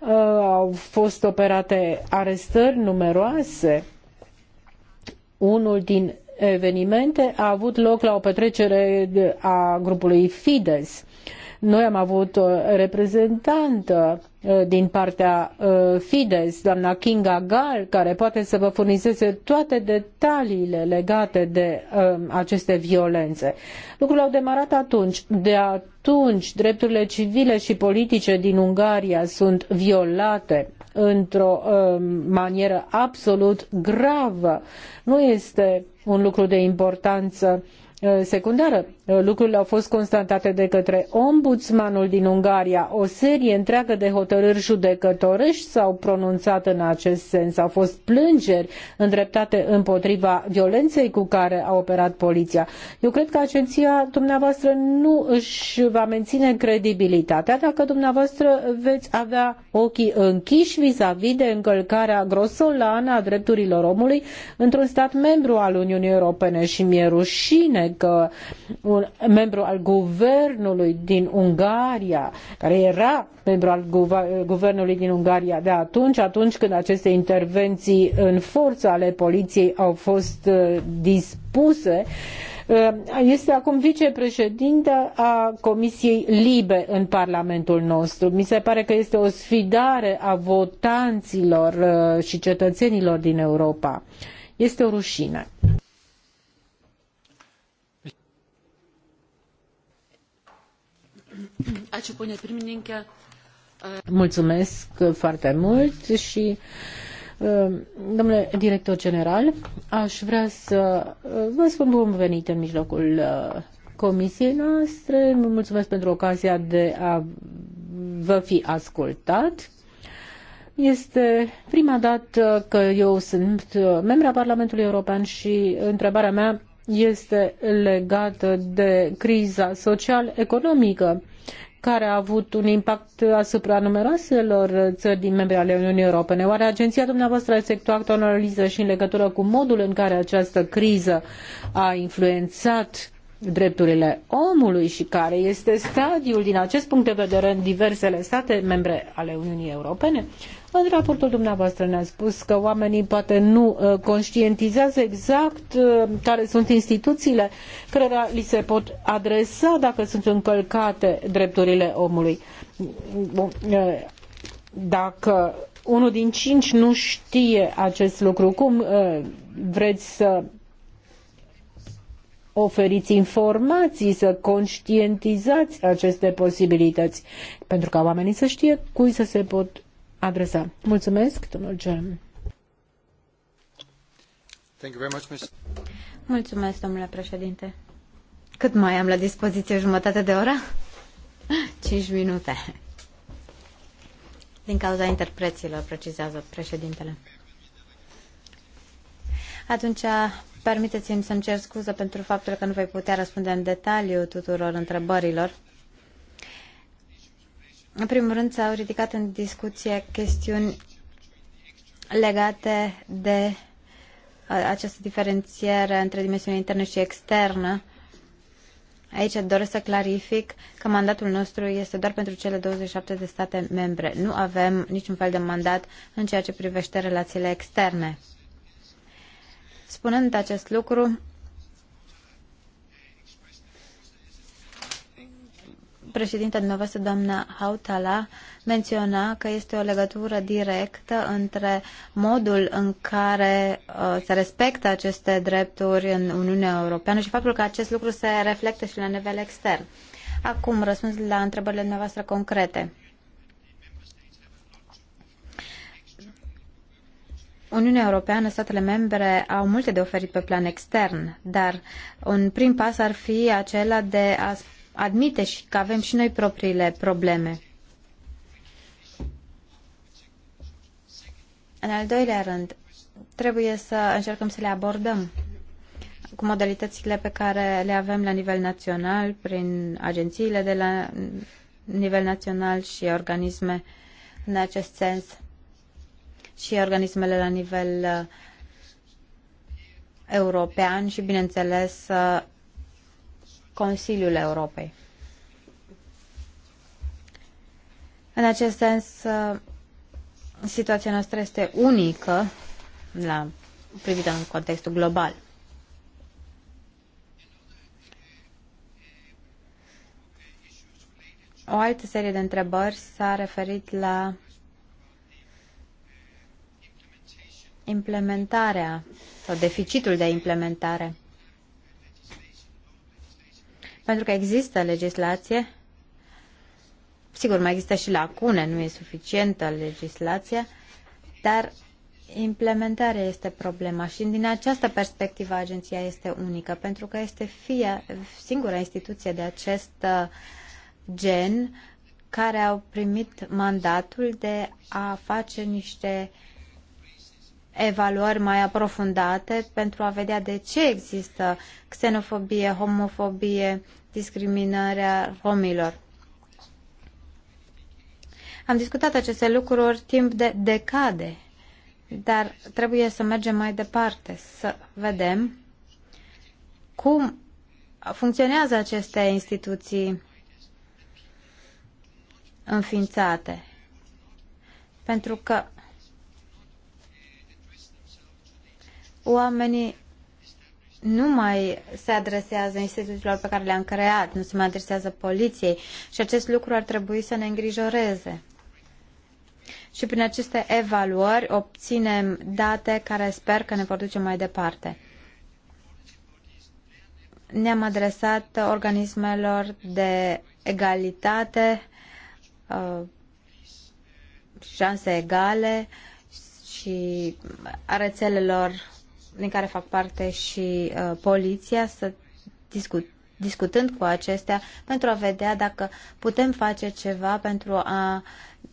Uh, au fost operate arestări numeroase. Unul din evenimente a avut loc la o petrecere a grupului Fides noi am avut o uh, reprezentantă uh, din partea uh, Fides, doamna Kinga Gal, care poate să vă furnizeze toate detaliile legate de um, aceste violențe. Lucrurile au demarat atunci. De atunci, drepturile civile și politice din Ungaria sunt violate într-o um, manieră absolut gravă. Nu este un lucru de importanță uh, Eh, secundară. Eh, lucrurile au fost constatate de către ombudsmanul din Ungaria. O serie întreagă de hotărâri judecătorești s-au pronunțat în acest sens. Au fost plângeri îndreptate împotriva violenței cu care a operat poliția. Eu cred că agenția dumneavoastră nu își va menține credibilitatea dacă dumneavoastră veți avea ochii închiși vis-a-vis de încălcarea grosolană a drepturilor omului într-un stat membru al Uniunii Europene și mi-e rușine că un membru al guvernului din Ungaria, care era membru al guvernului din Ungaria de atunci, atunci când aceste intervenții în forță ale poliției au fost uh, dispuse, uh, este acum vicepreședinte a Comisiei Libe în Parlamentul nostru. Mi se pare că este o sfidare a votanților uh, și cetățenilor din Europa. Este o rușine. Mulțumesc foarte mult și uh, Domnule director general, aș vrea să uh, vă spun bun venit în mijlocul uh, comisiei noastre. Vă mulțumesc pentru ocazia de a vă fi ascultat. Este prima dată că eu sunt membra Parlamentului European și întrebarea mea este legată de criza social-economică care a avut un impact asupra numeroaselor țări din membre ale Uniunii Europene. Oare agenția dumneavoastră efectuat o analiză și în legătură cu modul în care această criză a influențat drepturile omului și care este stadiul din acest punct de vedere în diversele state membre ale Uniunii Europene? În raportul dumneavoastră ne-a spus că oamenii poate nu uh, conștientizează exact uh, care sunt instituțiile cărora li se pot adresa dacă sunt încălcate drepturile omului. Uh, dacă unul din cinci nu știe acest lucru, cum vreți să oferiți informații, să conștientizați aceste posibilități, pentru ca oamenii să știe cui să se pot adresa. Mulțumesc, domnul Germ. Mulțumesc, domnule președinte. Cât mai am la dispoziție? Jumătate de oră? Cinci minute. Din cauza interpreților, precizează președintele. Atunci, permiteți-mi să-mi cer scuză pentru faptul că nu voi putea răspunde în detaliu tuturor întrebărilor. În primul rând s-au ridicat în discuție chestiuni legate de această diferențiere între dimensiunea internă și externă. Aici doresc să clarific că mandatul nostru este doar pentru cele 27 de state membre. Nu avem niciun fel de mandat în ceea ce privește relațiile externe. Spunând acest lucru, Președintele dumneavoastră, doamna Hautala, menționa că este o legătură directă între modul în care uh, se respectă aceste drepturi în Uniunea Europeană și faptul că acest lucru se reflectă și la nivel extern. Acum, răspuns la întrebările dumneavoastră concrete. Uniunea Europeană, statele membre au multe de oferit pe plan extern, dar un prim pas ar fi acela de a admite și că avem și noi propriile probleme. În al doilea rând, trebuie să încercăm să le abordăm cu modalitățile pe care le avem la nivel național, prin agențiile de la nivel național și organisme în acest sens și organismele la nivel uh, european și, bineînțeles, uh, Consiliul Europei. În acest sens, uh, situația noastră este unică la, privită în contextul global. O altă serie de întrebări s-a referit la implementarea sau deficitul de implementare pentru că există legislație. Sigur, mai există și lacune, nu e suficientă legislația, dar implementarea este problema și din această perspectivă agenția este unică, pentru că este fie, singura instituție de acest uh, gen care au primit mandatul de a face niște uh, evaluări mai aprofundate pentru a vedea de ce există xenofobie, homofobie, discriminarea romilor. Am discutat aceste lucruri timp de decade, dar trebuie să mergem mai departe, să vedem cum funcționează aceste instituții înființate. Pentru că oamenii nu mai se adresează instituțiilor pe care le-am creat, nu se mai adresează poliției și acest lucru ar trebui să ne îngrijoreze. Și prin aceste evaluări obținem date care sper că ne vor duce mai departe. Ne-am adresat organismelor de egalitate, uh, șanse egale și a rețelelor din care fac parte și uh, poliția, să discut, discutând cu acestea pentru a vedea dacă putem face ceva pentru a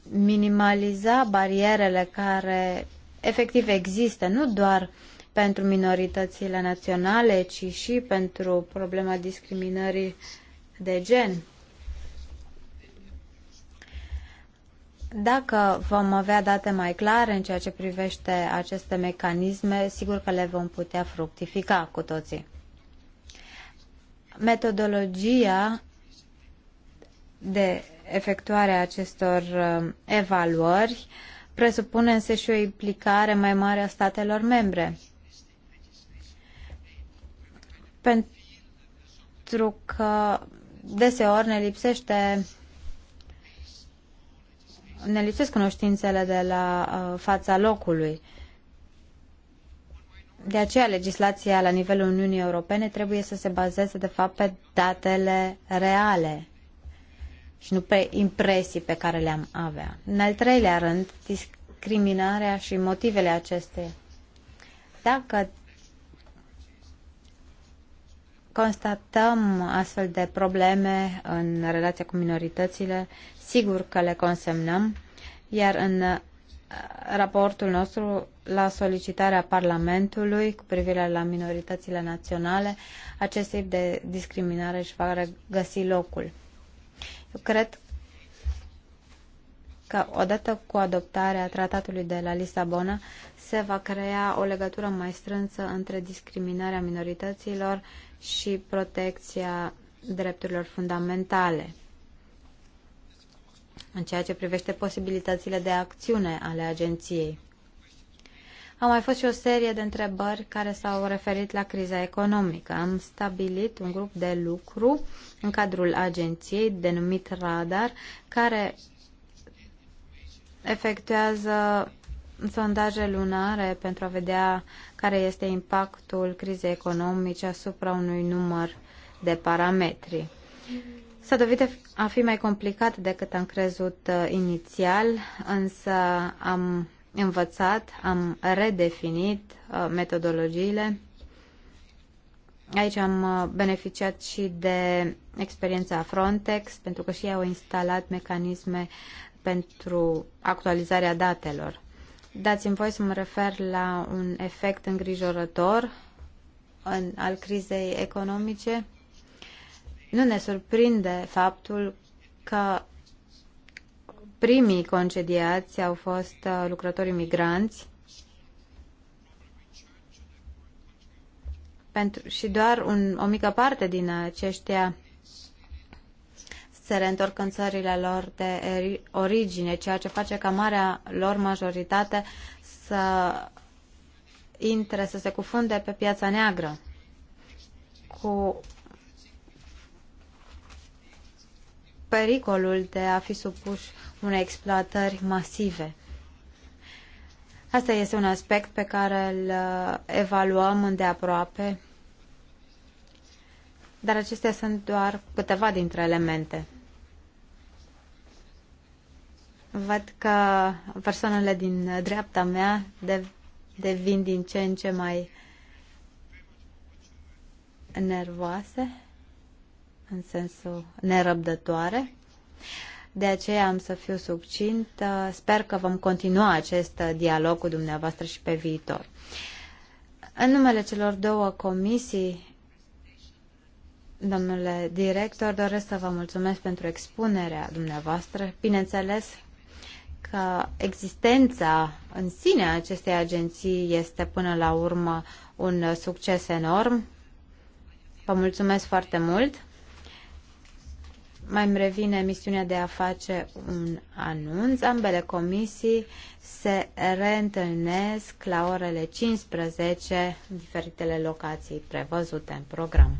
minimaliza barierele care efectiv există, nu doar pentru minoritățile naționale, ci și pentru problema discriminării de gen. Dacă vom avea date mai clare în ceea ce privește aceste mecanisme, sigur că le vom putea fructifica cu toții. Metodologia de efectuare a acestor uh, evaluări presupune însă și o implicare mai mare a statelor membre. Pentru că deseori ne lipsește ne lipsesc cunoștințele de la uh, fața locului. De aceea, legislația la nivelul Uniunii Europene trebuie să se bazeze, de fapt, pe datele reale și nu pe impresii pe care le-am avea. În al treilea rând, discriminarea și motivele acestei. Dacă constatăm astfel de probleme în relația cu minoritățile, sigur că le consemnăm, iar în uh, raportul nostru la solicitarea Parlamentului cu privire la minoritățile naționale, acest tip de discriminare își va găsi locul. Eu cred că odată cu adoptarea tratatului de la Lisabona se va crea o legătură mai strânsă între discriminarea minorităților și protecția drepturilor fundamentale în ceea ce privește posibilitățile de acțiune ale agenției. Au mai fost și o serie de întrebări care s-au referit la criza economică. Am stabilit un grup de lucru în cadrul agenției denumit Radar, care efectuează sondaje lunare pentru a vedea care este impactul crizei economice asupra unui număr de parametri. S-a dovedit a fi mai complicat decât am crezut uh, inițial, însă am învățat, am redefinit uh, metodologiile. Aici am uh, beneficiat și de experiența Frontex, pentru că și ei au instalat mecanisme pentru actualizarea datelor. Dați-mi voi să mă refer la un efect îngrijorător în, al crizei economice nu ne surprinde faptul că primii concediați au fost uh, lucrători migranți pentru, și doar un, o mică parte din aceștia se reîntorc în țările lor de origine, ceea ce face ca marea lor majoritate să intre, să se cufunde pe piața neagră cu pericolul de a fi supuși unei exploatări masive. Asta este un aspect pe care îl uh, evaluăm îndeaproape, dar acestea sunt doar câteva dintre elemente. Văd că persoanele din dreapta mea devin din ce în ce mai nervoase în sensul nerăbdătoare. De aceea am să fiu succint. Sper că vom continua acest dialog cu dumneavoastră și pe viitor. În numele celor două comisii, domnule director, doresc să vă mulțumesc pentru expunerea dumneavoastră. Bineînțeles că existența în sine a acestei agenții este până la urmă un succes enorm. Vă mulțumesc foarte mult! mai îmi revine misiunea de a face un anunț. Ambele comisii se reîntâlnesc la orele 15 în diferitele locații prevăzute în program.